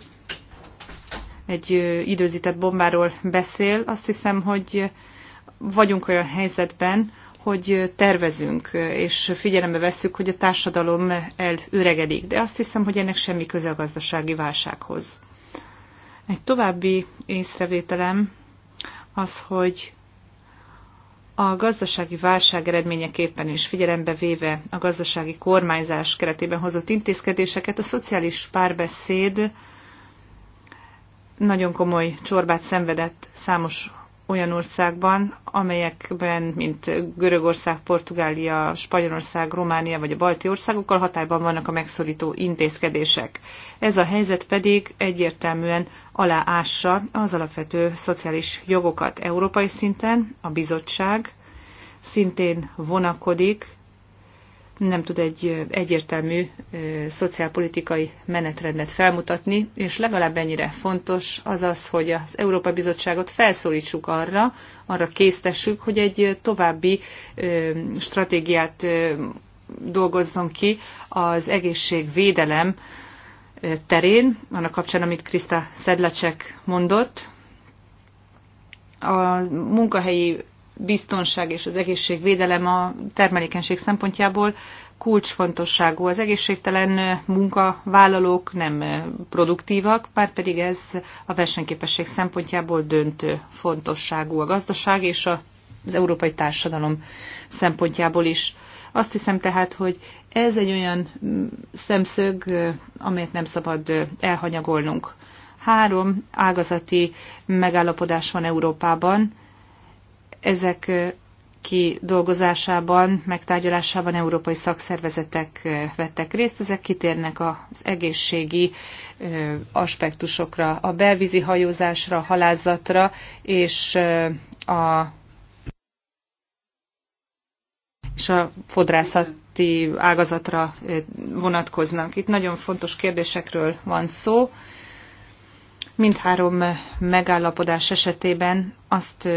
egy időzített bombáról beszél, azt hiszem, hogy vagyunk olyan helyzetben, hogy tervezünk, és figyelembe vesszük, hogy a társadalom elüregedik, de azt hiszem, hogy ennek semmi köze a gazdasági válsághoz. Egy további észrevételem az, hogy a gazdasági válság eredményeképpen is figyelembe véve a gazdasági kormányzás keretében hozott intézkedéseket, a szociális párbeszéd nagyon komoly csorbát szenvedett számos olyan országban, amelyekben, mint Görögország, Portugália, Spanyolország, Románia vagy a balti országokkal hatályban vannak a megszorító intézkedések. Ez a helyzet pedig egyértelműen aláássa az alapvető szociális jogokat európai szinten, a bizottság szintén vonakodik nem tud egy egyértelmű szociálpolitikai menetrendet felmutatni, és legalább ennyire fontos az az, hogy az Európa Bizottságot felszólítsuk arra, arra késztessük, hogy egy további stratégiát dolgozzon ki az egészségvédelem terén, annak kapcsán, amit Krista Szedlacsek mondott, a munkahelyi biztonság és az egészségvédelem a termelékenység szempontjából kulcsfontosságú. Az egészségtelen munkavállalók nem produktívak, bár pedig ez a versenyképesség szempontjából döntő fontosságú a gazdaság és az európai társadalom szempontjából is. Azt hiszem tehát, hogy ez egy olyan szemszög, amelyet nem szabad elhanyagolnunk. Három ágazati megállapodás van Európában, ezek kidolgozásában, megtárgyalásában európai szakszervezetek vettek részt. Ezek kitérnek az egészségi aspektusokra, a belvízi hajózásra, a halázatra és a és a fodrászati ágazatra vonatkoznak. Itt nagyon fontos kérdésekről van szó. Mindhárom megállapodás esetében azt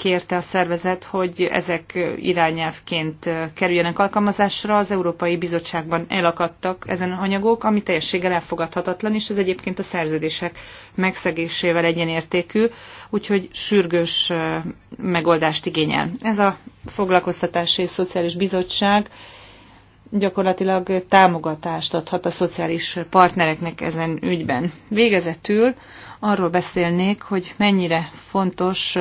kérte a szervezet, hogy ezek irányelvként kerüljenek alkalmazásra. Az Európai Bizottságban elakadtak ezen anyagok, ami teljességgel elfogadhatatlan, és ez egyébként a szerződések megszegésével egyenértékű, úgyhogy sürgős megoldást igényel. Ez a Foglalkoztatási és Szociális Bizottság gyakorlatilag támogatást adhat a szociális partnereknek ezen ügyben. Végezetül arról beszélnék, hogy mennyire fontos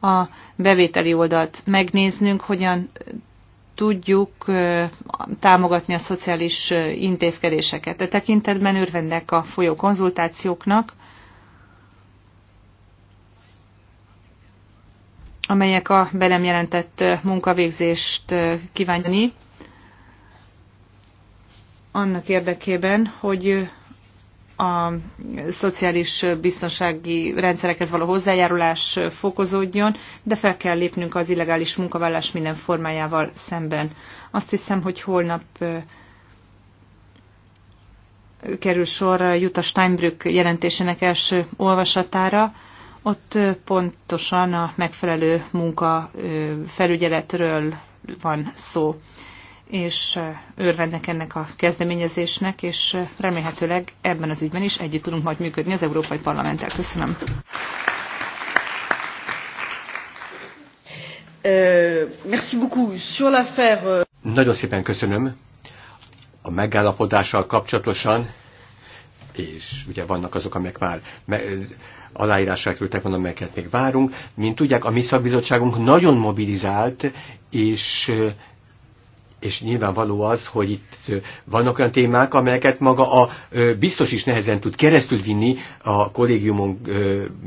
a bevételi oldalt megnéznünk, hogyan tudjuk támogatni a szociális intézkedéseket. A e tekintetben örvendek a folyó konzultációknak, amelyek a belem jelentett munkavégzést kívánni annak érdekében, hogy a szociális biztonsági rendszerekhez való hozzájárulás fokozódjon, de fel kell lépnünk az illegális munkavállás minden formájával szemben. Azt hiszem, hogy holnap kerül sor Jutta Steinbrück jelentésének első olvasatára. Ott pontosan a megfelelő munka felügyeletről van szó és örvendek ennek a kezdeményezésnek, és remélhetőleg ebben az ügyben is együtt tudunk majd működni az Európai Parlamenttel. Köszönöm. Merci beaucoup. Sur l'affaire... Euh, nagyon szépen köszönöm. A megállapodással kapcsolatosan, és ugye vannak azok, amelyek már aláírásra kerültek, van, amelyeket még várunk. Mint tudják, a mi szakbizottságunk nagyon mobilizált, és és nyilvánvaló az, hogy itt vannak olyan témák, amelyeket maga a biztos is nehezen tud keresztül vinni a kollégiumon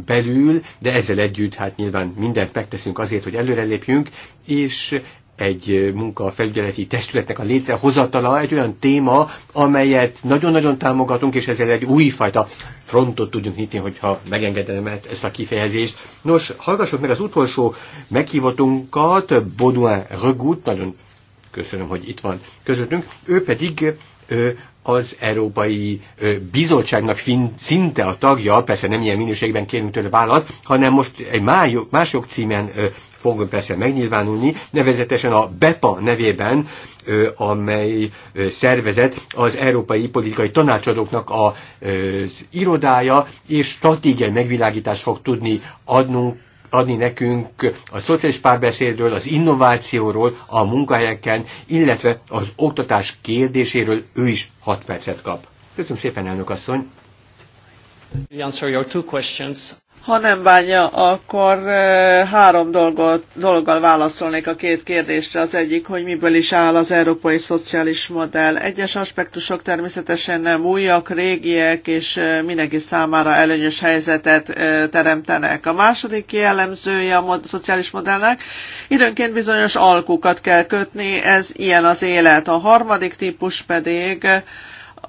belül, de ezzel együtt hát nyilván mindent megteszünk azért, hogy előrelépjünk, és egy munkafelügyeleti testületnek a létrehozatala egy olyan téma, amelyet nagyon-nagyon támogatunk, és ezzel egy újfajta frontot tudjunk nyitni, hogyha megengedem ezt a kifejezést. Nos, hallgassuk meg az utolsó meghívatunkat, Baudouin Regut, nagyon köszönöm, hogy itt van közöttünk, ő pedig az Európai Bizottságnak szinte a tagja, persze nem ilyen minőségben kérünk tőle választ, hanem most egy más jogcímen fog persze megnyilvánulni, nevezetesen a BEPA nevében, amely szervezet az Európai Politikai Tanácsadóknak az irodája, és stratégiai megvilágítást fog tudni adnunk adni nekünk a szociális párbeszédről, az innovációról, a munkahelyeken, illetve az oktatás kérdéséről ő is 6 percet kap. Köszönöm szépen, elnök asszony! The answer your two questions. Ha nem bánja, akkor három dolgot, dologgal válaszolnék a két kérdésre. Az egyik, hogy miből is áll az európai szociális modell. Egyes aspektusok természetesen nem újak, régiek, és mindenki számára előnyös helyzetet teremtenek. A második jellemzője a mod- szociális modellnek, időnként bizonyos alkukat kell kötni, ez ilyen az élet. A harmadik típus pedig,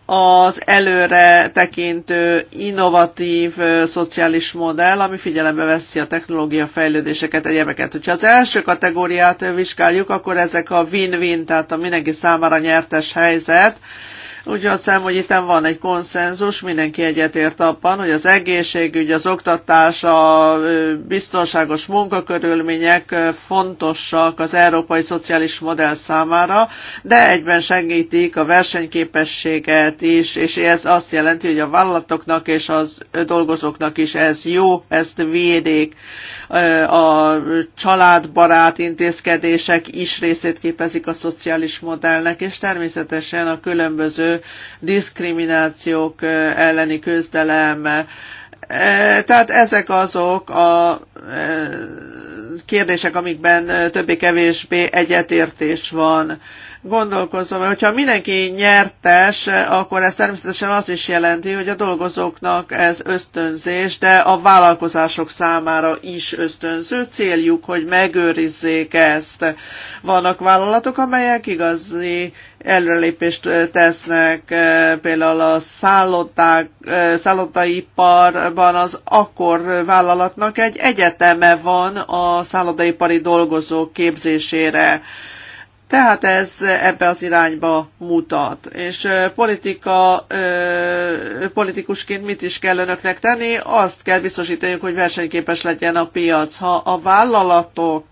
az előre tekintő, innovatív szociális modell, ami figyelembe veszi a technológia fejlődéseket, egyebeket. Hogyha az első kategóriát vizsgáljuk, akkor ezek a win-win, tehát a mindenki számára nyertes helyzet, úgy hiszem, hogy itt van egy konszenzus, mindenki egyetért abban, hogy az egészségügy, az oktatás, a biztonságos munkakörülmények fontosak az európai szociális modell számára, de egyben segítik a versenyképességet is, és ez azt jelenti, hogy a vállalatoknak és az dolgozóknak is ez jó, ezt védik a családbarát intézkedések is részét képezik a szociális modellnek, és természetesen a különböző diszkriminációk elleni közdelem. tehát ezek azok a kérdések, amikben többé-kevésbé egyetértés van gondolkozom, mert hogyha mindenki nyertes, akkor ez természetesen az is jelenti, hogy a dolgozóknak ez ösztönzés, de a vállalkozások számára is ösztönző céljuk, hogy megőrizzék ezt. Vannak vállalatok, amelyek igazi előrelépést tesznek, például a szállották, szállodaiparban az akkor vállalatnak egy egyeteme van a szállodaipari dolgozók képzésére tehát ez ebbe az irányba mutat. És politika, politikusként mit is kell önöknek tenni? Azt kell biztosítani, hogy versenyképes legyen a piac. Ha a vállalatok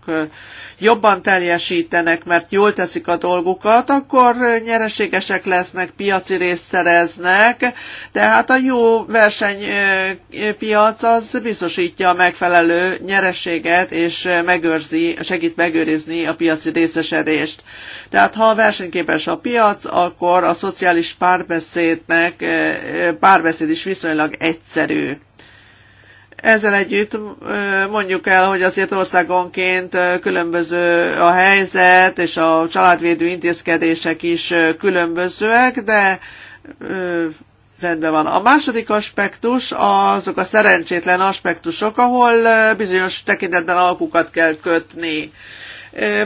jobban teljesítenek, mert jól teszik a dolgukat, akkor nyereségesek lesznek, piaci részt szereznek, tehát a jó versenypiac az biztosítja a megfelelő nyereséget, és megőrzi, segít megőrizni a piaci részesedést. Tehát ha versenyképes a piac, akkor a szociális párbeszédnek eh, párbeszéd is viszonylag egyszerű. Ezzel együtt eh, mondjuk el, hogy azért országonként eh, különböző a helyzet, és a családvédő intézkedések is különbözőek, de rendben van. A második aspektus azok a szerencsétlen aspektusok, ahol bizonyos tekintetben alkukat kell kötni.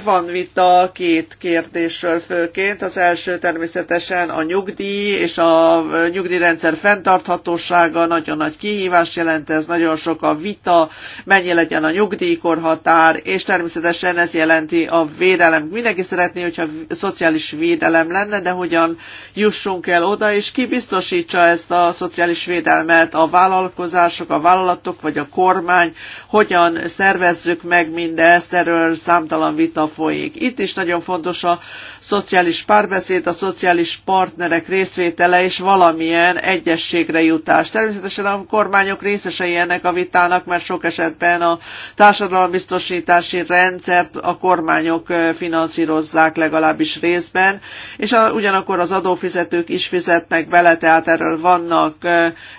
Van vita két kérdésről főként. Az első természetesen a nyugdíj és a nyugdíjrendszer fenntarthatósága nagyon nagy kihívás jelent, ez nagyon sok a vita, mennyi legyen a nyugdíjkorhatár, és természetesen ez jelenti a védelem. Mindenki szeretné, hogyha szociális védelem lenne, de hogyan jussunk el oda, és ki biztosítsa ezt a szociális védelmet, a vállalkozások, a vállalatok vagy a kormány, hogyan szervezzük meg mindezt, erről számtalan vita folyik. Itt is nagyon fontos a szociális párbeszéd, a szociális partnerek részvétele és valamilyen egyességre jutás. Természetesen a kormányok részesei ennek a vitának, mert sok esetben a társadalombiztosítási rendszert a kormányok finanszírozzák legalábbis részben, és a, ugyanakkor az adófizetők is fizetnek bele, tehát erről vannak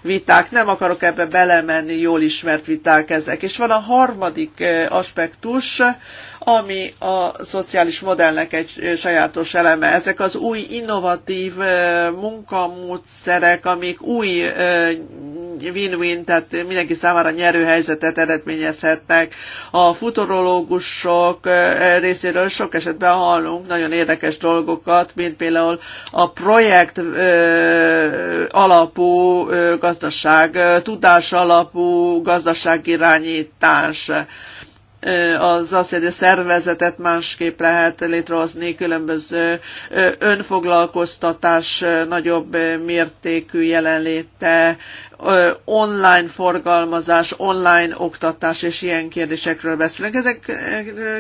viták. Nem akarok ebbe belemenni, jól ismert viták ezek. És van a harmadik aspektus, ami a szociális modellnek egy sajátos eleme. Ezek az új innovatív munkamódszerek, amik új win-win, tehát mindenki számára nyerő helyzetet eredményezhetnek. A futurológusok részéről sok esetben hallunk nagyon érdekes dolgokat, mint például a projekt alapú gazdaság, tudás alapú gazdaságirányítás. irányítás az azt jelenti, hogy szervezetet másképp lehet létrehozni, különböző önfoglalkoztatás nagyobb mértékű jelenléte, online forgalmazás, online oktatás és ilyen kérdésekről beszélünk. Ezek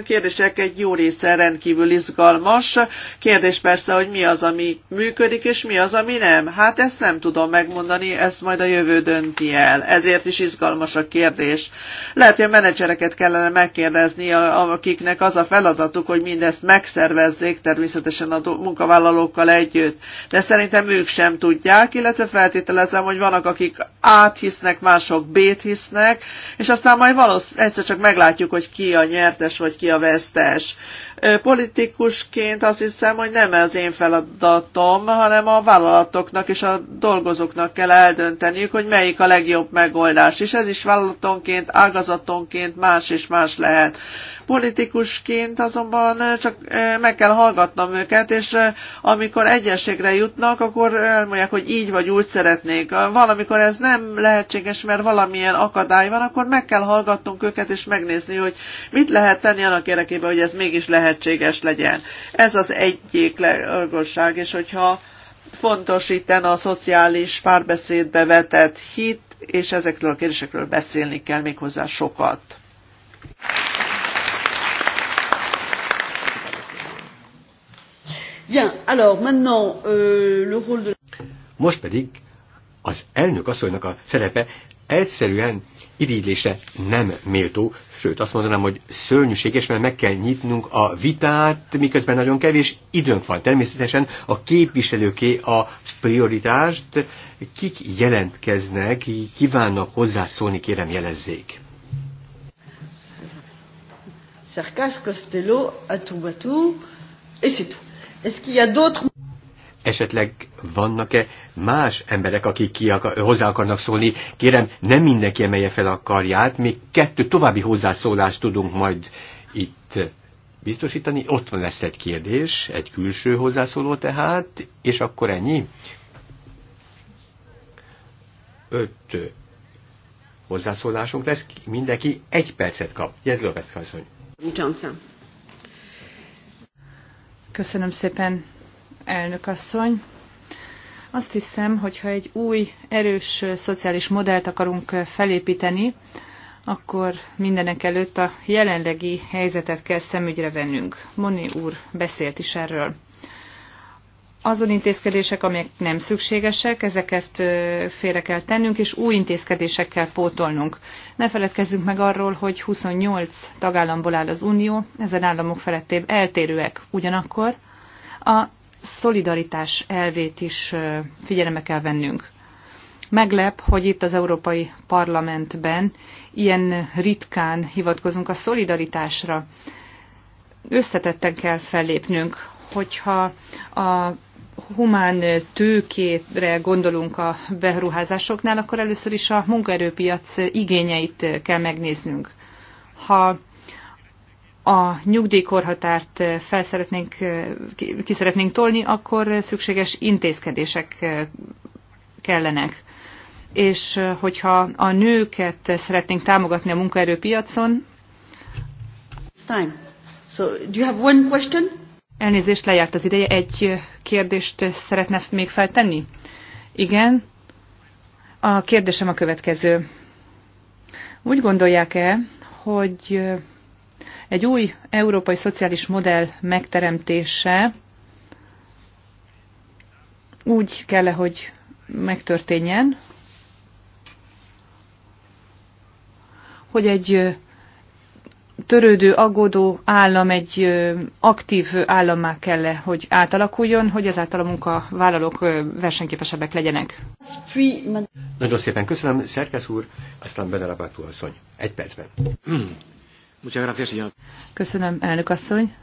kérdések egy jó része rendkívül izgalmas. Kérdés persze, hogy mi az, ami működik, és mi az, ami nem. Hát ezt nem tudom megmondani, ezt majd a jövő dönti el. Ezért is izgalmas a kérdés. Lehet, hogy a menedzsereket kellene megkérdezni, akiknek az a feladatuk, hogy mindezt megszervezzék, természetesen a munkavállalókkal együtt. De szerintem ők sem tudják, illetve feltételezem, hogy vannak, akik a-t hisznek, mások B-t hisznek, és aztán majd valószínűleg egyszer csak meglátjuk, hogy ki a nyertes, vagy ki a vesztes. Politikusként azt hiszem, hogy nem az én feladatom, hanem a vállalatoknak és a dolgozóknak kell eldönteniük, hogy melyik a legjobb megoldás. És ez is vállalatonként, ágazatonként más és más lehet. Politikusként azonban eh, csak eh, meg kell hallgatnom őket, és eh, amikor egyességre jutnak, akkor elmondják, hogy így vagy úgy szeretnék. Ah, valamikor ez nem lehetséges, mert valamilyen akadály van, akkor meg kell hallgatnunk őket, és megnézni, hogy mit lehet tenni annak érdekében, hogy ez mégis lehetséges legyen. Ez az egyik legorgosság, és hogyha fontos itten a szociális párbeszédbe vetett hit, és ezekről a kérdésekről beszélni kell méghozzá sokat. Bien, alors maintenant euh, le rôle de... Most pedig az elnök asszonynak a szerepe egyszerűen irídlése nem méltó, sőt azt mondanám, hogy szörnyűséges, mert meg kell nyitnunk a vitát, miközben nagyon kevés időnk van. Természetesen a képviselőké a prioritást, kik jelentkeznek, kívánnak hozzászólni, kérem jelezzék. Szerkász Costello, Atubatu, és itt. Esetleg vannak-e más emberek, akik ki akar, hozzá akarnak szólni? Kérem, nem mindenki emelje fel a karját, még kettő további hozzászólást tudunk majd itt biztosítani. Ott van lesz egy kérdés, egy külső hozzászóló tehát, és akkor ennyi. Öt hozzászólásunk lesz, mindenki egy percet kap. Jezlőbet asszony. Johnson. Köszönöm szépen, elnök asszony. Azt hiszem, hogyha egy új, erős szociális modellt akarunk felépíteni, akkor mindenek előtt a jelenlegi helyzetet kell szemügyre vennünk. Moni úr beszélt is erről azon intézkedések, amelyek nem szükségesek, ezeket félre kell tennünk, és új intézkedésekkel pótolnunk. Ne feledkezzünk meg arról, hogy 28 tagállamból áll az Unió, ezen államok felettébb eltérőek. Ugyanakkor a szolidaritás elvét is figyelembe kell vennünk. Meglep, hogy itt az Európai Parlamentben ilyen ritkán hivatkozunk a szolidaritásra. Összetetten kell fellépnünk, hogyha a humán tőkére gondolunk a beruházásoknál, akkor először is a munkaerőpiac igényeit kell megnéznünk. Ha a nyugdíjkorhatárt fel szeretnénk, ki szeretnénk tolni, akkor szükséges intézkedések kellenek. És hogyha a nőket szeretnénk támogatni a munkaerőpiacon. It's time. So, do you have one question? Elnézést, lejárt az ideje. Egy kérdést szeretne még feltenni? Igen. A kérdésem a következő. Úgy gondolják-e, hogy egy új európai szociális modell megteremtése úgy kell -e, hogy megtörténjen, hogy egy törődő, aggódó állam egy aktív állammá kell -e, hogy átalakuljon, hogy ezáltal a munkavállalók versenyképesebbek legyenek. Nagyon szépen köszönöm, Szerkes úr, aztán Bedelabátú asszony. Egy percben. Köszönöm, elnök asszony.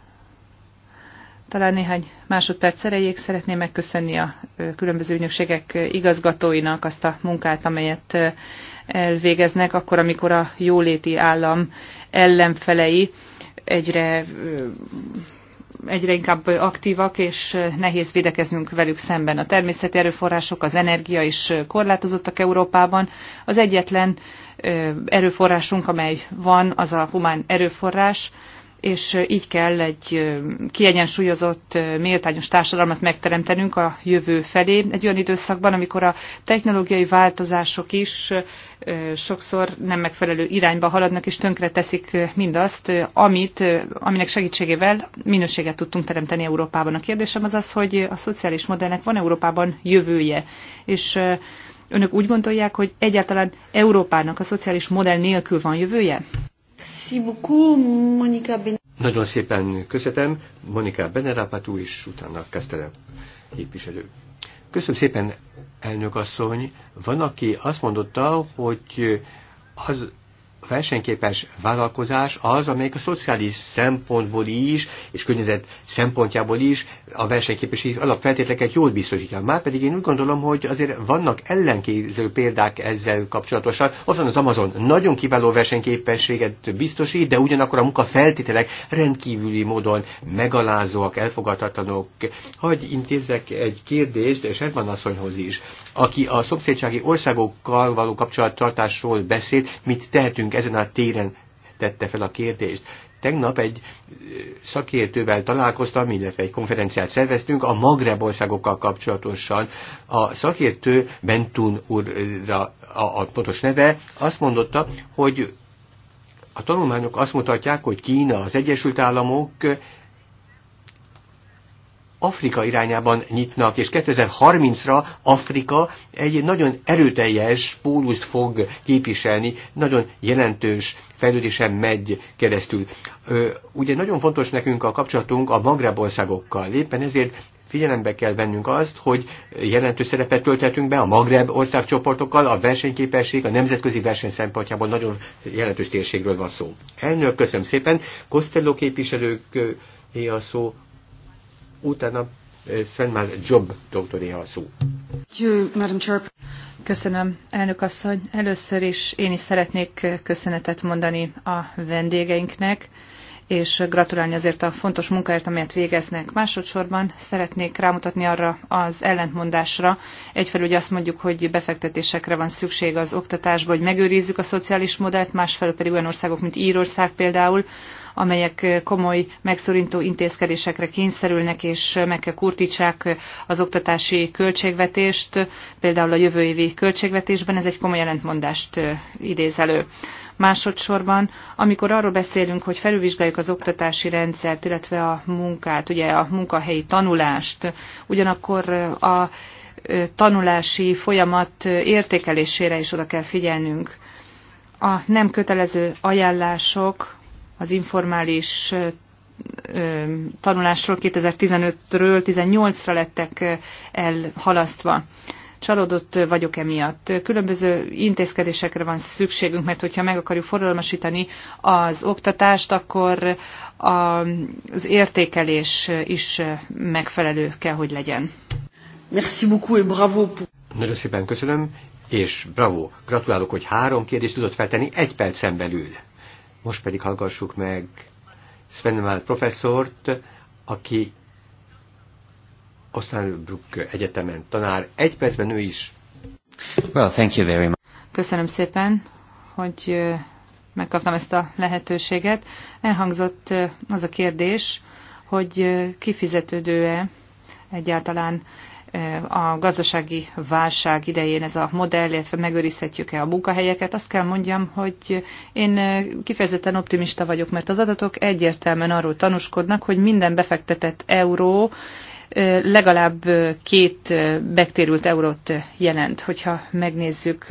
Talán néhány másodperc erejéig szeretném megköszönni a különböző ügynökségek igazgatóinak azt a munkát, amelyet elvégeznek, akkor, amikor a jóléti állam ellenfelei egyre egyre inkább aktívak, és nehéz védekeznünk velük szemben. A természeti erőforrások, az energia is korlátozottak Európában. Az egyetlen erőforrásunk, amely van, az a humán erőforrás, és így kell egy kiegyensúlyozott, méltányos társadalmat megteremtenünk a jövő felé, egy olyan időszakban, amikor a technológiai változások is sokszor nem megfelelő irányba haladnak, és tönkre teszik mindazt, amit, aminek segítségével minőséget tudtunk teremteni Európában. A kérdésem az az, hogy a szociális modellnek van Európában jövője, és önök úgy gondolják, hogy egyáltalán Európának a szociális modell nélkül van jövője? ben... Nagyon szépen köszönöm, Monika Benerapatú és utána kezdte képviselő. Köszönöm szépen, elnök asszony. Van, aki azt mondotta, hogy az versenyképes vállalkozás az, amelyik a szociális szempontból is, és környezet szempontjából is a versenyképesi alapfeltételeket jól biztosítja. Márpedig én úgy gondolom, hogy azért vannak ellenkéző példák ezzel kapcsolatosan. Ott van az Amazon, nagyon kiváló versenyképességet biztosít, de ugyanakkor a munkafeltételek rendkívüli módon megalázóak, elfogadhatatlanok. Hogy intézzek egy kérdést és van asszonyhoz is, aki a szomszédsági országokkal való kapcsolattartásról beszélt, mit tehetünk ezen a téren tette fel a kérdést. Tegnap egy szakértővel találkoztam, illetve egy konferenciát szerveztünk a Magreb országokkal kapcsolatosan. A szakértő Bentun úrra a, a pontos neve azt mondotta, hogy a tanulmányok azt mutatják, hogy Kína, az Egyesült Államok Afrika irányában nyitnak, és 2030-ra Afrika egy nagyon erőteljes pólust fog képviselni, nagyon jelentős fejlődésen megy keresztül. Ugye nagyon fontos nekünk a kapcsolatunk a Magreb országokkal, éppen ezért figyelembe kell vennünk azt, hogy jelentős szerepet tölthetünk be a Magreb országcsoportokkal, a versenyképesség, a nemzetközi verseny szempontjából nagyon jelentős térségről van szó. Elnök, köszönöm szépen. Costello képviselők a szó utána eh, már Jobb doktori a szó. Köszönöm, elnök asszony. Először is én is szeretnék köszönetet mondani a vendégeinknek, és gratulálni azért a fontos munkáért, amelyet végeznek. Másodszorban szeretnék rámutatni arra az ellentmondásra. Egyfelől ugye azt mondjuk, hogy befektetésekre van szükség az oktatásba, hogy megőrizzük a szociális modellt, másfelől pedig olyan országok, mint Írország például, amelyek komoly megszorító intézkedésekre kényszerülnek, és meg kell kurtítsák az oktatási költségvetést, például a jövő évi költségvetésben, ez egy komoly jelentmondást idéz elő. Másodszorban, amikor arról beszélünk, hogy felülvizsgáljuk az oktatási rendszert, illetve a munkát, ugye a munkahelyi tanulást, ugyanakkor a tanulási folyamat értékelésére is oda kell figyelnünk. A nem kötelező ajánlások az informális tanulásról 2015-ről 18-ra lettek elhalasztva. Csalódott vagyok emiatt. Különböző intézkedésekre van szükségünk, mert hogyha meg akarjuk forradalmasítani az oktatást, akkor az értékelés is megfelelő kell, hogy legyen. Merci beaucoup et bravo. Nagyon szépen köszönöm, és bravo. Gratulálok, hogy három kérdést tudott feltenni egy percen belül. Most pedig hallgassuk meg Svenemál professzort, aki Osnabrück Egyetemen tanár. Egy percben ő is. Well, thank you very much. Köszönöm szépen, hogy megkaptam ezt a lehetőséget. Elhangzott az a kérdés, hogy kifizetődő-e egyáltalán a gazdasági válság idején ez a modell, illetve megőrizhetjük-e a munkahelyeket, azt kell mondjam, hogy én kifejezetten optimista vagyok, mert az adatok egyértelműen arról tanúskodnak, hogy minden befektetett euró legalább két megtérült eurót jelent. Hogyha megnézzük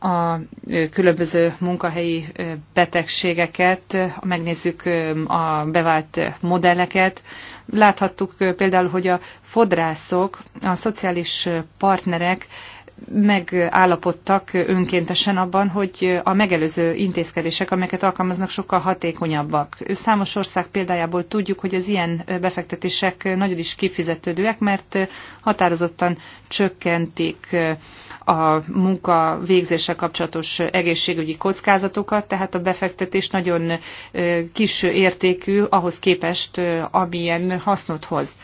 a különböző munkahelyi betegségeket, megnézzük a bevált modelleket, Láthattuk például, hogy a fodrászok, a szociális partnerek megállapodtak önkéntesen abban, hogy a megelőző intézkedések, amelyeket alkalmaznak, sokkal hatékonyabbak. Számos ország példájából tudjuk, hogy az ilyen befektetések nagyon is kifizetődőek, mert határozottan csökkentik a munka végzése kapcsolatos egészségügyi kockázatokat, tehát a befektetés nagyon kis értékű ahhoz képest, amilyen hasznot hoz.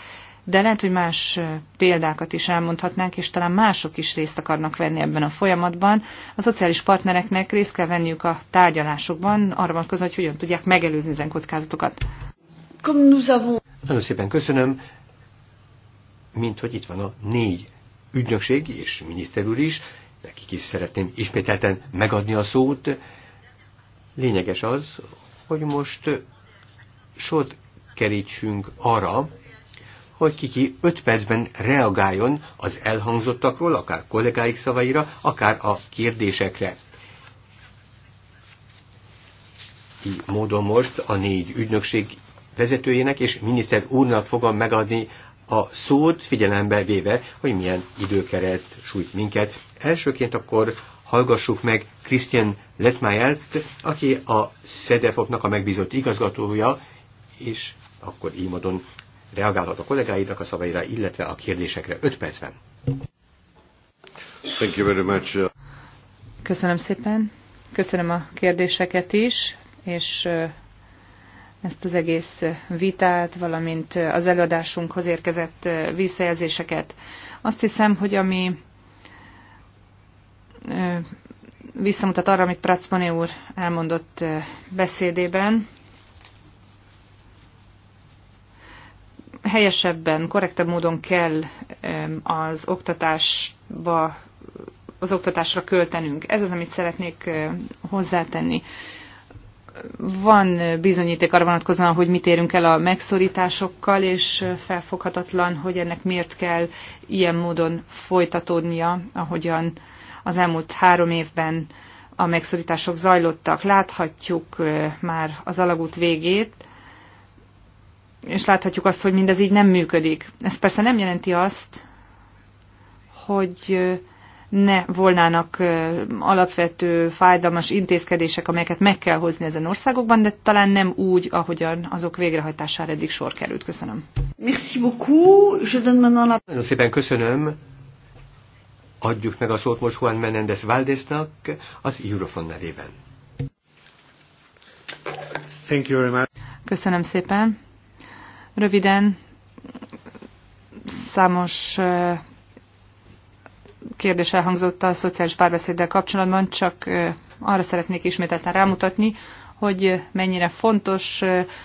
De lehet, hogy más példákat is elmondhatnánk, és talán mások is részt akarnak venni ebben a folyamatban. A szociális partnereknek részt kell venniük a tárgyalásokban, arra vonatkozóan, hogy hogyan tudják megelőzni ezen kockázatokat. Nagyon szépen köszönöm, mint hogy itt van a négy ügynökség és miniszter úr is, nekik is szeretném ismételten megadni a szót. Lényeges az, hogy most sót kerítsünk arra, hogy kiki öt percben reagáljon az elhangzottakról, akár kollégáik szavaira, akár a kérdésekre. Így módon most a négy ügynökség vezetőjének és miniszter úrnak fogom megadni a szót figyelembe véve, hogy milyen időkeret sújt minket. Elsőként akkor hallgassuk meg Christian Letmayert, aki a szedefoknak a megbízott igazgatója, és akkor így módon reagálhat a kollégáidnak a szavaira, illetve a kérdésekre 5 percben. Thank you very much. Köszönöm szépen. Köszönöm a kérdéseket is, és ezt az egész vitát, valamint az előadásunkhoz érkezett visszajelzéseket. Azt hiszem, hogy ami visszamutat arra, amit Pracmani úr elmondott beszédében, helyesebben, korrektebb módon kell az oktatásba az oktatásra költenünk. Ez az, amit szeretnék hozzátenni van bizonyíték arra vonatkozóan, hogy mit érünk el a megszorításokkal, és felfoghatatlan, hogy ennek miért kell ilyen módon folytatódnia, ahogyan az elmúlt három évben a megszorítások zajlottak. Láthatjuk már az alagút végét, és láthatjuk azt, hogy mindez így nem működik. Ez persze nem jelenti azt, hogy ne volnának alapvető fájdalmas intézkedések, amelyeket meg kell hozni ezen országokban, de talán nem úgy, ahogyan azok végrehajtására eddig sor került. Köszönöm. Merci beaucoup. Je donne maintenant la... Nagyon szépen köszönöm. Adjuk meg a szót most Juan Menendez Valdesnak az Eurofon nevében. Thank you very much. Köszönöm szépen. Röviden számos kérdés elhangzott a szociális párbeszéddel kapcsolatban, csak arra szeretnék ismételten rámutatni, hogy mennyire fontos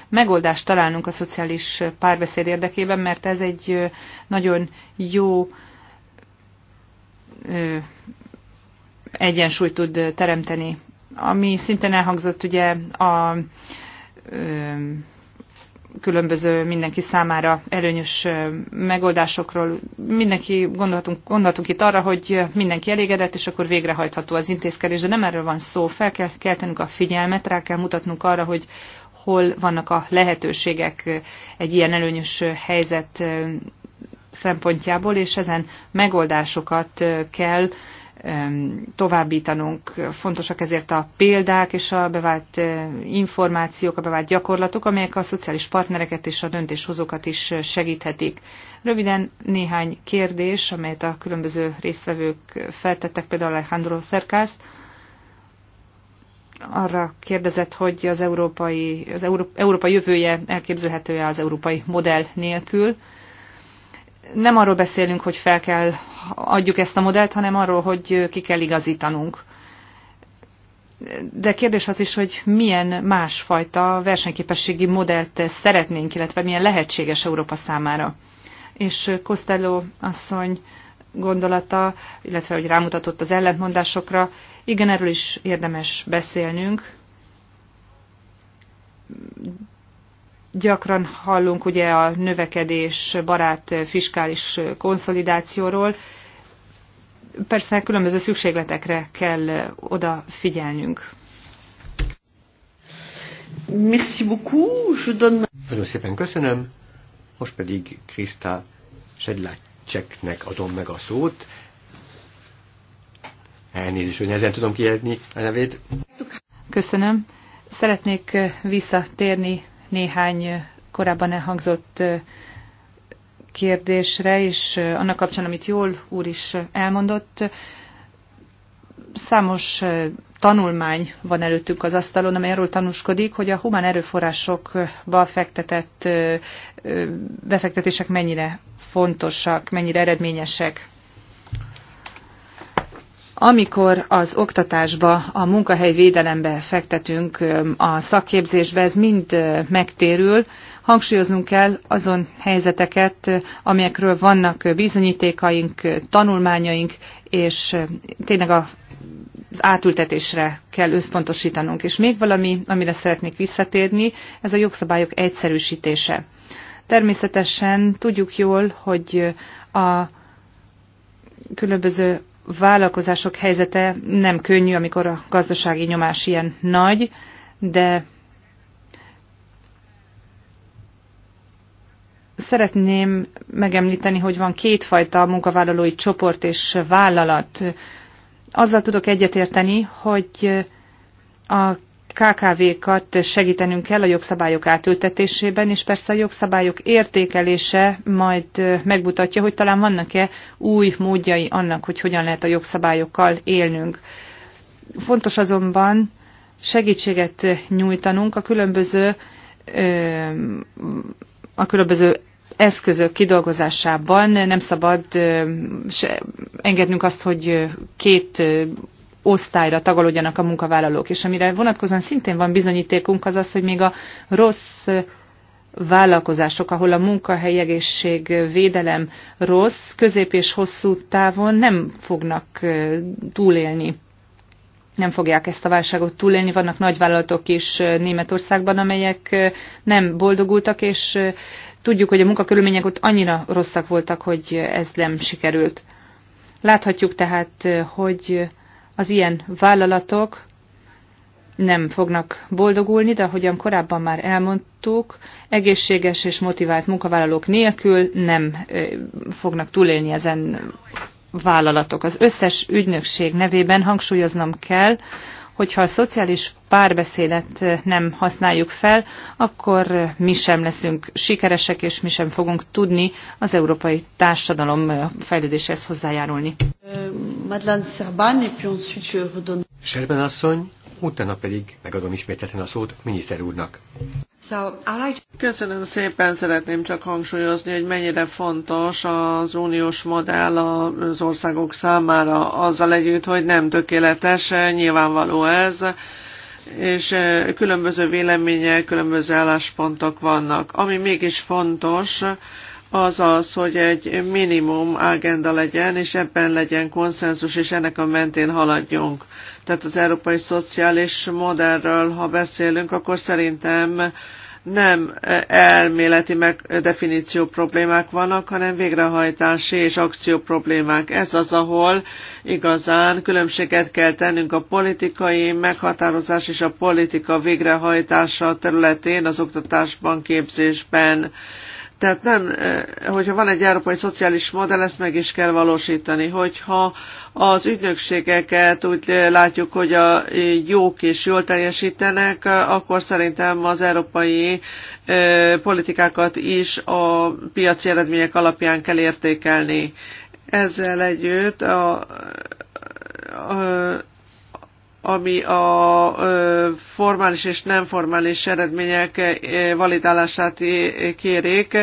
megoldást találnunk a szociális párbeszéd érdekében, mert ez egy nagyon jó egyensúlyt tud teremteni. Ami szintén elhangzott ugye a különböző mindenki számára előnyös megoldásokról. Mindenki gondolhatunk, gondolhatunk itt arra, hogy mindenki elégedett, és akkor végrehajtható az intézkedés, de nem erről van szó. Fel kell keltenünk a figyelmet, rá kell mutatnunk arra, hogy hol vannak a lehetőségek egy ilyen előnyös helyzet szempontjából, és ezen megoldásokat kell továbbítanunk. Fontosak ezért a példák és a bevált eh, információk, a bevált gyakorlatok, amelyek a szociális partnereket és a döntéshozókat is eh, segíthetik. Röviden néhány kérdés, amelyet a különböző résztvevők feltettek, például Alejandro Szerkász, arra kérdezett, hogy az európai, az Európa, Európa jövője elképzelhető-e az európai modell nélkül. Nem arról beszélünk, hogy fel kell adjuk ezt a modellt, hanem arról, hogy ki kell igazítanunk. De kérdés az is, hogy milyen másfajta versenyképességi modellt szeretnénk, illetve milyen lehetséges Európa számára. És Costello asszony gondolata, illetve hogy rámutatott az ellentmondásokra, igen, erről is érdemes beszélnünk, Gyakran hallunk ugye a növekedés barát fiskális konszolidációról. Persze különböző szükségletekre kell odafigyelnünk. Merci beaucoup. Je donne... Nagyon szépen köszönöm. Most pedig Krista Sedlacseknek adom meg a szót. Elnézést, hogy ezen tudom kijelni a nevét. Köszönöm. Szeretnék visszatérni néhány korábban elhangzott kérdésre, és annak kapcsán, amit Jól úr is elmondott, számos tanulmány van előttünk az asztalon, amely arról tanúskodik, hogy a humán erőforrásokba fektetett befektetések mennyire fontosak, mennyire eredményesek. Amikor az oktatásba, a munkahelyvédelembe fektetünk, a szakképzésbe, ez mind megtérül. Hangsúlyoznunk kell azon helyzeteket, amelyekről vannak bizonyítékaink, tanulmányaink, és tényleg a az átültetésre kell összpontosítanunk. És még valami, amire szeretnék visszatérni, ez a jogszabályok egyszerűsítése. Természetesen tudjuk jól, hogy a különböző vállalkozások helyzete nem könnyű, amikor a gazdasági nyomás ilyen nagy, de szeretném megemlíteni, hogy van kétfajta munkavállalói csoport és vállalat. Azzal tudok egyetérteni, hogy a KKV-kat segítenünk kell a jogszabályok átültetésében, és persze a jogszabályok értékelése majd megmutatja, hogy talán vannak-e új módjai annak, hogy hogyan lehet a jogszabályokkal élnünk. Fontos azonban segítséget nyújtanunk a különböző a különböző eszközök kidolgozásában nem szabad engednünk azt, hogy két osztályra tagolódjanak a munkavállalók. És amire vonatkozóan szintén van bizonyítékunk az az, hogy még a rossz vállalkozások, ahol a munkahelyi védelem rossz, közép és hosszú távon nem fognak túlélni. Nem fogják ezt a válságot túlélni. Vannak nagyvállalatok is Németországban, amelyek nem boldogultak, és tudjuk, hogy a munkakörülmények ott annyira rosszak voltak, hogy ez nem sikerült. Láthatjuk tehát, hogy az ilyen vállalatok nem fognak boldogulni, de ahogyan korábban már elmondtuk, egészséges és motivált munkavállalók nélkül nem fognak túlélni ezen vállalatok. Az összes ügynökség nevében hangsúlyoznom kell, hogyha a szociális párbeszédet nem használjuk fel, akkor mi sem leszünk sikeresek, és mi sem fogunk tudni az európai társadalom fejlődéshez hozzájárulni. Madeleine Serban, és puis ensuite je redonne. asszony, utána pedig megadom ismételten a szót miniszter úrnak. Köszönöm szépen, szeretném csak hangsúlyozni, hogy mennyire fontos az uniós modell az országok számára, azzal együtt, hogy nem tökéletes, nyilvánvaló ez, és különböző vélemények, különböző álláspontok vannak. Ami mégis fontos, az az, hogy egy minimum agenda legyen, és ebben legyen konszenzus, és ennek a mentén haladjunk. Tehát az európai szociális modellről, ha beszélünk, akkor szerintem nem elméleti megdefiníció problémák vannak, hanem végrehajtási és akció problémák. Ez az, ahol igazán különbséget kell tennünk a politikai meghatározás és a politika végrehajtása területén, az oktatásban, képzésben tehát nem, hogyha van egy európai szociális modell, ezt meg is kell valósítani. Hogyha az ügynökségeket úgy látjuk, hogy a jók és jól teljesítenek, akkor szerintem az európai politikákat is a piaci eredmények alapján kell értékelni. Ezzel együtt a, a ami a formális és nem formális eredmények validálását kérik.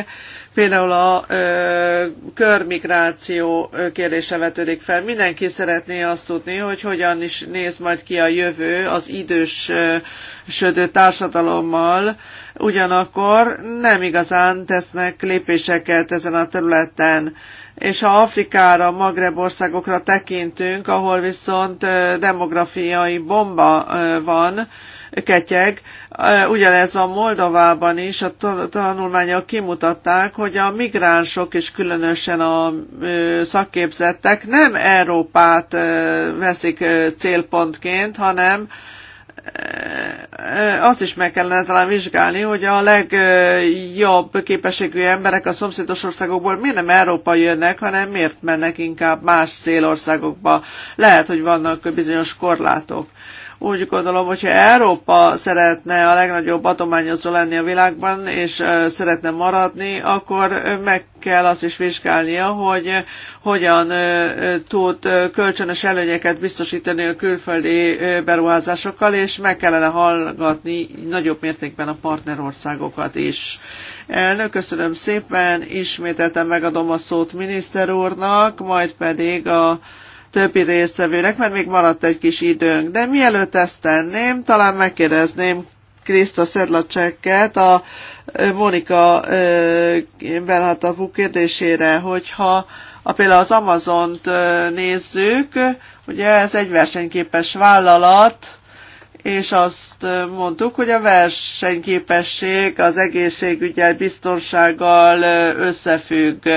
Például a körmigráció kérdése vetődik fel. Mindenki szeretné azt tudni, hogy hogyan is néz majd ki a jövő az idősödő társadalommal, ugyanakkor nem igazán tesznek lépéseket ezen a területen és ha Afrikára, Magreb országokra tekintünk, ahol viszont demográfiai bomba van, ketyeg. Ugyanez van Moldovában is, a tanulmányok kimutatták, hogy a migránsok és különösen a szakképzettek nem Európát veszik célpontként, hanem azt is meg kellene talán vizsgálni, hogy a legjobb képességű emberek a szomszédos országokból miért nem Európa jönnek, hanem miért mennek inkább más célországokba. Lehet, hogy vannak bizonyos korlátok. Úgy gondolom, hogyha Európa szeretne a legnagyobb adományozó lenni a világban, és szeretne maradni, akkor meg kell azt is vizsgálnia, hogy hogyan tud kölcsönös előnyeket biztosítani a külföldi beruházásokkal, és meg kellene hallgatni nagyobb mértékben a partnerországokat is. Elnök, köszönöm szépen, ismételten megadom a szót miniszter úrnak, majd pedig a többi résztvevőnek, mert még maradt egy kis időnk. De mielőtt ezt tenném, talán megkérdezném Kriszta Szedlacseket a Monika Benhatapú kérdésére, hogyha a például az Amazont nézzük, ugye ez egy versenyképes vállalat, és azt mondtuk, hogy a versenyképesség az egészségügyel, biztonsággal összefügg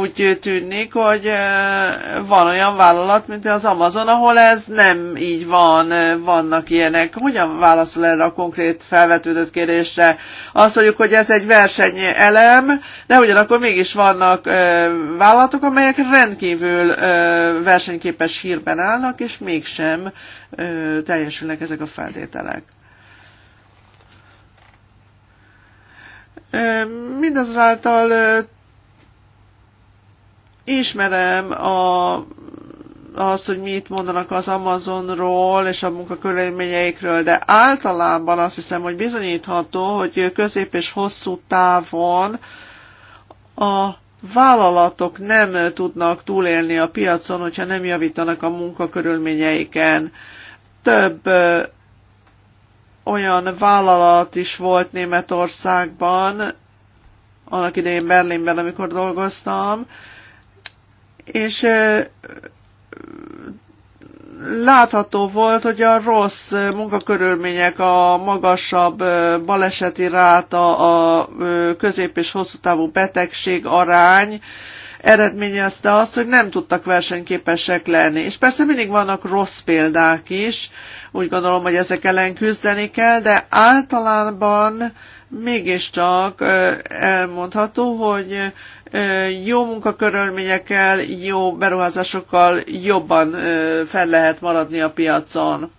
úgy tűnik, hogy van olyan vállalat, mint például az Amazon, ahol ez nem így van, vannak ilyenek. Hogyan válaszol erre a konkrét felvetődött kérdésre? Azt mondjuk, hogy ez egy versenyelem, de ugyanakkor mégis vannak vállalatok, amelyek rendkívül versenyképes hírben állnak, és mégsem teljesülnek ezek a feltételek. Mindazonáltal Ismerem a azt, hogy mit mondanak az Amazonról és a munkakörülményeikről, de általában azt hiszem, hogy bizonyítható, hogy közép és hosszú távon a vállalatok nem tudnak túlélni a piacon, hogyha nem javítanak a munkakörülményeiken. Több olyan vállalat is volt Németországban, annak idején Berlinben, amikor dolgoztam, és látható volt, hogy a rossz munkakörülmények, a magasabb baleseti ráta, a közép- és hosszú távú betegség arány eredményezte azt, hogy nem tudtak versenyképesek lenni. És persze mindig vannak rossz példák is, úgy gondolom, hogy ezek ellen küzdeni kell, de általában mégiscsak elmondható, hogy jó munkakörülményekkel, jó beruházásokkal jobban fel lehet maradni a piacon.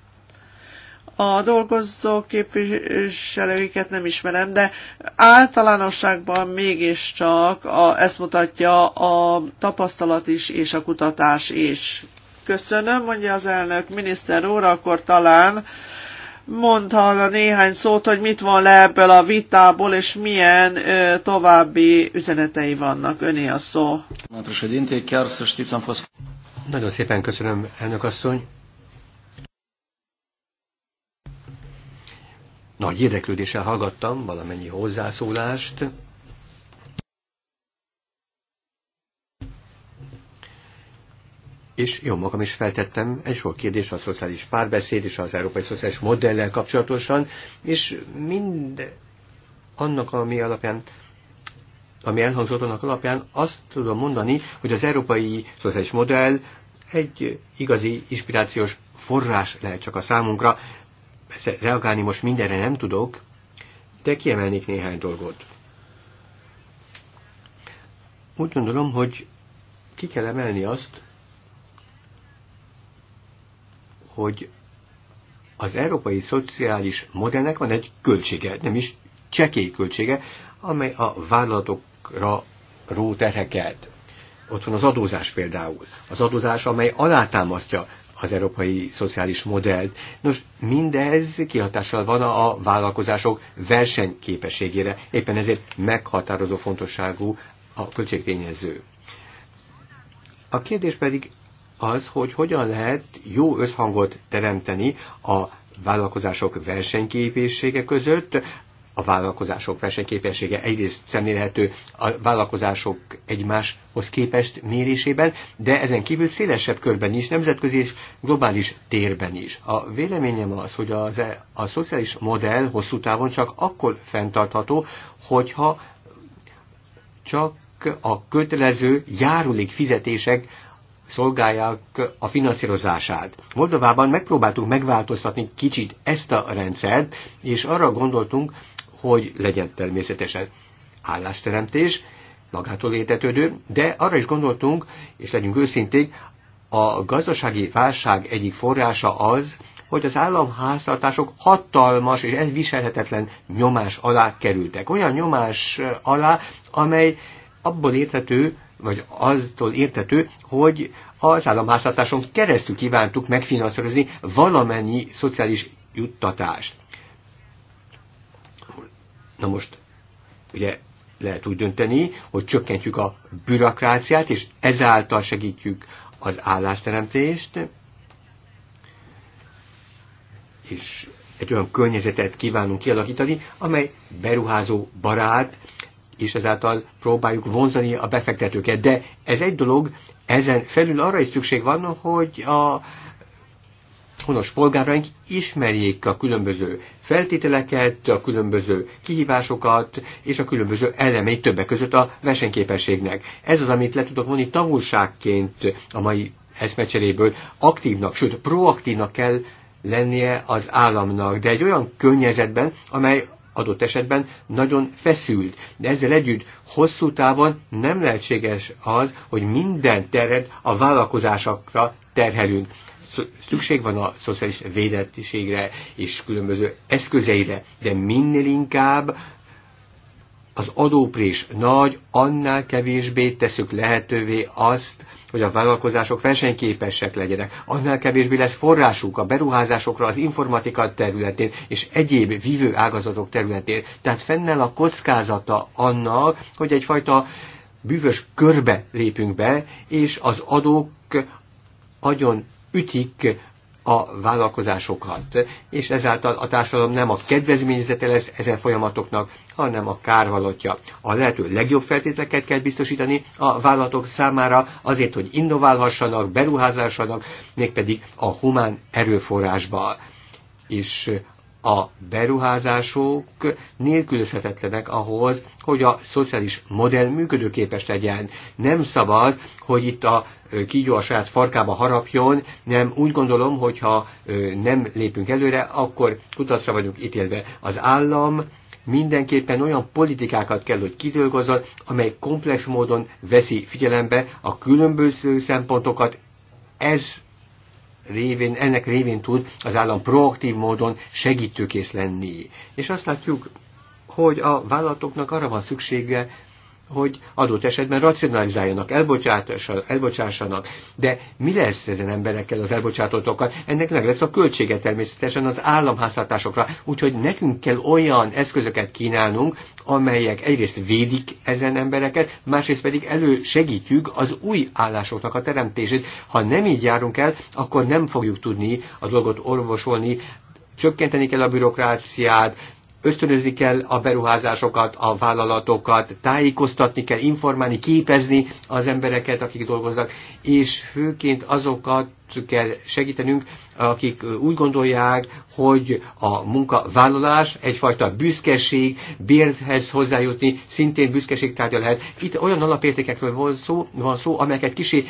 A dolgozó képviselőiket nem ismerem, de általánosságban mégiscsak a, ezt mutatja a tapasztalat is és a kutatás is. Köszönöm, mondja az elnök miniszter úr, akkor talán mondhatna néhány szót, hogy mit van le ebből a vitából, és milyen ö, további üzenetei vannak. Öné a szó. Nagyon szépen köszönöm, elnök asszony. Nagy érdeklődéssel hallgattam valamennyi hozzászólást. és jó magam is feltettem egy sok kérdés a szociális párbeszéd és az európai szociális modellel kapcsolatosan, és mind annak, ami alapján ami elhangzott annak alapján, azt tudom mondani, hogy az európai szociális modell egy igazi inspirációs forrás lehet csak a számunkra. Persze reagálni most mindenre nem tudok, de kiemelnék néhány dolgot. Úgy gondolom, hogy ki kell emelni azt, hogy az európai szociális modellnek van egy költsége, nem is csekély költsége, amely a vállalatokra ró terheket. Ott van az adózás például. Az adózás, amely alátámasztja az európai szociális modellt. Nos, mindez kihatással van a vállalkozások versenyképességére. Éppen ezért meghatározó fontosságú a költségtényező. A kérdés pedig az, hogy hogyan lehet jó összhangot teremteni a vállalkozások versenyképessége között, a vállalkozások versenyképessége egyrészt szemlélhető a vállalkozások egymáshoz képest mérésében, de ezen kívül szélesebb körben is, nemzetközi és globális térben is. A véleményem az, hogy az, e- a szociális modell hosszú távon csak akkor fenntartható, hogyha csak a kötelező járulék fizetések szolgálják a finanszírozását. Moldovában megpróbáltunk megváltoztatni kicsit ezt a rendszert, és arra gondoltunk, hogy legyen természetesen állásteremtés, magától értetődő, de arra is gondoltunk, és legyünk őszinték, a gazdasági válság egyik forrása az, hogy az államháztartások hatalmas és elviselhetetlen nyomás alá kerültek. Olyan nyomás alá, amely abból érthető, vagy attól értető, hogy az államháztartáson keresztül kívántuk megfinanszírozni valamennyi szociális juttatást. Na most, ugye lehet úgy dönteni, hogy csökkentjük a bürokráciát, és ezáltal segítjük az állásteremtést, és egy olyan környezetet kívánunk kialakítani, amely beruházó barát, és ezáltal próbáljuk vonzani a befektetőket. De ez egy dolog, ezen felül arra is szükség van, hogy a honos polgáraink ismerjék a különböző feltételeket, a különböző kihívásokat és a különböző elemeit többek között a versenyképességnek. Ez az, amit le tudok mondani tanulságként a mai eszmecseréből. Aktívnak, sőt proaktívnak kell lennie az államnak, de egy olyan környezetben, amely adott esetben nagyon feszült. De ezzel együtt hosszú távon nem lehetséges az, hogy minden terhet a vállalkozásokra terhelünk. Szükség van a szociális védettségre és különböző eszközeire, de minél inkább az adóprés nagy, annál kevésbé teszük lehetővé azt, hogy a vállalkozások versenyképesek legyenek, annál kevésbé lesz forrásuk a beruházásokra az informatika területén és egyéb vívő ágazatok területén. Tehát fennel a kockázata annak, hogy egyfajta bűvös körbe lépünk be, és az adók agyon ütik a vállalkozásokat, és ezáltal a társadalom nem a kedvezményezete lesz ezen folyamatoknak, hanem a kárvalotja. A lehető legjobb feltételeket kell biztosítani a vállalatok számára azért, hogy innoválhassanak, beruházhassanak, mégpedig a humán erőforrásba. És a beruházások nélkülözhetetlenek ahhoz, hogy a szociális modell működőképes legyen. Nem szabad, hogy itt a kígyó a saját farkába harapjon, nem úgy gondolom, hogyha nem lépünk előre, akkor kutatásra vagyunk ítélve. Az állam mindenképpen olyan politikákat kell, hogy kidolgozzon, amely komplex módon veszi figyelembe a különböző szempontokat, ez révén, ennek révén tud az állam proaktív módon segítőkész lenni. És azt látjuk, hogy a vállalatoknak arra van szüksége, hogy adott esetben racionalizáljanak, elbocsássanak. De mi lesz ezen emberekkel, az elbocsátottokkal? Ennek meg lesz a költsége természetesen az államháztartásokra. Úgyhogy nekünk kell olyan eszközöket kínálnunk, amelyek egyrészt védik ezen embereket, másrészt pedig elősegítjük az új állásoknak a teremtését. Ha nem így járunk el, akkor nem fogjuk tudni a dolgot orvosolni, csökkenteni kell a bürokráciát, ösztönözni kell a beruházásokat, a vállalatokat, tájékoztatni kell, informálni, képezni az embereket, akik dolgoznak, és főként azokat kell segítenünk, akik úgy gondolják, hogy a munkavállalás egyfajta büszkeség, bérhez hozzájutni szintén büszkeség tárgya lehet. Itt olyan alapértékekről van szó, van szó amelyeket kicsi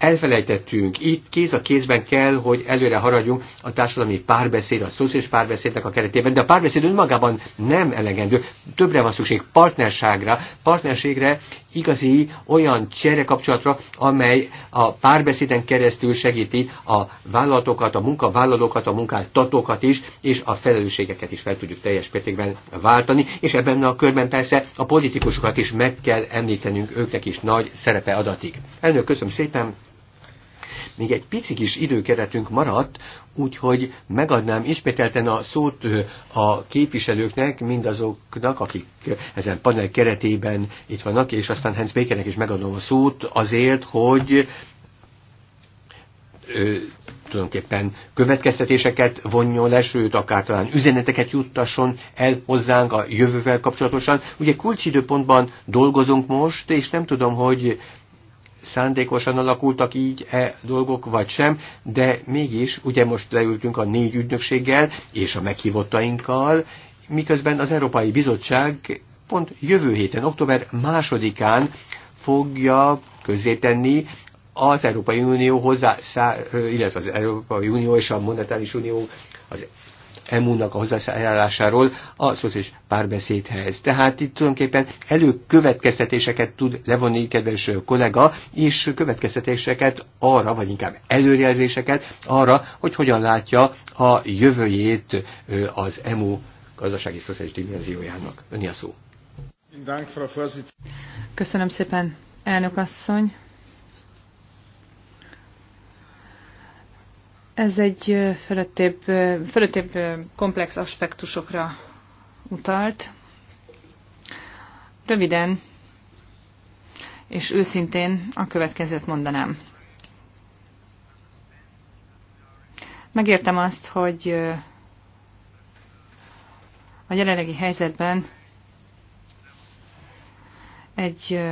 elfelejtettünk. Itt kéz a kézben kell, hogy előre haradjunk a társadalmi párbeszéd, a szociális párbeszédnek a keretében, de a párbeszéd önmagában nem elegendő. Többre van szükség partnerságra, partnerségre, igazi olyan kapcsolatra, amely a párbeszéden keresztül segíti a vállalatokat, a munkavállalókat, a munkáltatókat is, és a felelősségeket is fel tudjuk teljes mértékben váltani, és ebben a körben persze a politikusokat is meg kell említenünk, őknek is nagy szerepe adatik. Elnök, köszönöm szépen! még egy pici kis időkeretünk maradt, úgyhogy megadnám ismételten a szót a képviselőknek, mindazoknak, akik ezen panel keretében itt vannak, és aztán Hans Békenek is megadom a szót azért, hogy ő, tulajdonképpen következtetéseket vonjon le, sőt, akár talán üzeneteket juttasson el hozzánk a jövővel kapcsolatosan. Ugye kulcsidőpontban dolgozunk most, és nem tudom, hogy szándékosan alakultak így e dolgok, vagy sem, de mégis, ugye most leültünk a négy ügynökséggel és a meghívottainkkal, miközben az Európai Bizottság pont jövő héten, október másodikán fogja közzétenni az Európai Unió hozzá, illetve az Európai Unió és a Monetáris Unió az EMU-nak a hozzájárulásáról a szociális párbeszédhez. Tehát itt tulajdonképpen előkövetkeztetéseket tud levonni kedves kollega, és következtetéseket arra, vagy inkább előrejelzéseket arra, hogy hogyan látja a jövőjét az EMU gazdasági szociális dimenziójának. Önni a szó. Köszönöm szépen, elnök asszony. Ez egy fölöttébb, fölöttébb komplex aspektusokra utalt. Röviden és őszintén a következőt mondanám. Megértem azt, hogy a jelenlegi helyzetben egy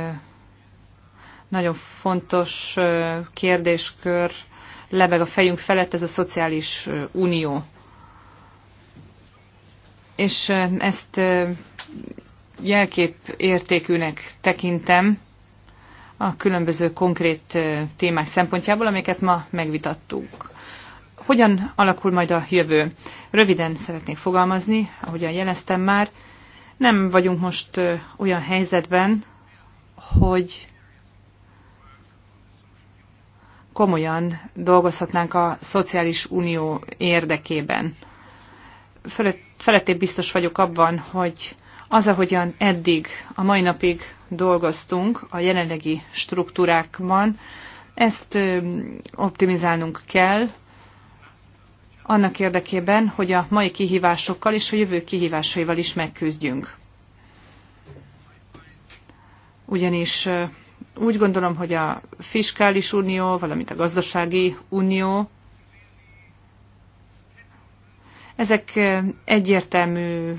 nagyon fontos kérdéskör lebeg a fejünk felett, ez a szociális unió. És ezt jelkép értékűnek tekintem a különböző konkrét témák szempontjából, amiket ma megvitattunk. Hogyan alakul majd a jövő? Röviden szeretnék fogalmazni, ahogyan jeleztem már. Nem vagyunk most olyan helyzetben, hogy komolyan dolgozhatnánk a szociális unió érdekében. feletté biztos vagyok abban, hogy az, ahogyan eddig, a mai napig dolgoztunk a jelenlegi struktúrákban, ezt optimizálnunk kell, annak érdekében, hogy a mai kihívásokkal és a jövő kihívásaival is megküzdjünk. Ugyanis úgy gondolom, hogy a fiskális unió, valamint a gazdasági unió, ezek egyértelmű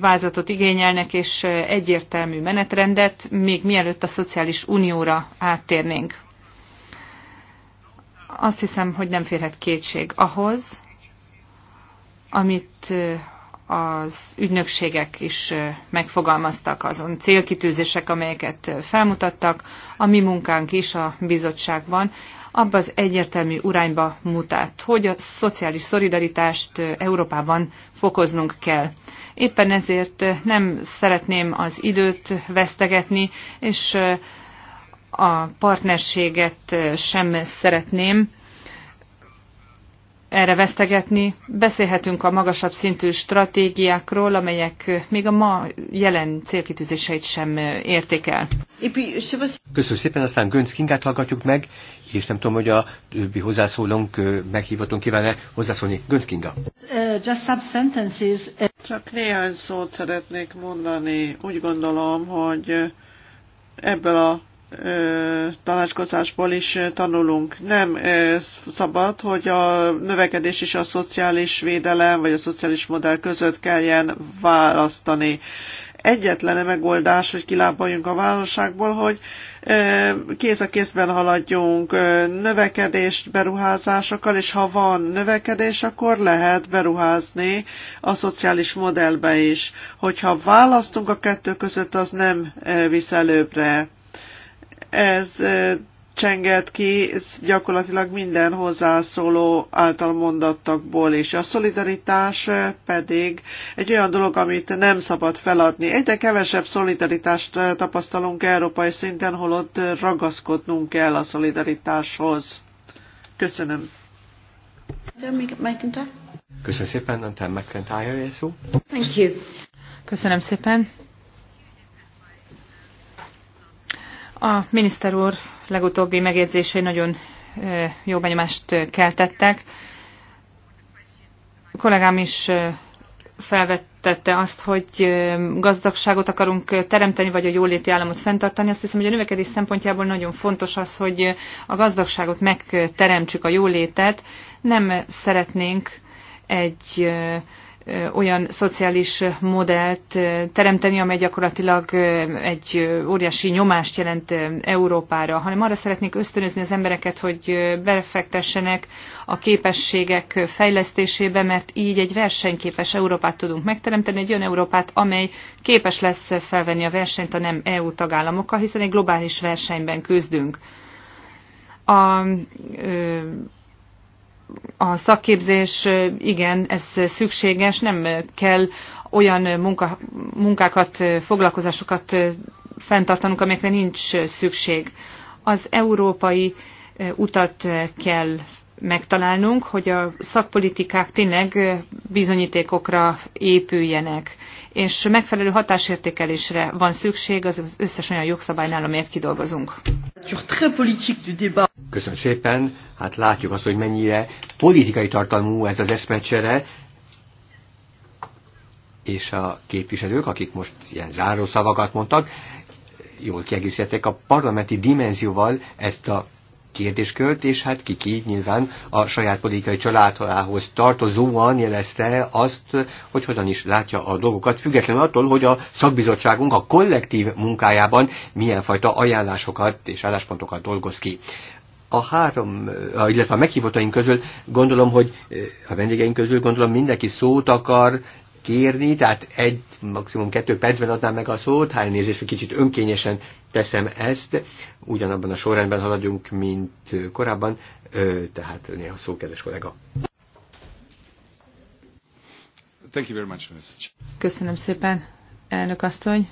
vázlatot igényelnek, és egyértelmű menetrendet, még mielőtt a szociális unióra áttérnénk. Azt hiszem, hogy nem férhet kétség ahhoz, amit az ügynökségek is megfogalmaztak azon célkitűzések, amelyeket felmutattak, a mi munkánk is a bizottságban abba az egyértelmű urányba mutat, hogy a szociális szolidaritást Európában fokoznunk kell. Éppen ezért nem szeretném az időt vesztegetni, és a partnerséget sem szeretném erre vesztegetni. Beszélhetünk a magasabb szintű stratégiákról, amelyek még a ma jelen célkitűzéseit sem érték el. Köszönöm szépen, aztán Gönc Kingát hallgatjuk meg, és nem tudom, hogy a többi hozzászólónk meghívatunk kívánne hozzászólni. Gönc Kinga. Csak néhány szót szeretnék mondani. Úgy gondolom, hogy ebből a tanácskozásból is tanulunk. Nem szabad, hogy a növekedés és a szociális védelem vagy a szociális modell között kelljen választani. Egyetlen megoldás, hogy kilábaljunk a válságból, hogy kéz a kézben haladjunk növekedést beruházásokkal, és ha van növekedés, akkor lehet beruházni a szociális modellbe is. Hogyha választunk a kettő között, az nem visz előbbre ez csenget ki gyakorlatilag minden hozzászóló által mondattakból és A szolidaritás pedig egy olyan dolog, amit nem szabad feladni. Egyre kevesebb szolidaritást tapasztalunk európai szinten, holott ragaszkodnunk kell a szolidaritáshoz. Köszönöm. Köszönöm szépen, Antal McIntyre, Thank you. Köszönöm szépen. A miniszter úr legutóbbi megjegyzései nagyon jó benyomást keltettek. A kollégám is felvettette azt, hogy gazdagságot akarunk teremteni, vagy a jóléti államot fenntartani. Azt hiszem, hogy a növekedés szempontjából nagyon fontos az, hogy a gazdagságot megteremtsük, a jólétet. Nem szeretnénk egy olyan szociális modellt teremteni, amely gyakorlatilag egy óriási nyomást jelent Európára, hanem arra szeretnék ösztönözni az embereket, hogy befektessenek a képességek fejlesztésébe, mert így egy versenyképes Európát tudunk megteremteni, egy olyan Európát, amely képes lesz felvenni a versenyt a nem EU tagállamokkal, hiszen egy globális versenyben küzdünk. A, a szakképzés, igen, ez szükséges, nem kell olyan munka, munkákat, foglalkozásokat fenntartanunk, amelyekre nincs szükség. Az európai utat kell megtalálnunk, hogy a szakpolitikák tényleg bizonyítékokra épüljenek, és megfelelő hatásértékelésre van szükség az összes olyan jogszabálynál, amelyet kidolgozunk. Köszönöm szépen, hát látjuk azt, hogy mennyire politikai tartalmú ez az eszmecsere, és a képviselők, akik most ilyen záró szavakat mondtak, jól kiegészítették a parlamenti dimenzióval ezt a kérdéskört, és hát Kiki nyilván a saját politikai családhalához tartozóan jelezte azt, hogy hogyan is látja a dolgokat, függetlenül attól, hogy a szakbizottságunk a kollektív munkájában milyen fajta ajánlásokat és álláspontokat dolgoz ki a három, illetve a meghívottaink közül gondolom, hogy eh, a vendégeink közül gondolom mindenki szót akar kérni, tehát egy, maximum kettő percben adnám meg a szót, hát elnézést, hogy kicsit önkényesen teszem ezt, ugyanabban a sorrendben haladjunk, mint korábban, tehát néha szó, kedves kollega. Köszönöm szépen, elnök asszony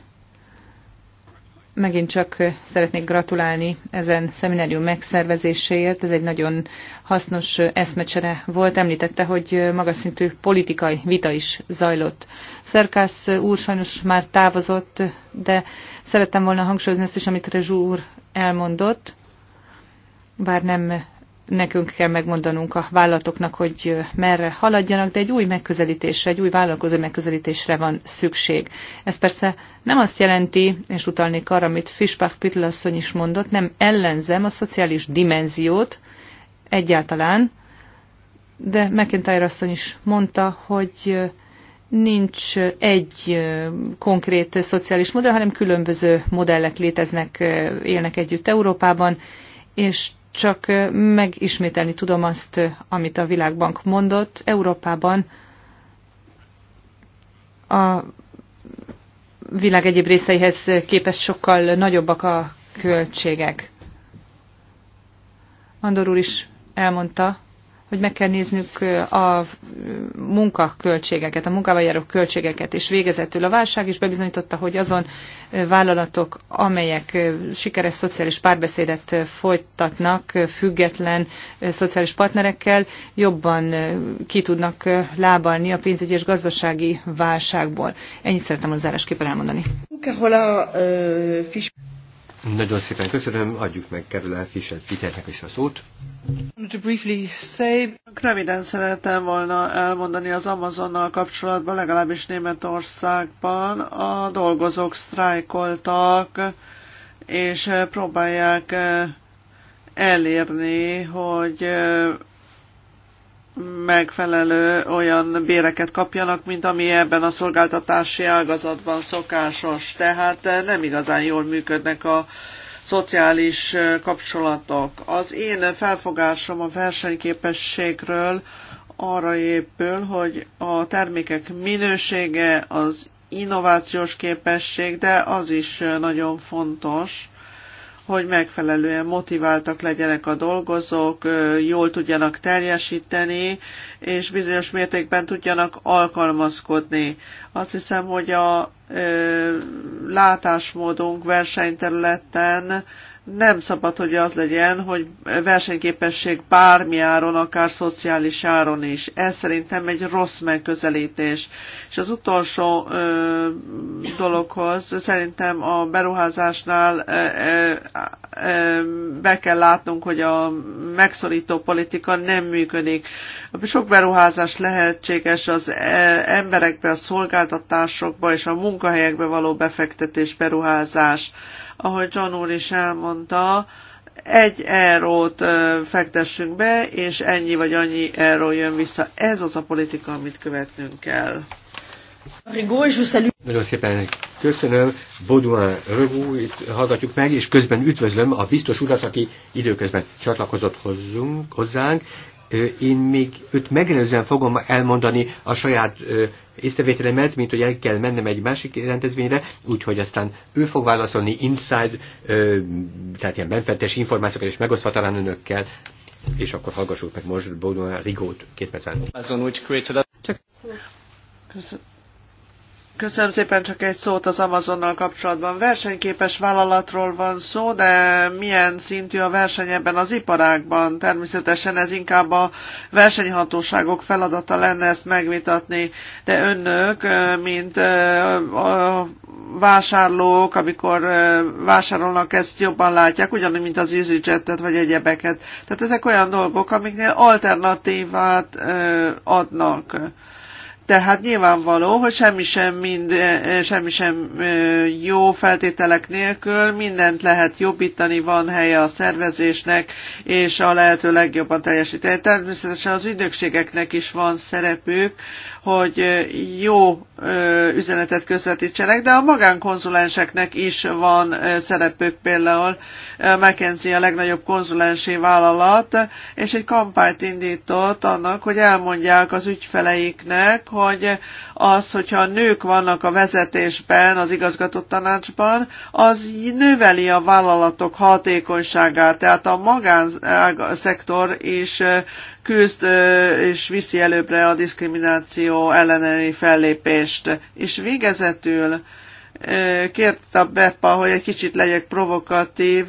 megint csak szeretnék gratulálni ezen szeminárium megszervezéséért. Ez egy nagyon hasznos eszmecsere volt. Említette, hogy magas szintű politikai vita is zajlott. Szerkász úr sajnos már távozott, de szerettem volna hangsúlyozni ezt is, amit Rezsú úr elmondott, bár nem nekünk kell megmondanunk a vállalatoknak, hogy merre haladjanak, de egy új megközelítésre, egy új vállalkozó megközelítésre van szükség. Ez persze nem azt jelenti, és utalnék arra, amit Fischbach Pitlasszony is mondott, nem ellenzem a szociális dimenziót egyáltalán, de McIntyre asszony is mondta, hogy nincs egy konkrét szociális modell, hanem különböző modellek léteznek, élnek együtt Európában, és csak megismételni tudom azt, amit a Világbank mondott. Európában a világ egyéb részeihez képest sokkal nagyobbak a költségek. Andor úr is elmondta, hogy meg kell néznünk a munkaköltségeket, a munkával járó költségeket, és végezetül a válság is bebizonyította, hogy azon vállalatok, amelyek sikeres szociális párbeszédet folytatnak független szociális partnerekkel, jobban ki tudnak lábalni a pénzügyi és gazdasági válságból. Ennyit szeretem a zárásképpen elmondani. Nagyon szépen köszönöm, adjuk meg Kerülel Kisebb Peternek is a szót. Röviden szerettem volna elmondani az Amazonnal kapcsolatban, legalábbis Németországban a dolgozók sztrájkoltak, és próbálják eh, elérni, hogy eh, megfelelő olyan béreket kapjanak, mint ami ebben a szolgáltatási ágazatban szokásos. Tehát nem igazán jól működnek a szociális kapcsolatok. Az én felfogásom a versenyképességről arra épül, hogy a termékek minősége, az innovációs képesség, de az is nagyon fontos, hogy megfelelően motiváltak legyenek a dolgozók, jól tudjanak teljesíteni, és bizonyos mértékben tudjanak alkalmazkodni. Azt hiszem, hogy a látásmódunk versenyterületen nem szabad, hogy az legyen, hogy versenyképesség bármi áron, akár szociális áron is. Ez szerintem egy rossz megközelítés. És az utolsó ö, dologhoz szerintem a beruházásnál ö, ö, ö, be kell látnunk, hogy a megszorító politika nem működik. Sok beruházás lehetséges az emberekbe, a szolgáltatásokba és a munkahelyekbe való befektetés, beruházás. Ö, ahogy John úr is elmondta, egy errót fektessünk be, és ennyi vagy annyi erró jön vissza. Ez az a politika, amit követnünk kell. Nagyon szépen köszönöm. Baudouin Revue-t hallgatjuk meg, és közben üdvözlöm a biztos urat, aki időközben csatlakozott hozzunk, hozzánk, én még őt megrendezően fogom elmondani a saját észrevételemet, mint hogy el kell mennem egy másik rendezvényre, úgyhogy aztán ő fog válaszolni inside, tehát ilyen benfettes információkat is megosztva talán önökkel, és akkor hallgassuk meg most Bódon Rigót két percen. Csak köszönöm. Köszönöm szépen, csak egy szót az Amazonnal kapcsolatban. Versenyképes vállalatról van szó, de milyen szintű a verseny ebben az iparágban? Természetesen ez inkább a versenyhatóságok feladata lenne ezt megvitatni, de önök, mint a vásárlók, amikor vásárolnak, ezt jobban látják, ugyanúgy, mint az EasyJet-et vagy egyebeket. Tehát ezek olyan dolgok, amiknél alternatívát adnak. Tehát nyilvánvaló, hogy semmi sem, mind, eh, semmi sem eh, jó feltételek nélkül, mindent lehet jobbítani, van helye a szervezésnek, és a lehető legjobban teljesíteni. Természetesen az ügynökségeknek is van szerepük hogy jó üzenetet közvetítsenek, de a magánkonzulenseknek is van szerepük, például McKenzie a legnagyobb konzulensi vállalat, és egy kampányt indított annak, hogy elmondják az ügyfeleiknek, hogy az, hogyha a nők vannak a vezetésben, az igazgató tanácsban, az növeli a vállalatok hatékonyságát, tehát a magánszektor is küzd és viszi előbbre a diszkrimináció elleneni fellépést. És végezetül kérte a Beppa, hogy egy kicsit legyek provokatív,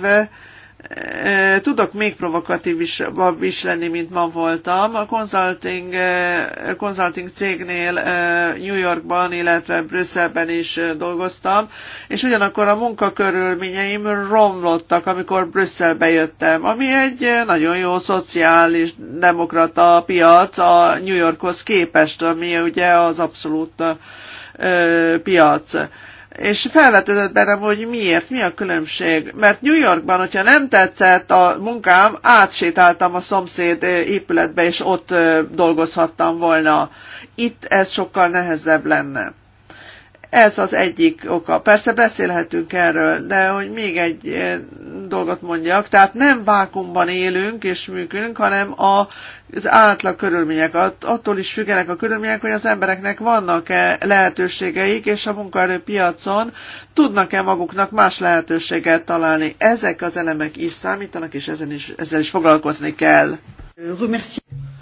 tudok még provokatívabb is lenni, mint ma voltam. A consulting, consulting cégnél New Yorkban, illetve Brüsszelben is dolgoztam, és ugyanakkor a munkakörülményeim romlottak, amikor Brüsszelbe jöttem, ami egy nagyon jó szociális demokrata piac a New Yorkhoz képest, ami ugye az abszolút piac és felvetődött bennem, hogy miért, mi a különbség. Mert New Yorkban, hogyha nem tetszett a munkám, átsétáltam a szomszéd épületbe, és ott dolgozhattam volna. Itt ez sokkal nehezebb lenne. Ez az egyik oka. Persze beszélhetünk erről, de hogy még egy eh, dolgot mondjak, tehát nem vákumban élünk és működünk, hanem a, az átlag körülmények. At, attól is függenek a körülmények, hogy az embereknek vannak-e lehetőségeik, és a munkaerőpiacon tudnak-e maguknak más lehetőséget találni. Ezek az elemek is számítanak, és ezen is, ezzel is foglalkozni kell.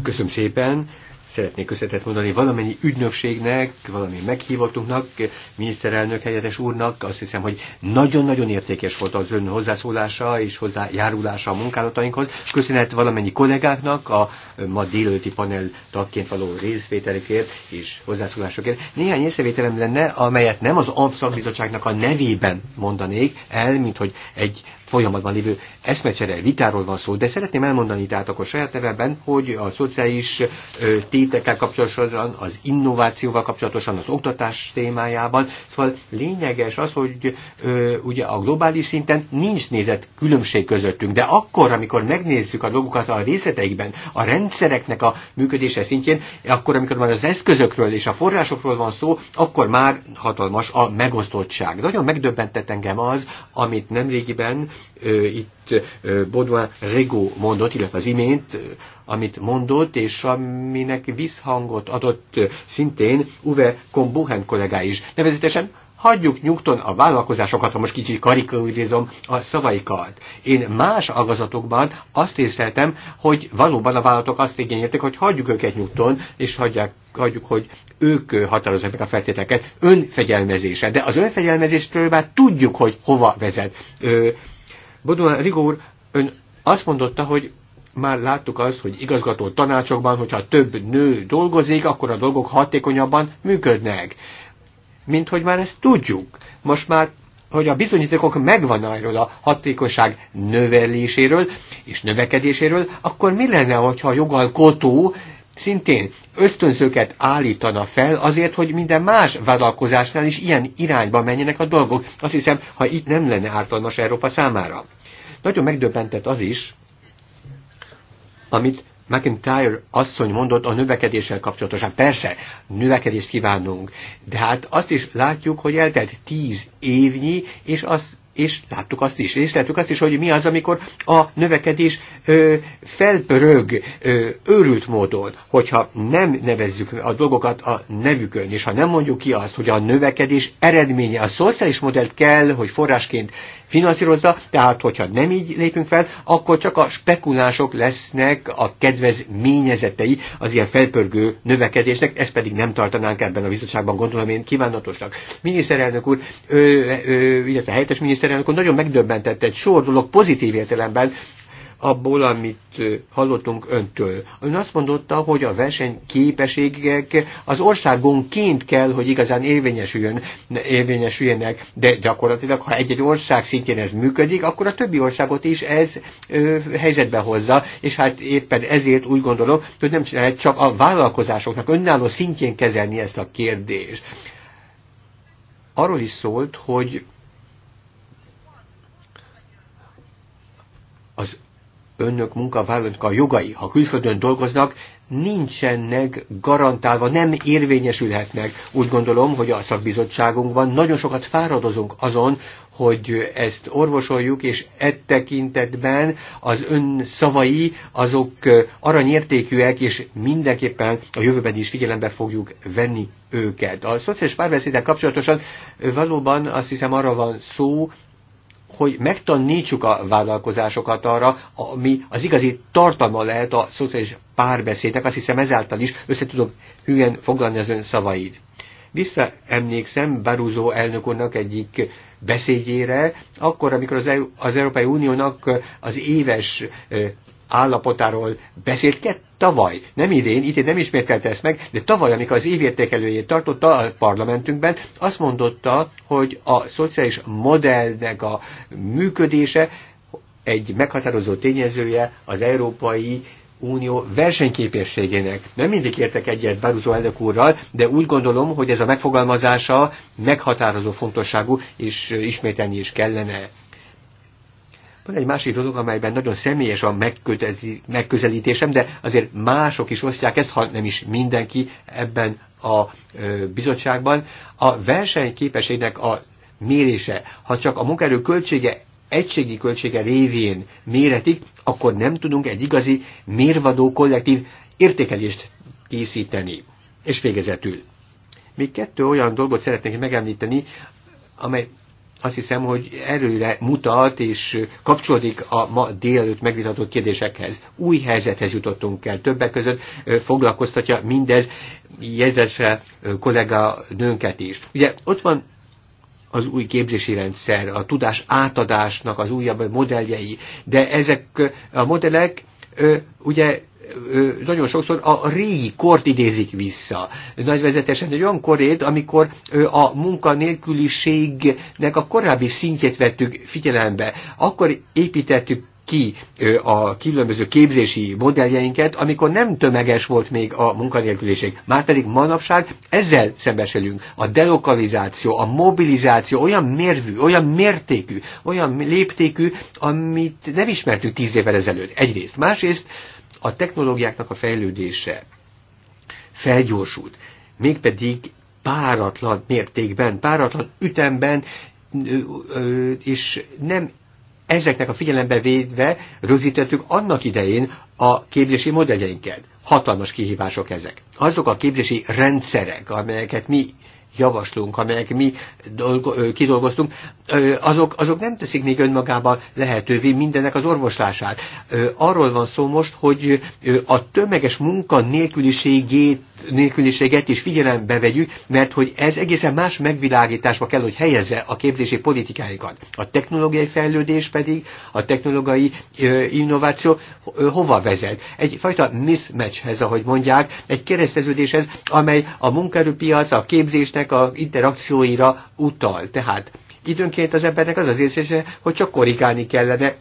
Köszönöm szépen. Szeretnék köszönetet mondani valamennyi ügynökségnek, valami meghívottunknak, miniszterelnök helyettes úrnak. Azt hiszem, hogy nagyon-nagyon értékes volt az ön hozzászólása és hozzájárulása a munkálatainkhoz. Köszönet valamennyi kollégáknak a ma délőtti panel tagként való részvételekért és hozzászólásokért. Néhány észrevételem lenne, amelyet nem az Amszakbizottságnak a nevében mondanék el, mint hogy egy folyamatban lévő eszmecsere vitáról van szó, de szeretném elmondani tehát akkor saját nevemben, hogy a szociális ö, létekkel kapcsolatosan, az innovációval kapcsolatosan, az oktatás témájában. Szóval lényeges az, hogy ö, ugye a globális szinten nincs nézet különbség közöttünk, de akkor, amikor megnézzük a dolgokat a részleteikben, a rendszereknek a működése szintjén, akkor, amikor már az eszközökről és a forrásokról van szó, akkor már hatalmas a megosztottság. Nagyon megdöbbentett engem az, amit nemrégiben ö, itt Baudouin Rego mondott, illetve az imént, amit mondott, és aminek visszhangot adott szintén Uwe Kombuhen kollégá is. Nevezetesen hagyjuk nyugton a vállalkozásokat, ha most kicsit karikaturizom a szavaikat. Én más agazatokban azt észleltem, hogy valóban a vállalatok azt igényeltek, hogy hagyjuk őket nyugton, és hagyják, hagyjuk, hogy ők határozzák meg a feltételeket önfegyelmezésre. De az önfegyelmezéstől már tudjuk, hogy hova vezet. Ö, Bodóan Rigó úr, ön azt mondotta, hogy már láttuk azt, hogy igazgató tanácsokban, hogyha több nő dolgozik, akkor a dolgok hatékonyabban működnek. Mint hogy már ezt tudjuk. Most már hogy a bizonyítékok megvan erről a hatékonyság növeléséről és növekedéséről, akkor mi lenne, hogyha a jogalkotó szintén ösztönzőket állítana fel azért, hogy minden más vállalkozásnál is ilyen irányba menjenek a dolgok. Azt hiszem, ha itt nem lenne ártalmas Európa számára. Nagyon megdöbbentett az is, amit McIntyre asszony mondott a növekedéssel kapcsolatosan. Persze, növekedést kívánunk, de hát azt is látjuk, hogy eltelt tíz évnyi, és azt és láttuk azt is, és láttuk azt is, hogy mi az, amikor a növekedés ö, felpörög ö, őrült módon, hogyha nem nevezzük a dolgokat a nevükön, és ha nem mondjuk ki azt, hogy a növekedés eredménye, a szociális modellt kell, hogy forrásként finanszírozza, tehát hogyha nem így lépünk fel, akkor csak a spekulások lesznek a kedvezményezetei az ilyen felpörgő növekedésnek, ezt pedig nem tartanánk ebben a bizottságban, gondolom én kívánatosnak. Miniszterelnök úr, ö, ö, illetve helyettes miniszterelnök úr nagyon megdöbbentett egy sor dolog pozitív értelemben, abból, amit hallottunk öntől. Ön azt mondotta, hogy a versenyképességek az országonként kell, hogy igazán érvényesüljön, érvényesüljenek, de gyakorlatilag, ha egy-egy ország szintjén ez működik, akkor a többi országot is ez ö, helyzetbe hozza, és hát éppen ezért úgy gondolom, hogy nem lehet csak a vállalkozásoknak önálló szintjén kezelni ezt a kérdést. Arról is szólt, hogy önök munkavállalók a jogai, ha külföldön dolgoznak, nincsenek garantálva, nem érvényesülhetnek. Úgy gondolom, hogy a szakbizottságunkban nagyon sokat fáradozunk azon, hogy ezt orvosoljuk, és e tekintetben az ön szavai azok aranyértékűek, és mindenképpen a jövőben is figyelembe fogjuk venni őket. A szociális párbeszédek kapcsolatosan valóban azt hiszem arra van szó, hogy megtanítsuk a vállalkozásokat arra, ami az igazi tartalma lehet a szociális párbeszédnek, azt hiszem ezáltal is összetudom hülyen foglalni az ön szavaid. Visszaemlékszem Baruzó elnök úrnak egyik beszédjére, akkor, amikor az, az Európai Uniónak az éves állapotáról beszélt tavaly, nem idén, itt nem ismételte ezt meg, de tavaly, amikor az évértékelőjét tartotta a parlamentünkben, azt mondotta, hogy a szociális modellnek a működése egy meghatározó tényezője az európai Unió versenyképességének. Nem mindig értek egyet Baruzó elnök úrral, de úgy gondolom, hogy ez a megfogalmazása meghatározó fontosságú, és ismételni is kellene. Van egy másik dolog, amelyben nagyon személyes a megközelítésem, de azért mások is osztják ezt, ha nem is mindenki ebben a bizottságban. A versenyképességnek a mérése, ha csak a munkaerő költsége egységi költsége révén méretik, akkor nem tudunk egy igazi mérvadó kollektív értékelést készíteni. És végezetül. Még kettő olyan dolgot szeretnék megemlíteni, amely azt hiszem, hogy erőre mutat és kapcsolódik a ma délelőtt megvitatott kérdésekhez. Új helyzethez jutottunk el. Többek között foglalkoztatja mindez jegyzese kollega nőnket is. Ugye ott van az új képzési rendszer, a tudás átadásnak az újabb modelljei, de ezek a modellek ugye nagyon sokszor a régi kort idézik vissza. Nagyvezetesen egy olyan korét, amikor a munkanélküliségnek a korábbi szintjét vettük figyelembe, akkor építettük ki a különböző képzési modelljeinket, amikor nem tömeges volt még a munkanélküliség. Márpedig manapság ezzel szembesülünk. A delokalizáció, a mobilizáció olyan mérvű, olyan mértékű, olyan léptékű, amit nem ismertünk tíz évvel ezelőtt. Egyrészt. Másrészt a technológiáknak a fejlődése felgyorsult, mégpedig páratlan mértékben, páratlan ütemben, és nem ezeknek a figyelembe védve rögzítettük annak idején a képzési modelljeinket. Hatalmas kihívások ezek. Azok a képzési rendszerek, amelyeket mi javaslunk, amelyek mi dolgo, kidolgoztunk, azok, azok nem teszik még önmagában lehetővé mindennek az orvoslását. Arról van szó most, hogy a tömeges munka nélküliségét nélküliséget is figyelembe vegyük, mert hogy ez egészen más megvilágításba kell, hogy helyezze a képzési politikáikat. A technológiai fejlődés pedig, a technológiai innováció hova vezet? Egyfajta mismatchhez, ahogy mondják, egy kereszteződéshez, amely a munkaerőpiac, a képzésnek, embernek a interakcióira utal. Tehát időnként az embernek az az érzése, hogy csak korrigálni kellene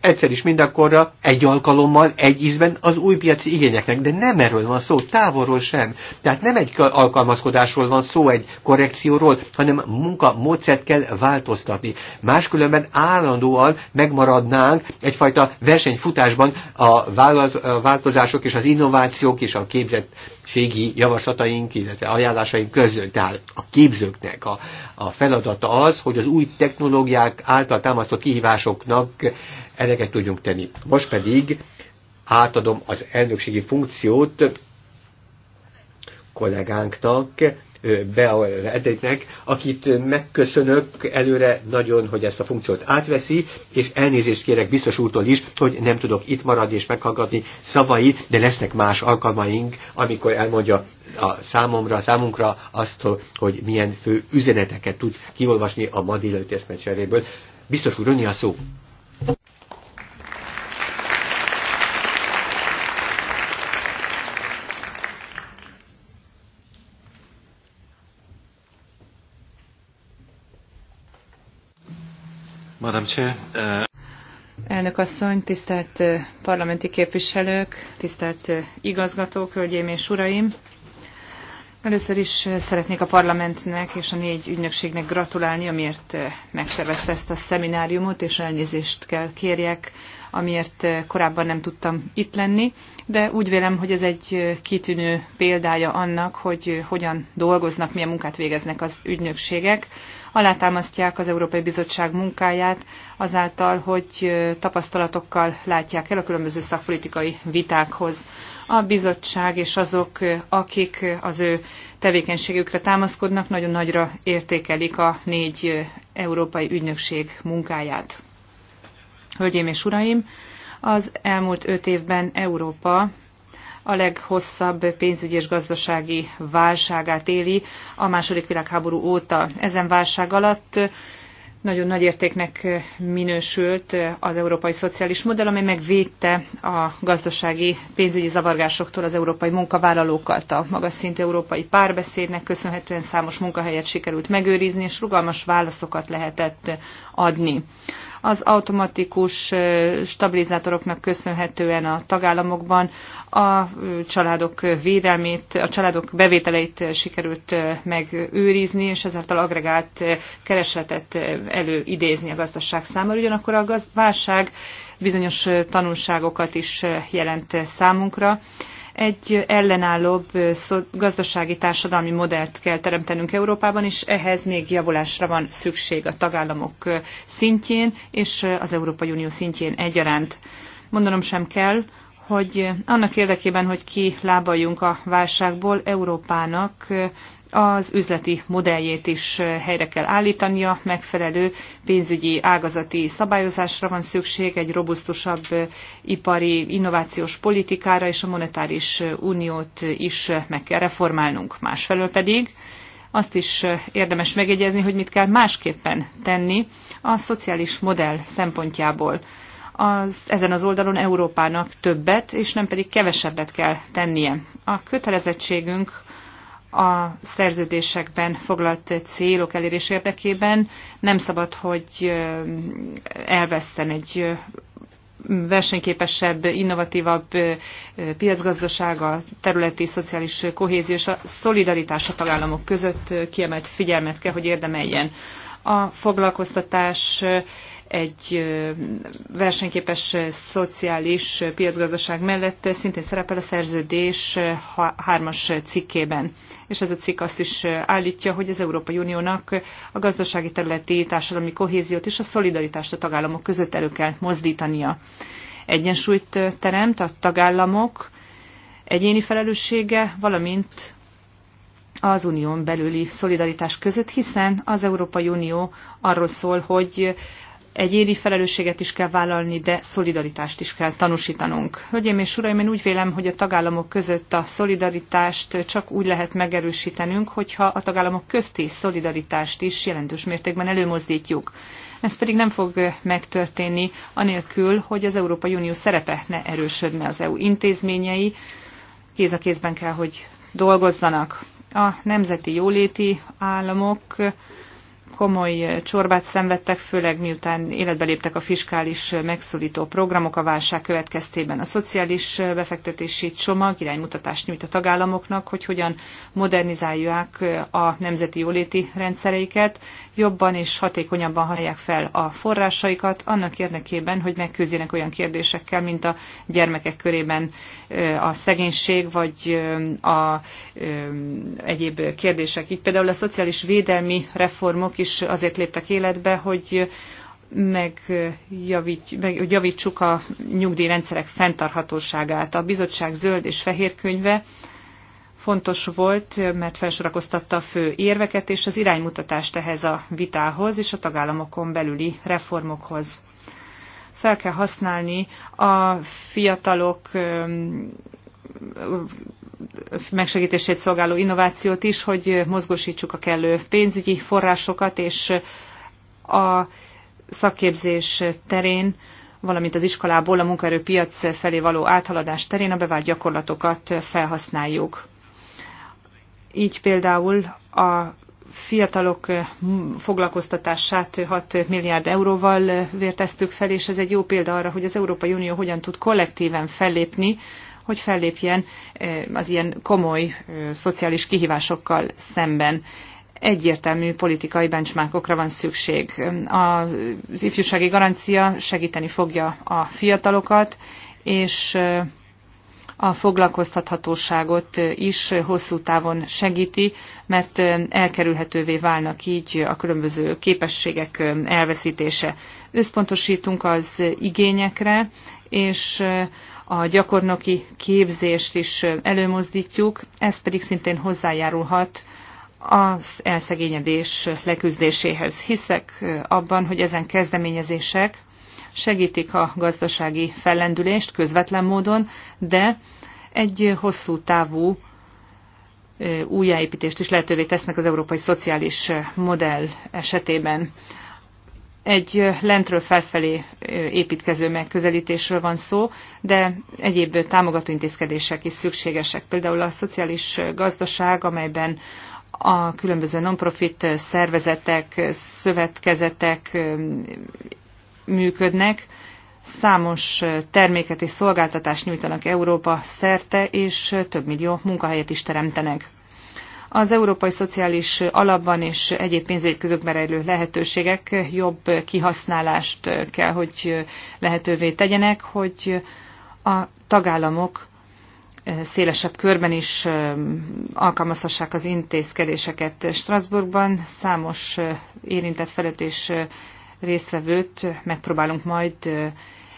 egyszer is mindakkorra, egy alkalommal, egy ízben az új piaci igényeknek, de nem erről van szó, távolról sem. Tehát nem egy alkalmazkodásról van szó, egy korrekcióról, hanem munka módszert kell változtatni. Máskülönben állandóan megmaradnánk egyfajta versenyfutásban a változások és az innovációk és a képzett ségi javaslataink, illetve ajánlásaink között. Tehát a képzőknek a, a feladata az, hogy az új technológiák által támasztott kihívásoknak eleget tudjunk tenni. Most pedig átadom az elnökségi funkciót kollégánknak, beadétnek, akit megköszönök előre nagyon, hogy ezt a funkciót átveszi, és elnézést kérek biztos úrtól is, hogy nem tudok itt maradni és meghallgatni szavai, de lesznek más alkalmaink, amikor elmondja a számomra, a számunkra azt, hogy milyen fő üzeneteket tud kiolvasni a ma délelőtt eszmecseréből. Biztos úr, a szó! Madam Chair. Uh... Elnök asszony, tisztelt uh, parlamenti képviselők, tisztelt uh, igazgatók, hölgyeim és uraim! Először is uh, szeretnék a parlamentnek és a négy ügynökségnek gratulálni, amiért megszervezte ezt a szemináriumot, és elnézést kell kérjek, amiért korábban nem tudtam itt lenni, de úgy vélem, hogy ez egy kitűnő példája annak, hogy hogyan dolgoznak, milyen munkát végeznek az ügynökségek alátámasztják az Európai Bizottság munkáját azáltal, hogy tapasztalatokkal látják el a különböző szakpolitikai vitákhoz. A bizottság és azok, akik az ő tevékenységükre támaszkodnak, nagyon nagyra értékelik a négy európai ügynökség munkáját. Hölgyeim és uraim, az elmúlt öt évben Európa a leghosszabb pénzügyi és gazdasági válságát éli a II. világháború óta. Ezen válság alatt nagyon nagy értéknek minősült az európai szociális modell, amely megvédte a gazdasági pénzügyi zavargásoktól az európai munkavállalókat. A magas szintű európai párbeszédnek köszönhetően számos munkahelyet sikerült megőrizni, és rugalmas válaszokat lehetett adni az automatikus stabilizátoroknak köszönhetően a tagállamokban a családok védelmét, a családok bevételeit sikerült megőrizni, és ezáltal agregált keresletet előidézni a gazdaság számára. Ugyanakkor a válság bizonyos tanulságokat is jelent számunkra egy ellenállóbb gazdasági társadalmi modellt kell teremtenünk Európában, és ehhez még javulásra van szükség a tagállamok szintjén és az Európai Unió szintjén egyaránt. Mondanom sem kell, hogy annak érdekében, hogy ki lábaljunk a válságból, Európának az üzleti modelljét is helyre kell állítania, megfelelő pénzügyi ágazati szabályozásra van szükség, egy robusztusabb ipari innovációs politikára és a monetáris uniót is meg kell reformálnunk. Másfelől pedig azt is érdemes megjegyezni, hogy mit kell másképpen tenni a szociális modell szempontjából. Az, ezen az oldalon Európának többet, és nem pedig kevesebbet kell tennie. A kötelezettségünk a szerződésekben foglalt célok elérés érdekében nem szabad, hogy elveszten egy versenyképesebb, innovatívabb piacgazdaság, a területi szociális kohézió és a szolidaritás a tagállamok között kiemelt figyelmet kell, hogy érdemeljen. A foglalkoztatás egy versenyképes szociális piacgazdaság mellett szintén szerepel a szerződés hármas cikkében. És ez a cikk azt is állítja, hogy az Európai Uniónak a gazdasági területi társadalmi kohéziót és a szolidaritást a tagállamok között elő kell mozdítania. Egyensúlyt teremt a tagállamok egyéni felelőssége, valamint az unión belüli szolidaritás között, hiszen az Európai Unió arról szól, hogy egyéni felelősséget is kell vállalni, de szolidaritást is kell tanúsítanunk. Hölgyeim és uraim, én úgy vélem, hogy a tagállamok között a szolidaritást csak úgy lehet megerősítenünk, hogyha a tagállamok közti szolidaritást is jelentős mértékben előmozdítjuk. Ez pedig nem fog megtörténni anélkül, hogy az Európai Unió szerepe ne erősödne az EU intézményei, kéz a kézben kell, hogy dolgozzanak. A nemzeti jóléti államok komoly csorbát szenvedtek, főleg miután életbe léptek a fiskális megszólító programok a válság következtében. A szociális befektetési csomag iránymutatást nyújt a tagállamoknak, hogy hogyan modernizálják a nemzeti jóléti rendszereiket, jobban és hatékonyabban használják fel a forrásaikat, annak érdekében, hogy megküzdjenek olyan kérdésekkel, mint a gyermekek körében a szegénység, vagy a, egyéb kérdések. Így például a szociális védelmi reformok is is azért léptek életbe, hogy megjavít, megjavítsuk a nyugdíjrendszerek fenntarthatóságát. A bizottság zöld és fehér könyve fontos volt, mert felsorakoztatta a fő érveket és az iránymutatást ehhez a vitához és a tagállamokon belüli reformokhoz. Fel kell használni a fiatalok megsegítését szolgáló innovációt is, hogy mozgósítsuk a kellő pénzügyi forrásokat, és a szakképzés terén, valamint az iskolából a munkaerőpiac felé való áthaladás terén a bevált gyakorlatokat felhasználjuk. Így például a fiatalok foglalkoztatását 6 milliárd euróval vérteztük fel, és ez egy jó példa arra, hogy az Európai Unió hogyan tud kollektíven fellépni hogy fellépjen az ilyen komoly szociális kihívásokkal szemben egyértelmű politikai benchmarkokra van szükség. Az ifjúsági garancia segíteni fogja a fiatalokat, és a foglalkoztathatóságot is hosszú távon segíti, mert elkerülhetővé válnak így a különböző képességek elveszítése. Összpontosítunk az igényekre, és a gyakornoki képzést is előmozdítjuk, ez pedig szintén hozzájárulhat az elszegényedés leküzdéséhez. Hiszek abban, hogy ezen kezdeményezések segítik a gazdasági fellendülést közvetlen módon, de egy hosszú távú újjáépítést is lehetővé tesznek az európai szociális modell esetében egy lentről felfelé építkező megközelítésről van szó, de egyéb támogató intézkedések is szükségesek. Például a szociális gazdaság, amelyben a különböző non-profit szervezetek, szövetkezetek működnek, számos terméket és szolgáltatást nyújtanak Európa szerte, és több millió munkahelyet is teremtenek. Az Európai Szociális Alapban és egyéb pénzügyközökben rejlő lehetőségek jobb kihasználást kell, hogy lehetővé tegyenek, hogy a tagállamok szélesebb körben is alkalmazhassák az intézkedéseket. Strasbourgban számos érintett felett és résztvevőt megpróbálunk majd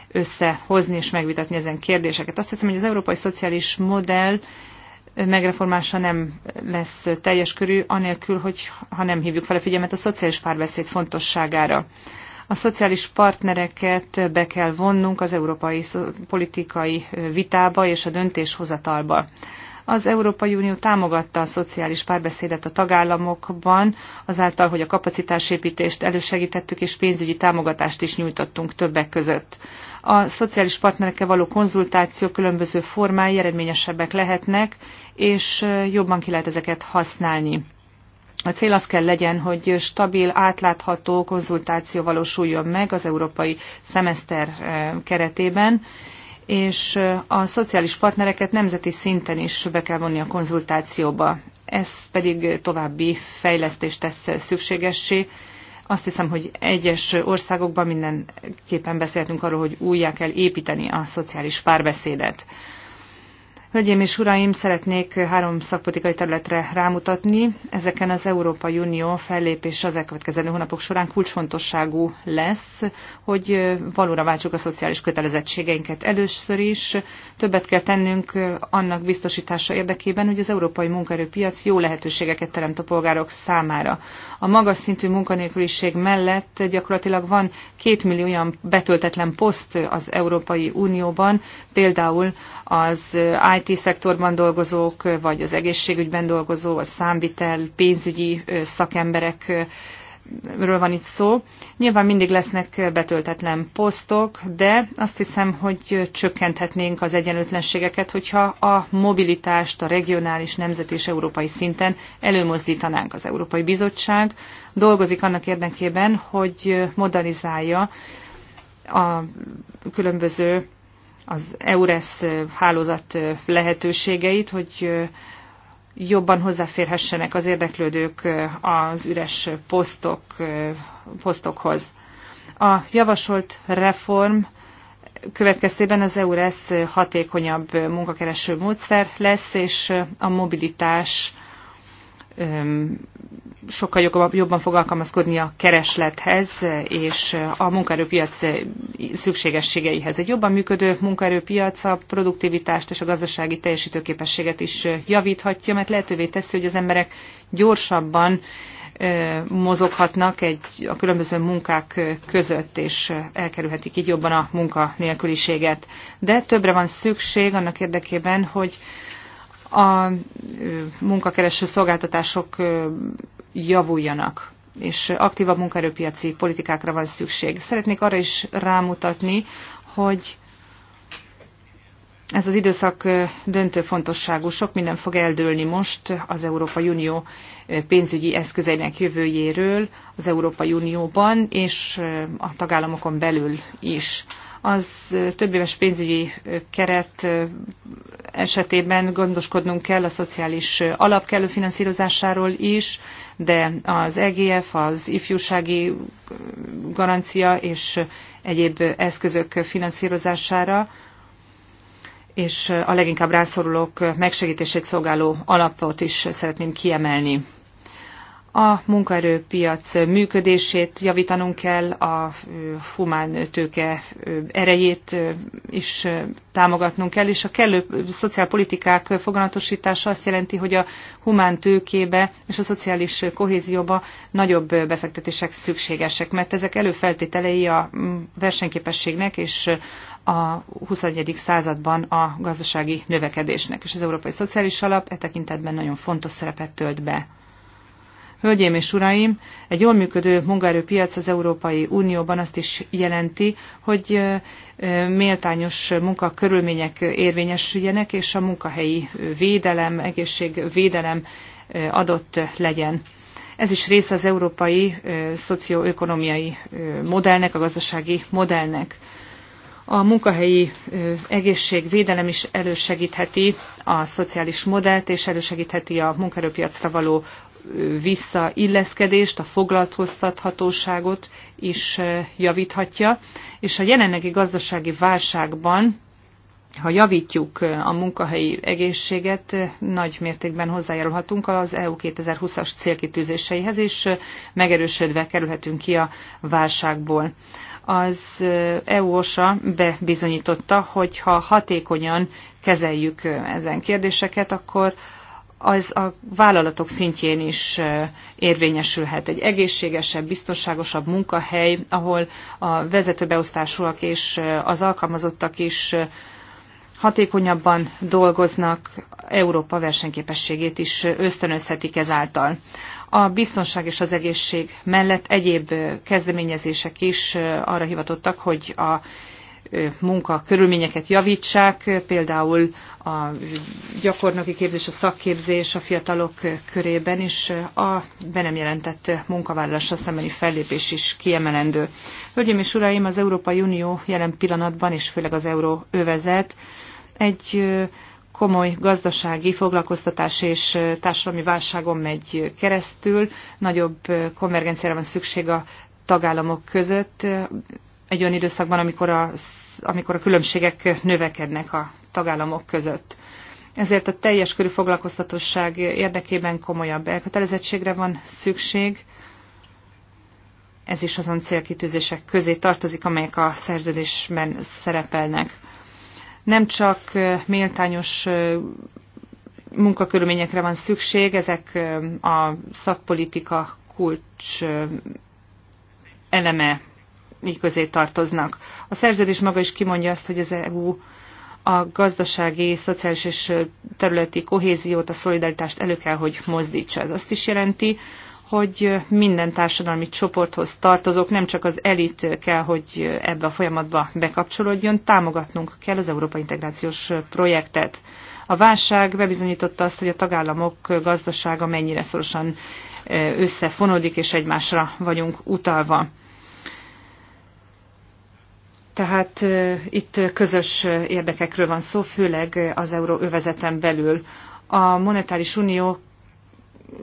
összehozni és megvitatni ezen kérdéseket. Azt hiszem, hogy az európai szociális modell megreformása nem lesz teljes körű, anélkül, hogy ha nem hívjuk fel a figyelmet a szociális párbeszéd fontosságára. A szociális partnereket be kell vonnunk az európai politikai vitába és a döntéshozatalba. Az Európai Unió támogatta a szociális párbeszédet a tagállamokban, azáltal, hogy a kapacitásépítést elősegítettük és pénzügyi támogatást is nyújtottunk többek között. A szociális partnerekkel való konzultáció különböző formái eredményesebbek lehetnek, és jobban ki lehet ezeket használni. A cél az kell legyen, hogy stabil, átlátható konzultáció valósuljon meg az európai szemeszter keretében, és a szociális partnereket nemzeti szinten is be kell vonni a konzultációba. Ez pedig további fejlesztést tesz szükségessé, azt hiszem, hogy egyes országokban mindenképpen beszéltünk arról, hogy újjá kell építeni a szociális párbeszédet. Hölgyeim és uraim, szeretnék három szakpolitikai területre rámutatni. Ezeken az Európai Unió fellépés az elkövetkező hónapok során kulcsfontosságú lesz, hogy valóra váltsuk a szociális kötelezettségeinket. Először is többet kell tennünk annak biztosítása érdekében, hogy az európai munkaerőpiac jó lehetőségeket teremt a polgárok számára. A magas szintű munkanélküliség mellett gyakorlatilag van két millió olyan betöltetlen poszt az Európai Unióban, például az IT IT-szektorban dolgozók, vagy az egészségügyben dolgozó, a számvitel, pénzügyi szakemberek ről van itt szó. Nyilván mindig lesznek betöltetlen posztok, de azt hiszem, hogy csökkenthetnénk az egyenlőtlenségeket, hogyha a mobilitást a regionális, nemzeti és európai szinten előmozdítanánk. Az Európai Bizottság dolgozik annak érdekében, hogy modernizálja a különböző az EURES hálózat lehetőségeit, hogy jobban hozzáférhessenek az érdeklődők az üres posztok, posztokhoz. A javasolt reform következtében az EURES hatékonyabb munkakereső módszer lesz, és a mobilitás sokkal jobban, jobban fog alkalmazkodni a kereslethez és a munkaerőpiac szükségességeihez. Egy jobban működő munkaerőpiac a produktivitást és a gazdasági teljesítőképességet is javíthatja, mert lehetővé teszi, hogy az emberek gyorsabban mozoghatnak egy, a különböző munkák között, és elkerülhetik így jobban a munkanélküliséget. De többre van szükség annak érdekében, hogy a munkakereső szolgáltatások javuljanak és aktívabb munkaerőpiaci politikákra van szükség. Szeretnék arra is rámutatni, hogy ez az időszak döntő fontosságú, sok minden fog eldőlni most az Európai Unió pénzügyi eszközeinek jövőjéről az Európai Unióban és a tagállamokon belül is az éves pénzügyi keret esetében gondoskodnunk kell a szociális alapkelő finanszírozásáról is, de az EGF, az ifjúsági garancia és egyéb eszközök finanszírozására, és a leginkább rászorulók megsegítését szolgáló alapot is szeretném kiemelni. A munkaerőpiac működését javítanunk kell, a humán tőke erejét is támogatnunk kell, és a kellő szociálpolitikák foganatosítása azt jelenti, hogy a humán tőkébe és a szociális kohézióba nagyobb befektetések szükségesek, mert ezek előfeltételei a versenyképességnek és a 21. században a gazdasági növekedésnek, és az Európai Szociális Alap e tekintetben nagyon fontos szerepet tölt be. Hölgyeim és uraim, egy jól működő munkaerőpiac az Európai Unióban azt is jelenti, hogy méltányos munkakörülmények érvényesüljenek, és a munkahelyi védelem, egészségvédelem adott legyen. Ez is része az európai szocioökonomiai modellnek, a gazdasági modellnek. A munkahelyi egészségvédelem is elősegítheti a szociális modellt, és elősegítheti a munkaerőpiacra való visszailleszkedést, a foglalkoztathatóságot is javíthatja, és a jelenlegi gazdasági válságban, ha javítjuk a munkahelyi egészséget, nagy mértékben hozzájárulhatunk az EU 2020-as célkitűzéseihez, és megerősödve kerülhetünk ki a válságból az EU-osa bebizonyította, hogy ha hatékonyan kezeljük ezen kérdéseket, akkor az a vállalatok szintjén is érvényesülhet. Egy egészségesebb, biztonságosabb munkahely, ahol a vezetőbeosztásúak és az alkalmazottak is hatékonyabban dolgoznak, Európa versenyképességét is ösztönözhetik ezáltal. A biztonság és az egészség mellett egyéb kezdeményezések is arra hivatottak, hogy a munkakörülményeket javítsák, például a gyakornoki képzés, a szakképzés a fiatalok körében is a be nem jelentett munkavállalásra szembeni fellépés is kiemelendő. Hölgyeim és Uraim, az Európai Unió jelen pillanatban, és főleg az euróövezet egy komoly gazdasági foglalkoztatás és társadalmi válságon megy keresztül, nagyobb konvergenciára van szükség a tagállamok között, egy olyan időszakban, amikor a, amikor a különbségek növekednek a tagállamok között. Ezért a teljes körű foglalkoztatosság érdekében komolyabb elkötelezettségre van szükség. Ez is azon célkitűzések közé tartozik, amelyek a szerződésben szerepelnek. Nem csak méltányos munkakörülményekre van szükség, ezek a szakpolitika kulcs eleme így közé tartoznak. A szerződés maga is kimondja azt, hogy az EU a gazdasági, szociális és területi kohéziót, a szolidaritást elő kell, hogy mozdítsa. Ez azt is jelenti, hogy minden társadalmi csoporthoz tartozók, nem csak az elit kell, hogy ebbe a folyamatba bekapcsolódjon, támogatnunk kell az Európa integrációs projektet. A válság bebizonyította azt, hogy a tagállamok gazdasága mennyire szorosan összefonódik, és egymásra vagyunk utalva. Tehát itt közös érdekekről van szó, főleg az euróövezeten belül. A monetáris unió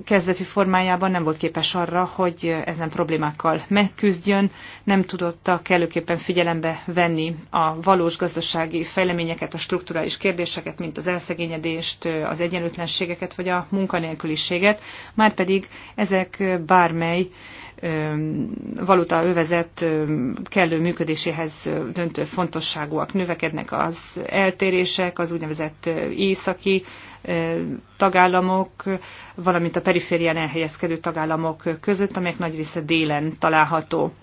kezdeti formájában nem volt képes arra, hogy ezen problémákkal megküzdjön, nem tudotta kellőképpen figyelembe venni a valós gazdasági fejleményeket, a strukturális kérdéseket, mint az elszegényedést, az egyenlőtlenségeket vagy a munkanélküliséget, márpedig ezek bármely valuta övezet kellő működéséhez döntő fontosságúak. Növekednek az eltérések, az úgynevezett északi tagállamok, valamint a periférián elhelyezkedő tagállamok között, amelyek nagy része délen található.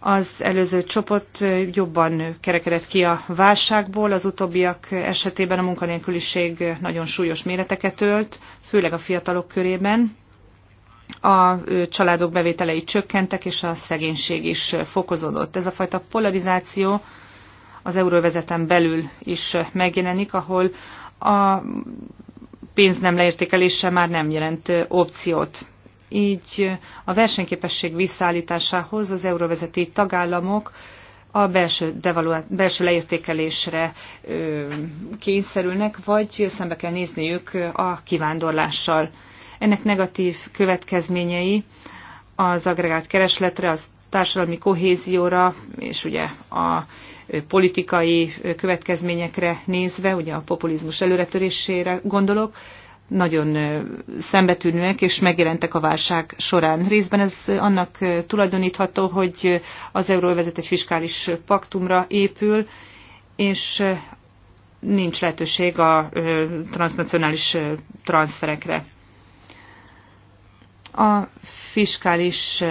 Az előző csoport jobban kerekedett ki a válságból, az utóbbiak esetében a munkanélküliség nagyon súlyos méreteket ölt, főleg a fiatalok körében a családok bevételei csökkentek, és a szegénység is fokozódott. Ez a fajta polarizáció az euróvezeten belül is megjelenik, ahol a pénz nem leértékelése már nem jelent opciót. Így a versenyképesség visszaállításához az euróvezeti tagállamok a belső, devaluá- belső leértékelésre ö, kényszerülnek, vagy szembe kell nézniük a kivándorlással. Ennek negatív következményei az agregált keresletre, az társadalmi kohézióra, és ugye a politikai következményekre nézve, ugye a populizmus előretörésére gondolok, nagyon szembetűnőek, és megjelentek a válság során. Részben ez annak tulajdonítható, hogy az euróvezet egy fiskális paktumra épül, és nincs lehetőség a transnacionális transferekre. A fiskális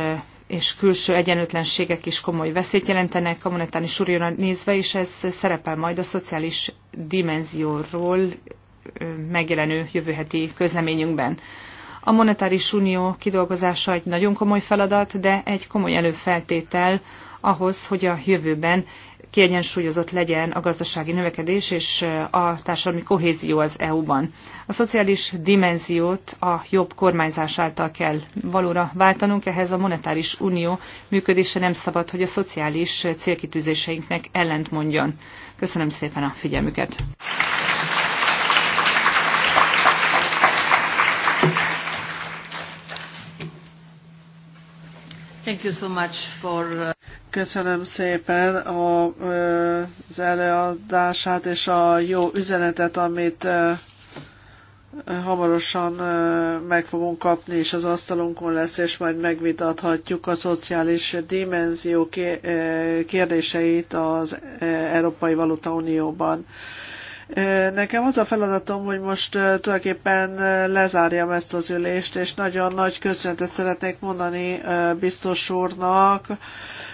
és külső egyenlőtlenségek is komoly veszélyt jelentenek a monetáris unióra nézve, és ez szerepel majd a szociális dimenzióról megjelenő jövőheti közleményünkben. A monetáris unió kidolgozása egy nagyon komoly feladat, de egy komoly előfeltétel ahhoz, hogy a jövőben kiegyensúlyozott legyen a gazdasági növekedés és a társadalmi kohézió az EU-ban. A szociális dimenziót a jobb kormányzás által kell valóra váltanunk, ehhez a monetáris unió működése nem szabad, hogy a szociális célkitűzéseinknek ellent mondjon. Köszönöm szépen a figyelmüket! Thank you so much for... Uh, Köszönöm szépen a, uh, az előadását és a jó üzenetet, amit uh, hamarosan meg fogunk kapni, és az asztalunkon lesz, és majd megvitathatjuk a szociális dimenzió kérdéseit az Európai Valuta Unióban. Nekem az a feladatom, hogy most tulajdonképpen lezárjam ezt az ülést, és nagyon nagy köszönetet szeretnék mondani biztos úrnak,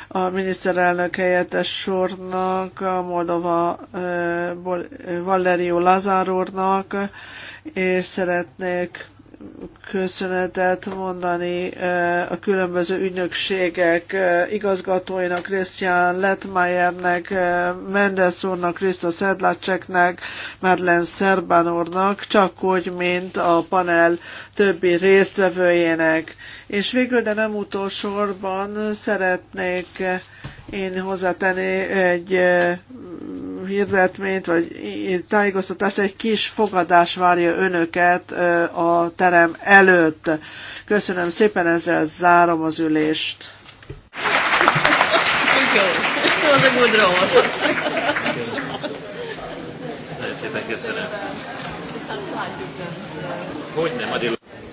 a miniszterelnök helyettes úrnak, a Moldova Valerio Lazár úrnak, és szeretnék köszönetet mondani eh, a különböző ügynökségek eh, igazgatóinak, Christian Letmayernek, eh, Mendes úrnak, Krista Szedlacseknek, Madeleine Szerban úrnak, csak úgy, mint a panel többi résztvevőjének. És végül, de nem utolsorban szeretnék én hozzátenni egy hirdetményt, vagy tájékoztatást, egy kis fogadás várja önöket a terem előtt. Köszönöm szépen, ezzel zárom az ülést. Nagyon szépen köszönöm. Hogy nem,